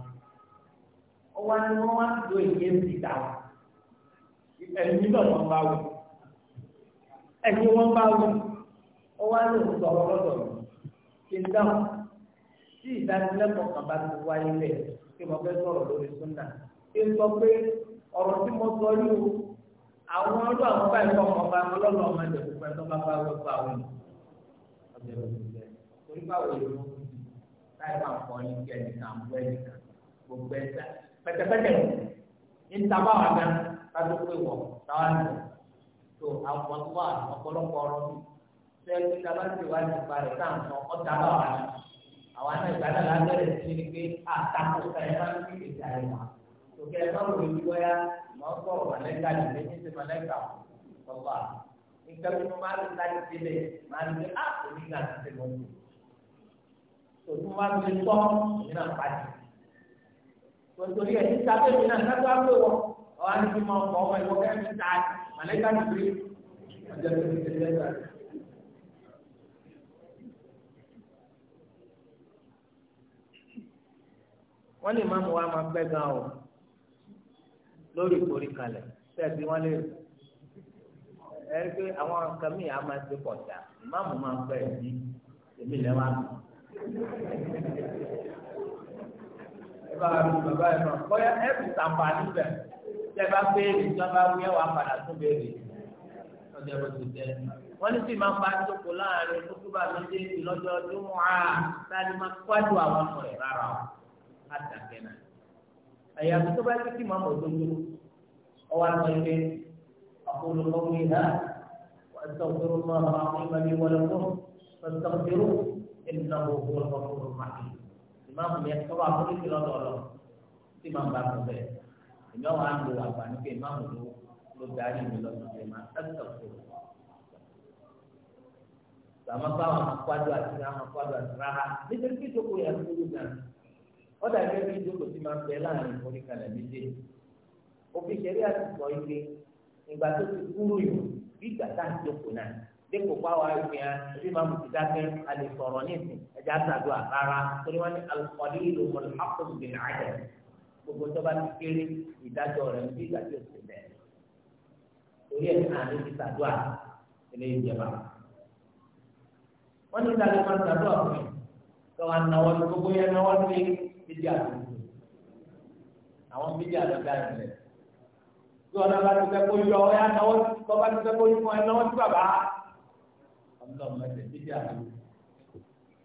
ọwọ́ ni wọn wá do ìyé ti dà wọn ẹ̀yin náà wọn bá wọn ẹ̀yin wọn bá wọn ọwọ́ ni wọn sọ̀rọ̀ lọ́dọ̀ yìí kí n dáhùn tí ìdánilẹ́kọ̀ọ́ kan bá ti wáyé lẹ̀ kí mo fẹ́ sọ̀rọ̀ lórí súnà kí n sọ pé ọ̀rọ̀ tí mo sọ yìí o àwọn ọdún àwọn báyìí kọ́ ọmọ bá mi lọ́nà ọmọ ẹ̀jẹ̀ pípẹ́ tó bá bá wọ́pọ̀ àwọn torí báwo lè ló ń di láì máa kọ́ ní kí ẹnìkan àbúrò ẹnìkan gbogbo ẹ̀dá pẹ̀tẹ̀pẹ̀tẹ̀ ní tàbá wà gán kájú pé wọ̀ táwa nù tó àwọn àwọn náà ìgbàdà lábẹ́rẹ̀ sí ni pé àtakò ẹ̀ máa ń fi èsì àyè wá òkè ẹ̀ máa ń wòye wáyà mọ̀ ń sọ̀rọ̀ mọ̀lẹ́gà lè ní ti mọ̀lẹ́gà ọ̀gbà nǹkan tí mo máa ń láti sílẹ̀ máa ń gbé àpò nígbà tí ti mọ̀ ní. tòtú máa ń gbé tọ́ ìyẹn náà pàdé. tòtòrí ẹ̀ ti sábẹ́ mi náà sábẹ́ wá pé wọ́n ọ̀hán ti mọ wọ́n ní ìmáàmù wa máa pẹ́ gan o lórí ìkórè kalẹ̀ sẹ́ẹ̀bí wọ́n lè ẹ pé àwọn nǹkan mi àá máa ṣe pọ̀jà ìmáàmù máa pẹ́ bí èmi lẹ́ wá mi. ẹ bá mi bàbá ẹ náà bóyá ẹ fi sàǹfà níbẹ̀ tẹ́ bá béèrè tí wọ́n bá wí ẹ̀ wá padà tún béèrè lọ́jọ́ bó ti jẹ́ wọ́n ní sì máa ń bá jókòó láàrin kókó bá mi dé ìlọ́jọ́ ọdún mọ́ àá tá máa kọ́ àwọn ọmọ rẹ̀ rárá o àtàkẹ́ náà ẹ̀yà tó bá ti kí màmú òdodo ọwọ́ àwọn ẹgbẹ́ ọ̀pọ̀lọpọ̀ wí ha wàtàkùrù máa ma ìmọ̀ ní wọlé fún wàtàkùrù ìnáwó owó ọ̀pọ̀lọpọ̀ màkì ìmáàmù yẹn tó bá fún ìkìlọ̀ lọ́lọ́ tí màmú bá fún bẹ́ẹ̀ ìmọ̀ wà ń lo àgbàní pé ìmáàmù ló ló darí mi lọ́dún pé máa tàkùrù sàmọ́ báwọn akpọ́dọ̀ àti ráhà akpọ́dọ̀ àti ráhà wọ́n dàgbé bí ìjókòó ti máa ń bẹ láàrin oníkanlẹ̀ méjèèjì òfin ṣẹ̀rí àtìsọ ike ìgbà tó ti kúrò yìí bí ìgbà tá à ń jókòó náà dípò pàwọ́ àìsàn ẹbí máa mú ti dákẹ́ alẹ́ sọ̀rọ̀ nísìn ẹja àtàdúrà rárá torí wọ́n ní alùpàdé ìlú mọ̀lẹ́ àkóso ìlú àjẹ gbogbo tó bá ti kéré ìdájọ́ rẹ̀ bí ìgbà tó ti bẹ̀rẹ̀ torí ẹ̀ àná ti sàdúrà ilé ìjẹba wọ́n ní ìdájọ́ máa sàdúrà fún mi káwọn anáwọ́ ní gbogbo yẹn náwó ní bíbí àdúgbò àwọn bíbí àdúgbò yẹn lẹ̀ tí wọn bá ti fẹ́ kó yọ ọ yá náwó tó bá ti fẹ́ kó yọ ọ náwó sí bàbá ọmọdé ọmọdé bíbí àdúgbò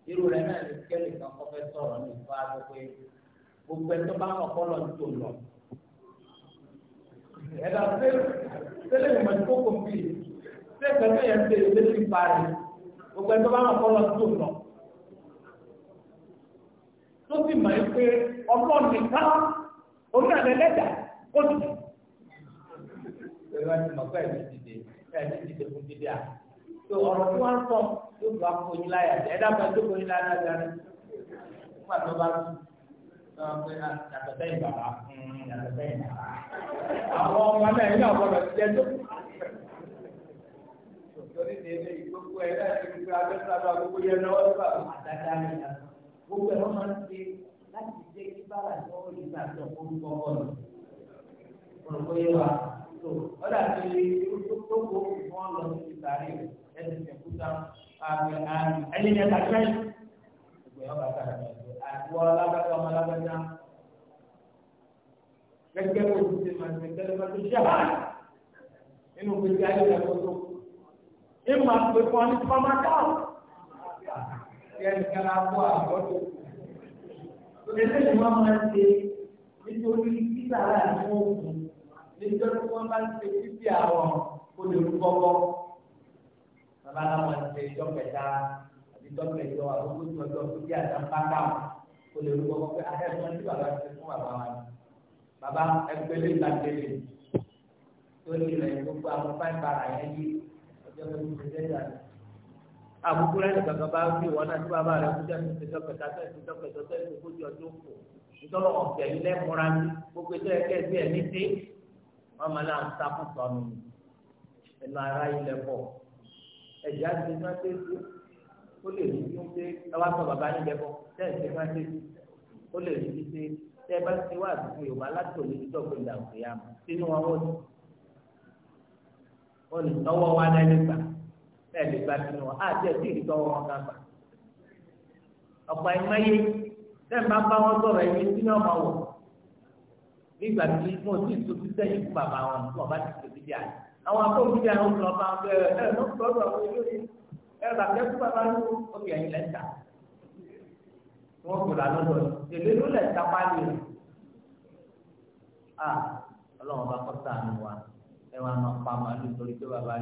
irú rẹ náà ní kẹ́lì kan kọ́ fẹ́ sọ̀rọ̀ ní ìfọ́ àgbẹ̀pẹ́ gbogbo ẹ̀tọ́ bá wọn kọ́ lọ ní lọ. ẹ̀dá tẹ́lẹ̀ ìmọ̀ ní kókò bíi tẹ́lẹ̀ yẹn ti lé ní tó sì mọ̀ ẹ́ pé ọgbọ́n nìkan orí àlẹ́ lẹ́dà ó dùn. ìrora ti mọ̀ pé ẹ̀mí dìde ẹ̀mí dìde fún dídé à. tó ọ̀rọ̀ tí wọ́n ń sọ yóò bá foyín láyà ẹ̀ dábàá tó foyín láyà dáadáa fún àtọ́bá tó ah, yàtọ̀ sẹ́yìn bàbá hmm, yàtọ̀ sẹ́yìn bàbá. àwọn ọmọ náà yìí náà gbọdọ̀ ti jẹ́ tó. torí ní ilé ìgbókò ẹ̀ náà ti gbé abẹ́sọ̀ àbá gbogbo ẹ̀rọ máa ń ṣe láti jẹ́ kí bára ní wọ́n lè gbà tó orúkọ bọ́ọ̀lù. Olùkọ́ yé wa tó ọ̀dà tó lè tó kó wọn lọ sí ìsàlẹ̀ ẹ̀sìn ìṣẹ̀kúta àmì àmì ẹ̀yìn ẹ̀ka tẹ́lẹ̀. Gbogbo ẹ̀rọ bàtà rẹ̀ àtiwọ́ alágbàdo ọmọ alágbàdá. Gẹ́gẹ́ bó ti ṣe máa ṣe tẹ́lẹ̀ máa tó ṣe hàn nínú gbèsè ayé rẹ̀ kótó. Ìmọ̀ àpè fún ọ ní tí ẹnìkan á kó àgbọ̀dọ̀. Ìgbésẹ̀ ni wọ́n máa ń ṣe nítorí títà láàrin òògùn nítorí wọ́n máa ń ṣe fífi àwọn olùkọ́kọ́. Bàbá náà máa ń ṣe ìjọ kẹta àti ìjọ kẹjọ àwọn olùkọ́jọ tó bí àdáńpáká olùkọ́kọ́ pé akẹ́kọ̀ọ́ ah, ní bàbá ti fún bàbá wa. Bàbá ẹgbẹ́lẹ́ ìgbàgbẹ́lẹ́ tó ní ilẹ̀ gbogbo àwọn fáìbàrà yẹn ọjọ́ tó ti ṣe àbùkù rẹ nìkan kan bá fi wọn náà tí bàbá rẹ kú sẹ́yìn ti dọ́kẹ̀tà sẹ́yìn ti dọ́kẹ̀tà sẹ́yìn ogójì ọdún kù ìtọ́lọ̀ ọ̀fẹ́ yìí lẹ́múra ní gbogbo ètò ẹ̀kẹ́ sí ẹ̀ ní sí wọn máa náà ń sáfù sọnù ẹnu ara ilẹ̀ pọ̀ ẹ̀jẹ̀ àti mẹ́tẹ́sì ó lè rí bí ó ṣe ẹwà sọ bàbá nílẹ̀ pọ̀ sẹ́yìn ti mẹ́tẹ́sì ó lè rí bí ṣe tẹ́ ẹ lè gba sínú wọn àti ẹsẹ ìdíkọ wọn kan gbà ọ̀pọ̀ ẹ̀ma yé lẹ́yìn bá bá wọn sọ̀rọ̀ ẹ̀yìn tí náà máa wọ̀ nígbà tí mo sì tó ti sẹ́yìn fún bàbá wọn tí wọ́n bá ti tètè bí àná àwọn akóbi bí àwọn ọ̀sán bá ń bẹ ẹ ẹ lọ́sọ̀rọ̀ ọ̀dọ̀ àwọn olóyè ẹ bàtẹ́ fún bàbá ló obì ẹ̀yìn lẹ́ta wọ́n kò lànà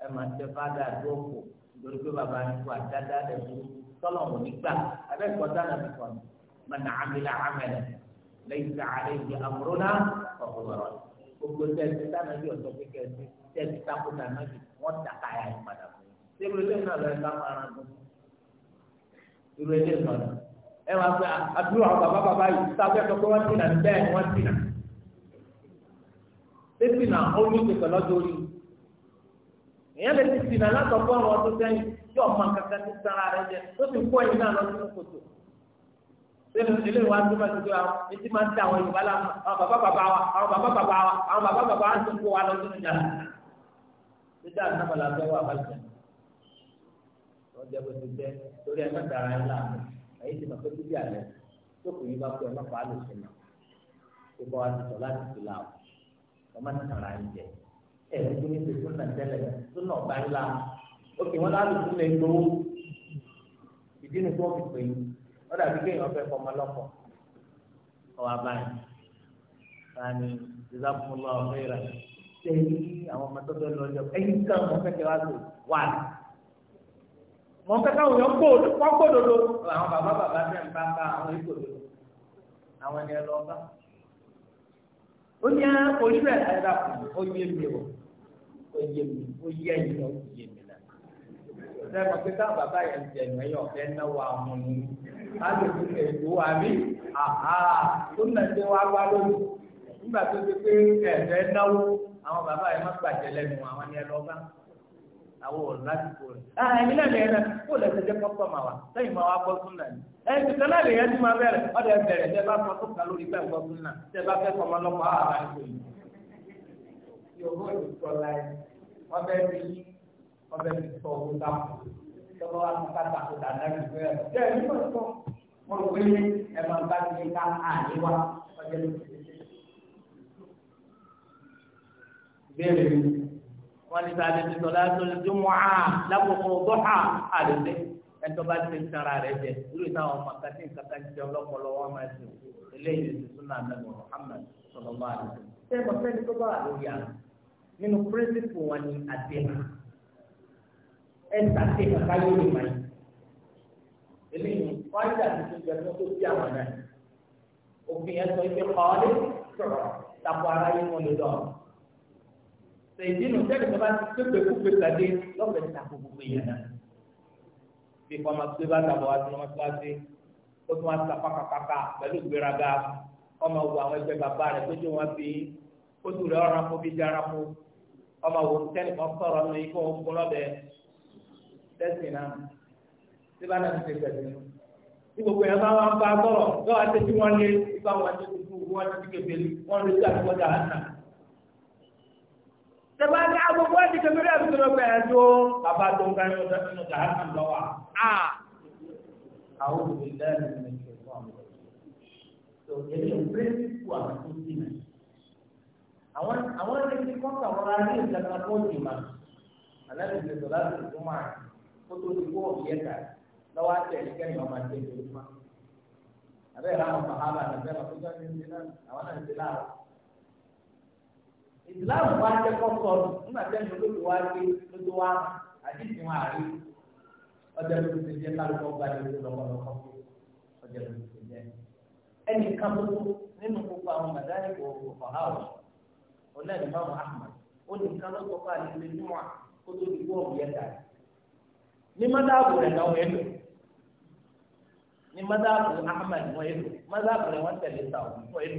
ẹ máa tẹ fada àdúrà kù nítorí pé bàbá yín kú àdáda rẹ̀ kú tọ́lọ̀ wò ní gbà abẹ́kọ̀ dáná mi kàn man amila amalan laysa alayhi amruna ọ̀hún ọ̀rọ̀ gbogbo tẹ̀sí dáná yóò sọ pé kẹ̀sí tẹ̀sí tako dáná yìí wọ́n dàka yà yín padà fún yín. sẹ́nu ilé náà lọ́ọ́ ká máa rán dùn. irú ilé sọ̀rọ̀ ẹ wá pé àdúrà bàbá bàbá yìí sáfẹ́ sọ pé wọ́n ti nà bẹ́ẹ̀ wọ́n ti nà. tẹ́sí nà ó èèyàn lè ti sìnà látọ̀gbọ́ ọ̀rọ̀ ọdún sẹ́yìn tí ọmọ kankan ti sara rẹ jẹ tó ti kó ẹ̀yìn náà lọ sínú kòtò sínú ilé wa tó máa ti tó àwọn etí máa ń tẹ àwọn Yorùbá lámà àwọn bàbá bàbá wa àwọn bàbá bàbá wa àwọn bàbá bàbá wa ti kó wa lọ sínú ìjà títí àtàwọn làbẹ́ wà bá jẹ ọjà bó ti jẹ torí ẹ má dara ẹ láàmú ẹyí ti máa fẹ́ bí alẹ́ tó ẹ̀rọ tó ní sèso náà tẹ́lẹ̀ tó náà bá ńlá òkè wọn láti tún lè gbowó ìdí nu tó fi pè é wọ́n dàbí kéèyàn fẹ́ fọmọ lọ́kọ̀ ọ̀wá báyìí sani ìsàkùnlọ ọ̀fẹ́rẹ́ sẹ́yìn àwọn ọmọ tó fẹ́ lọ ọjọ́ ẹ̀yìn kan mọ̀ fẹ́ kẹ́ wá sí wà mọ̀ fẹ́ káwọn yọ kó kó dodo àwọn bàbá bàbá ó ní ah, ojú ẹ̀ ẹ̀dá ó yé mi o ó yé mi ó yé ẹ̀yìn náà ó yé mi náà. ṣé mo pé táwọn bàbá yẹn jẹ ẹ̀yìn ẹ̀yìn ọ̀fẹ́ náwó àwọn ọmọ mi alòkù èdò tó nà ṣe wá wá lónìí nígbà tó ṣe pé ẹ̀fẹ́ náwó àwọn bàbá yẹn má gbàjẹ́ lẹ́nu àwọn ni ẹ lọ́ bá àwọn ọ̀rọ̀ lásìkò rẹ̀. Ah, ẹ̀yin náà lè rẹ̀ kó lè ṣe jẹ́ pọ́pọ́ mà wá sẹ́yìn máa wá gbọ́ súnà ni. ẹ̀yin ti tẹ́lẹ̀ lè yẹn tí máa bẹ̀rẹ̀ ọ̀dọ̀ ẹ̀ bẹ̀rẹ̀ tẹ́ bá sọ tó kà lórí bẹ́ẹ̀ gbọ́ súnà tẹ́ bá fẹ́ sọmọ lọ́pọ̀ àwọn àìsàn yìí. yòówó ìtọ́ láyé wọ́n bẹ́ẹ̀ fi yí wọ́n bẹ́ẹ̀ sọ owó dáàbò tọ́wọ́ wá ká tako dàda ní ìgbéyàwó. bẹ́ẹ̀ ni wọ́n ní sáà lè fi sọ̀lá tó lè tó mọ́ á lákòókò dọ́hà àlùfẹ́ ẹ̀tọ́ bá ti sara rẹ̀ jẹ irú táwọn ọmọ kàtí kàtà jẹ ọlọ́pọ̀lọ́ wọn máa ṣe eléyìí ti súnà nàbẹ̀ Muhammad sọ̀rọ̀ bá rẹ̀ ṣe é bọ̀sẹ́ni tó bá lórí à nínú píríncípù wọn ni àdéhùn ẹ̀ tàtí kàkà yóò lè máa yìí eléyìí wọ́n ti àtúntò jẹ fún tó bí àwọn náà òfin yẹn sọ ife kọ́ọ́lé sọ̀rọ̀ tapọ̀ ara yìí wọn sèdínù tẹ́lẹ̀ tó bá ti pépè kúpè kàdé lọ́fẹ̀ẹ́ ta gbogbo yẹn náà bí kọ́má pé bá tàbọ̀ wá sí ọmọ kíláàsì ó tún wá ta pákápáká pẹ̀lú ìgbéraga ọmọ wo àwọn ẹgbẹ́ bàbá rẹ̀ tó jó wọn fi ó tù rẹ̀ ọ̀ràn fún bíjà ara fún ọmọ wo tẹ́lẹ̀ kan sọ̀rọ̀ ní ikú òun fún lọ́bẹ̀ tẹ́sìn náà tí bá náà ti ṣe pẹ̀lú tí gbogbo yẹn bá wọn bá sọ̀rọ̀ lọ́wọ́ àti tí wọ́n lé ibà wọn ti kú wọn ti kékeré wọn lè gbà tẹ̀bá ní agbogbo ẹ̀dì kẹmẹ́rẹ́ àti tẹ̀lọ́pẹ̀ ẹ̀dọ́ bàbá tó ń kárí ọjọ́ nínú jàhánà lọ́wọ́ à àwọn òbí lẹ́nu ní ìṣẹ̀lẹ̀ ọ̀hún. tó èyí ń bẹ́ẹ̀ kú àwọn tó dì mí. àwọn àwọn ẹni tí wọ́n kà wọ́n rárí ìjàmbá tó dì mà àlẹ́ ìṣètò láti ìlú máa kó tó ti kó òbí ẹ̀ka lọ́wọ́ àti ẹ̀kẹ́yìn ọmọ àti ẹ̀kẹ́ ìsìláàmù wa jẹ́ kọ́kọ́ nígbà tí ẹni olóògbé wa gbé lójú wa àdìsí wọn àrí ọjà lóṣù tó jẹ́ kálukọ gba ìlú lọ́kọ́lọ́kọ́ ọjà lóṣù tó jẹ́ ẹnì kan nínú gbogbo àwọn màdáyé kò ọ̀há ọ̀ṣọ́ ọ̀lẹ́ni máàmù ó ní kó tó di yẹn dà ní náà èlò ní èlò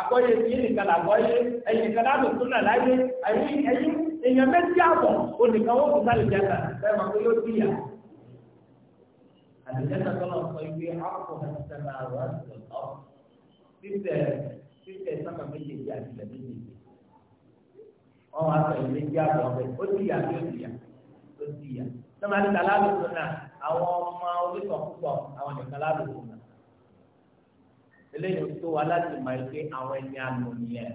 àkọ́yé yìí nìkan làkọ́yé ẹ̀yìn nìkan láti tún náà láyé ẹ̀yìn ẹ̀yìn èèyàn méjì àbọ̀ onìkan ó kù sálì jẹta bẹ́ẹ̀ máa pé yóò díyà. àlùjẹ́ta tọ́lọ̀ sọ ibi àpò ẹ̀sẹ̀mà àwọn àti ọ̀ títẹ̀ títẹ̀ sábà méjèèjì àti ilẹ̀ méjèèjì. wọ́n wá sọ ìlú méjì àbọ̀ ọ̀bẹ ó díyà ó díyà ó díyà. sọ́mà ní kàlá àlùkò náà àwọn ọmọ oníkọ̀ọ́kọ̀ àwọn nìkan láàbò eléyìí tó wa láti mọ ike àwọn ẹni àná nìyẹn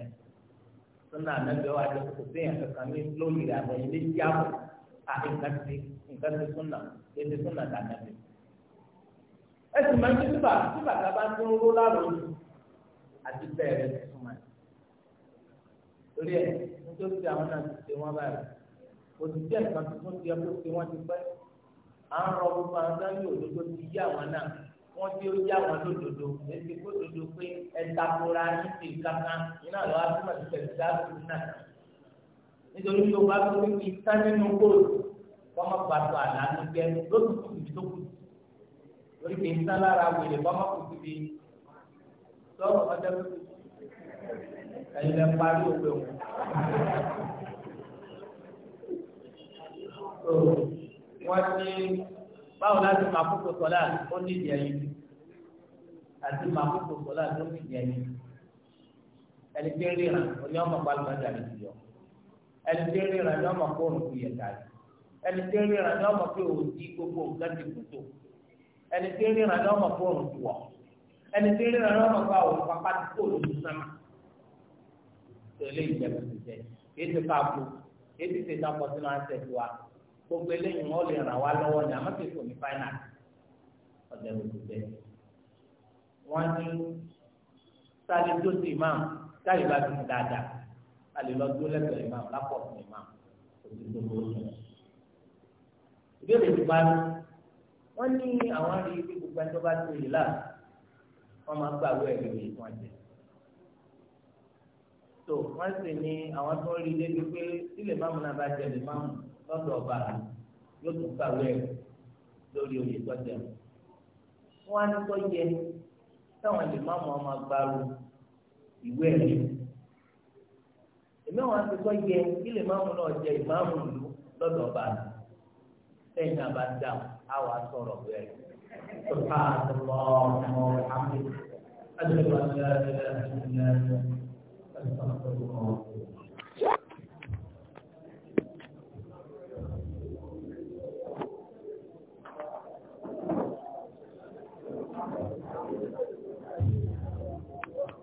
sọnà ànágbé wa jẹ kó sẹ́yìn kankan ní lórí rẹ àbẹyẹ lè jí àbọ à nǹkan ti nǹkan ti sọnà lè ti sọnà dàgbàgbé. ẹ sì máa ń tún bá tí bàtà bá ń dúró lárò ní àti bẹ́ẹ̀ rẹ súnmọ́ ẹ̀. torí ẹ nítorí tí àwọn náà ti ṣe wọn báyìí òṣìṣẹ́ nǹkan tuntun ti ẹ kó ṣe wọ́n ti pẹ́ à ń rọ gbogbo àwọn sáyẹn òdodo ti yí àwọn náà wọ́n tí ó yá wọn lódodo èsì kó dodo pé ẹ̀dàkùnra ní ti kankan iná lọ́wọ́ àtúmọ̀ ti tẹ̀sí dáàbò náà nítorí tó bá tó fi tán nínú góòlù kọ́mọ pàtó àlànà jẹ lóṣù tó fi tó kù lórí kì í tán lára wèrè kọ́mọ kù sí ọjọ́ tó ẹ̀yin lẹ parí òwe wọn. wọ́n ti báwo láti máa kókò sọlá ó ní ìdí ẹyin àti máa kókò sọlá ó ní ìdí ẹyin ẹni tí ń ríran oní ọmọ pálọmọdé àti ìyọ ẹni tí ń ríran ní ọmọ kóòrùn kú yẹta ẹni tí ń ríran ní ọmọ pé òun ti gbogbo nǹkan ti kú tó ẹni tí ń ríran ní ọmọ kóòrùn ti wọ ẹni tí ń ríran ní ọmọ pé àwọn pápá ti kó lójú sánmà tẹ́lẹ̀ ìjẹun ti jẹ kí ètò káàkó ètò ìṣèjọba sínú àṣẹ tiwa gbogbo eléyìí wọn lè ràn wá lọ́wọ́ ní àmọ́ kìí kò ní fáínà ọ̀dẹ̀ ló ti bẹ̀. wọ́n ní sáré tó ti imam sáré bá ti dáadáa sáré lọ dúró lẹ́gbẹ̀ẹ́ imam lápò fún imam òtún tó bó sùn. ìbéèrè ti bá mi wọ́n ní àwọn rí ibi gbogbo ẹni tó bá tó yìí láà wọ́n máa gbà wọ ẹ̀rí òye fún ọ̀jẹ̀. tó wọ́n sì ní àwọn tó ń rí débi pé sílè máàmù náà bá jẹ lè máàmù lọ́dọ̀ ọba yóò tún kàwé lórí oyè tọ́jà wọn á ní kọ́ yẹ táwọn lè má mọ ọmọ gbàrú ìwé ẹ̀rí èmi wọn ti kọ́ yẹ kí lè má mú náà jẹ ìmáàmù ìlú lọ́dọ̀ ọba lẹ́yìn náà bá dà á wà sọ̀rọ̀ bẹ́ẹ̀ سبحان الله وبحمده أشهد أن لا إله إلا أنت أستغفرك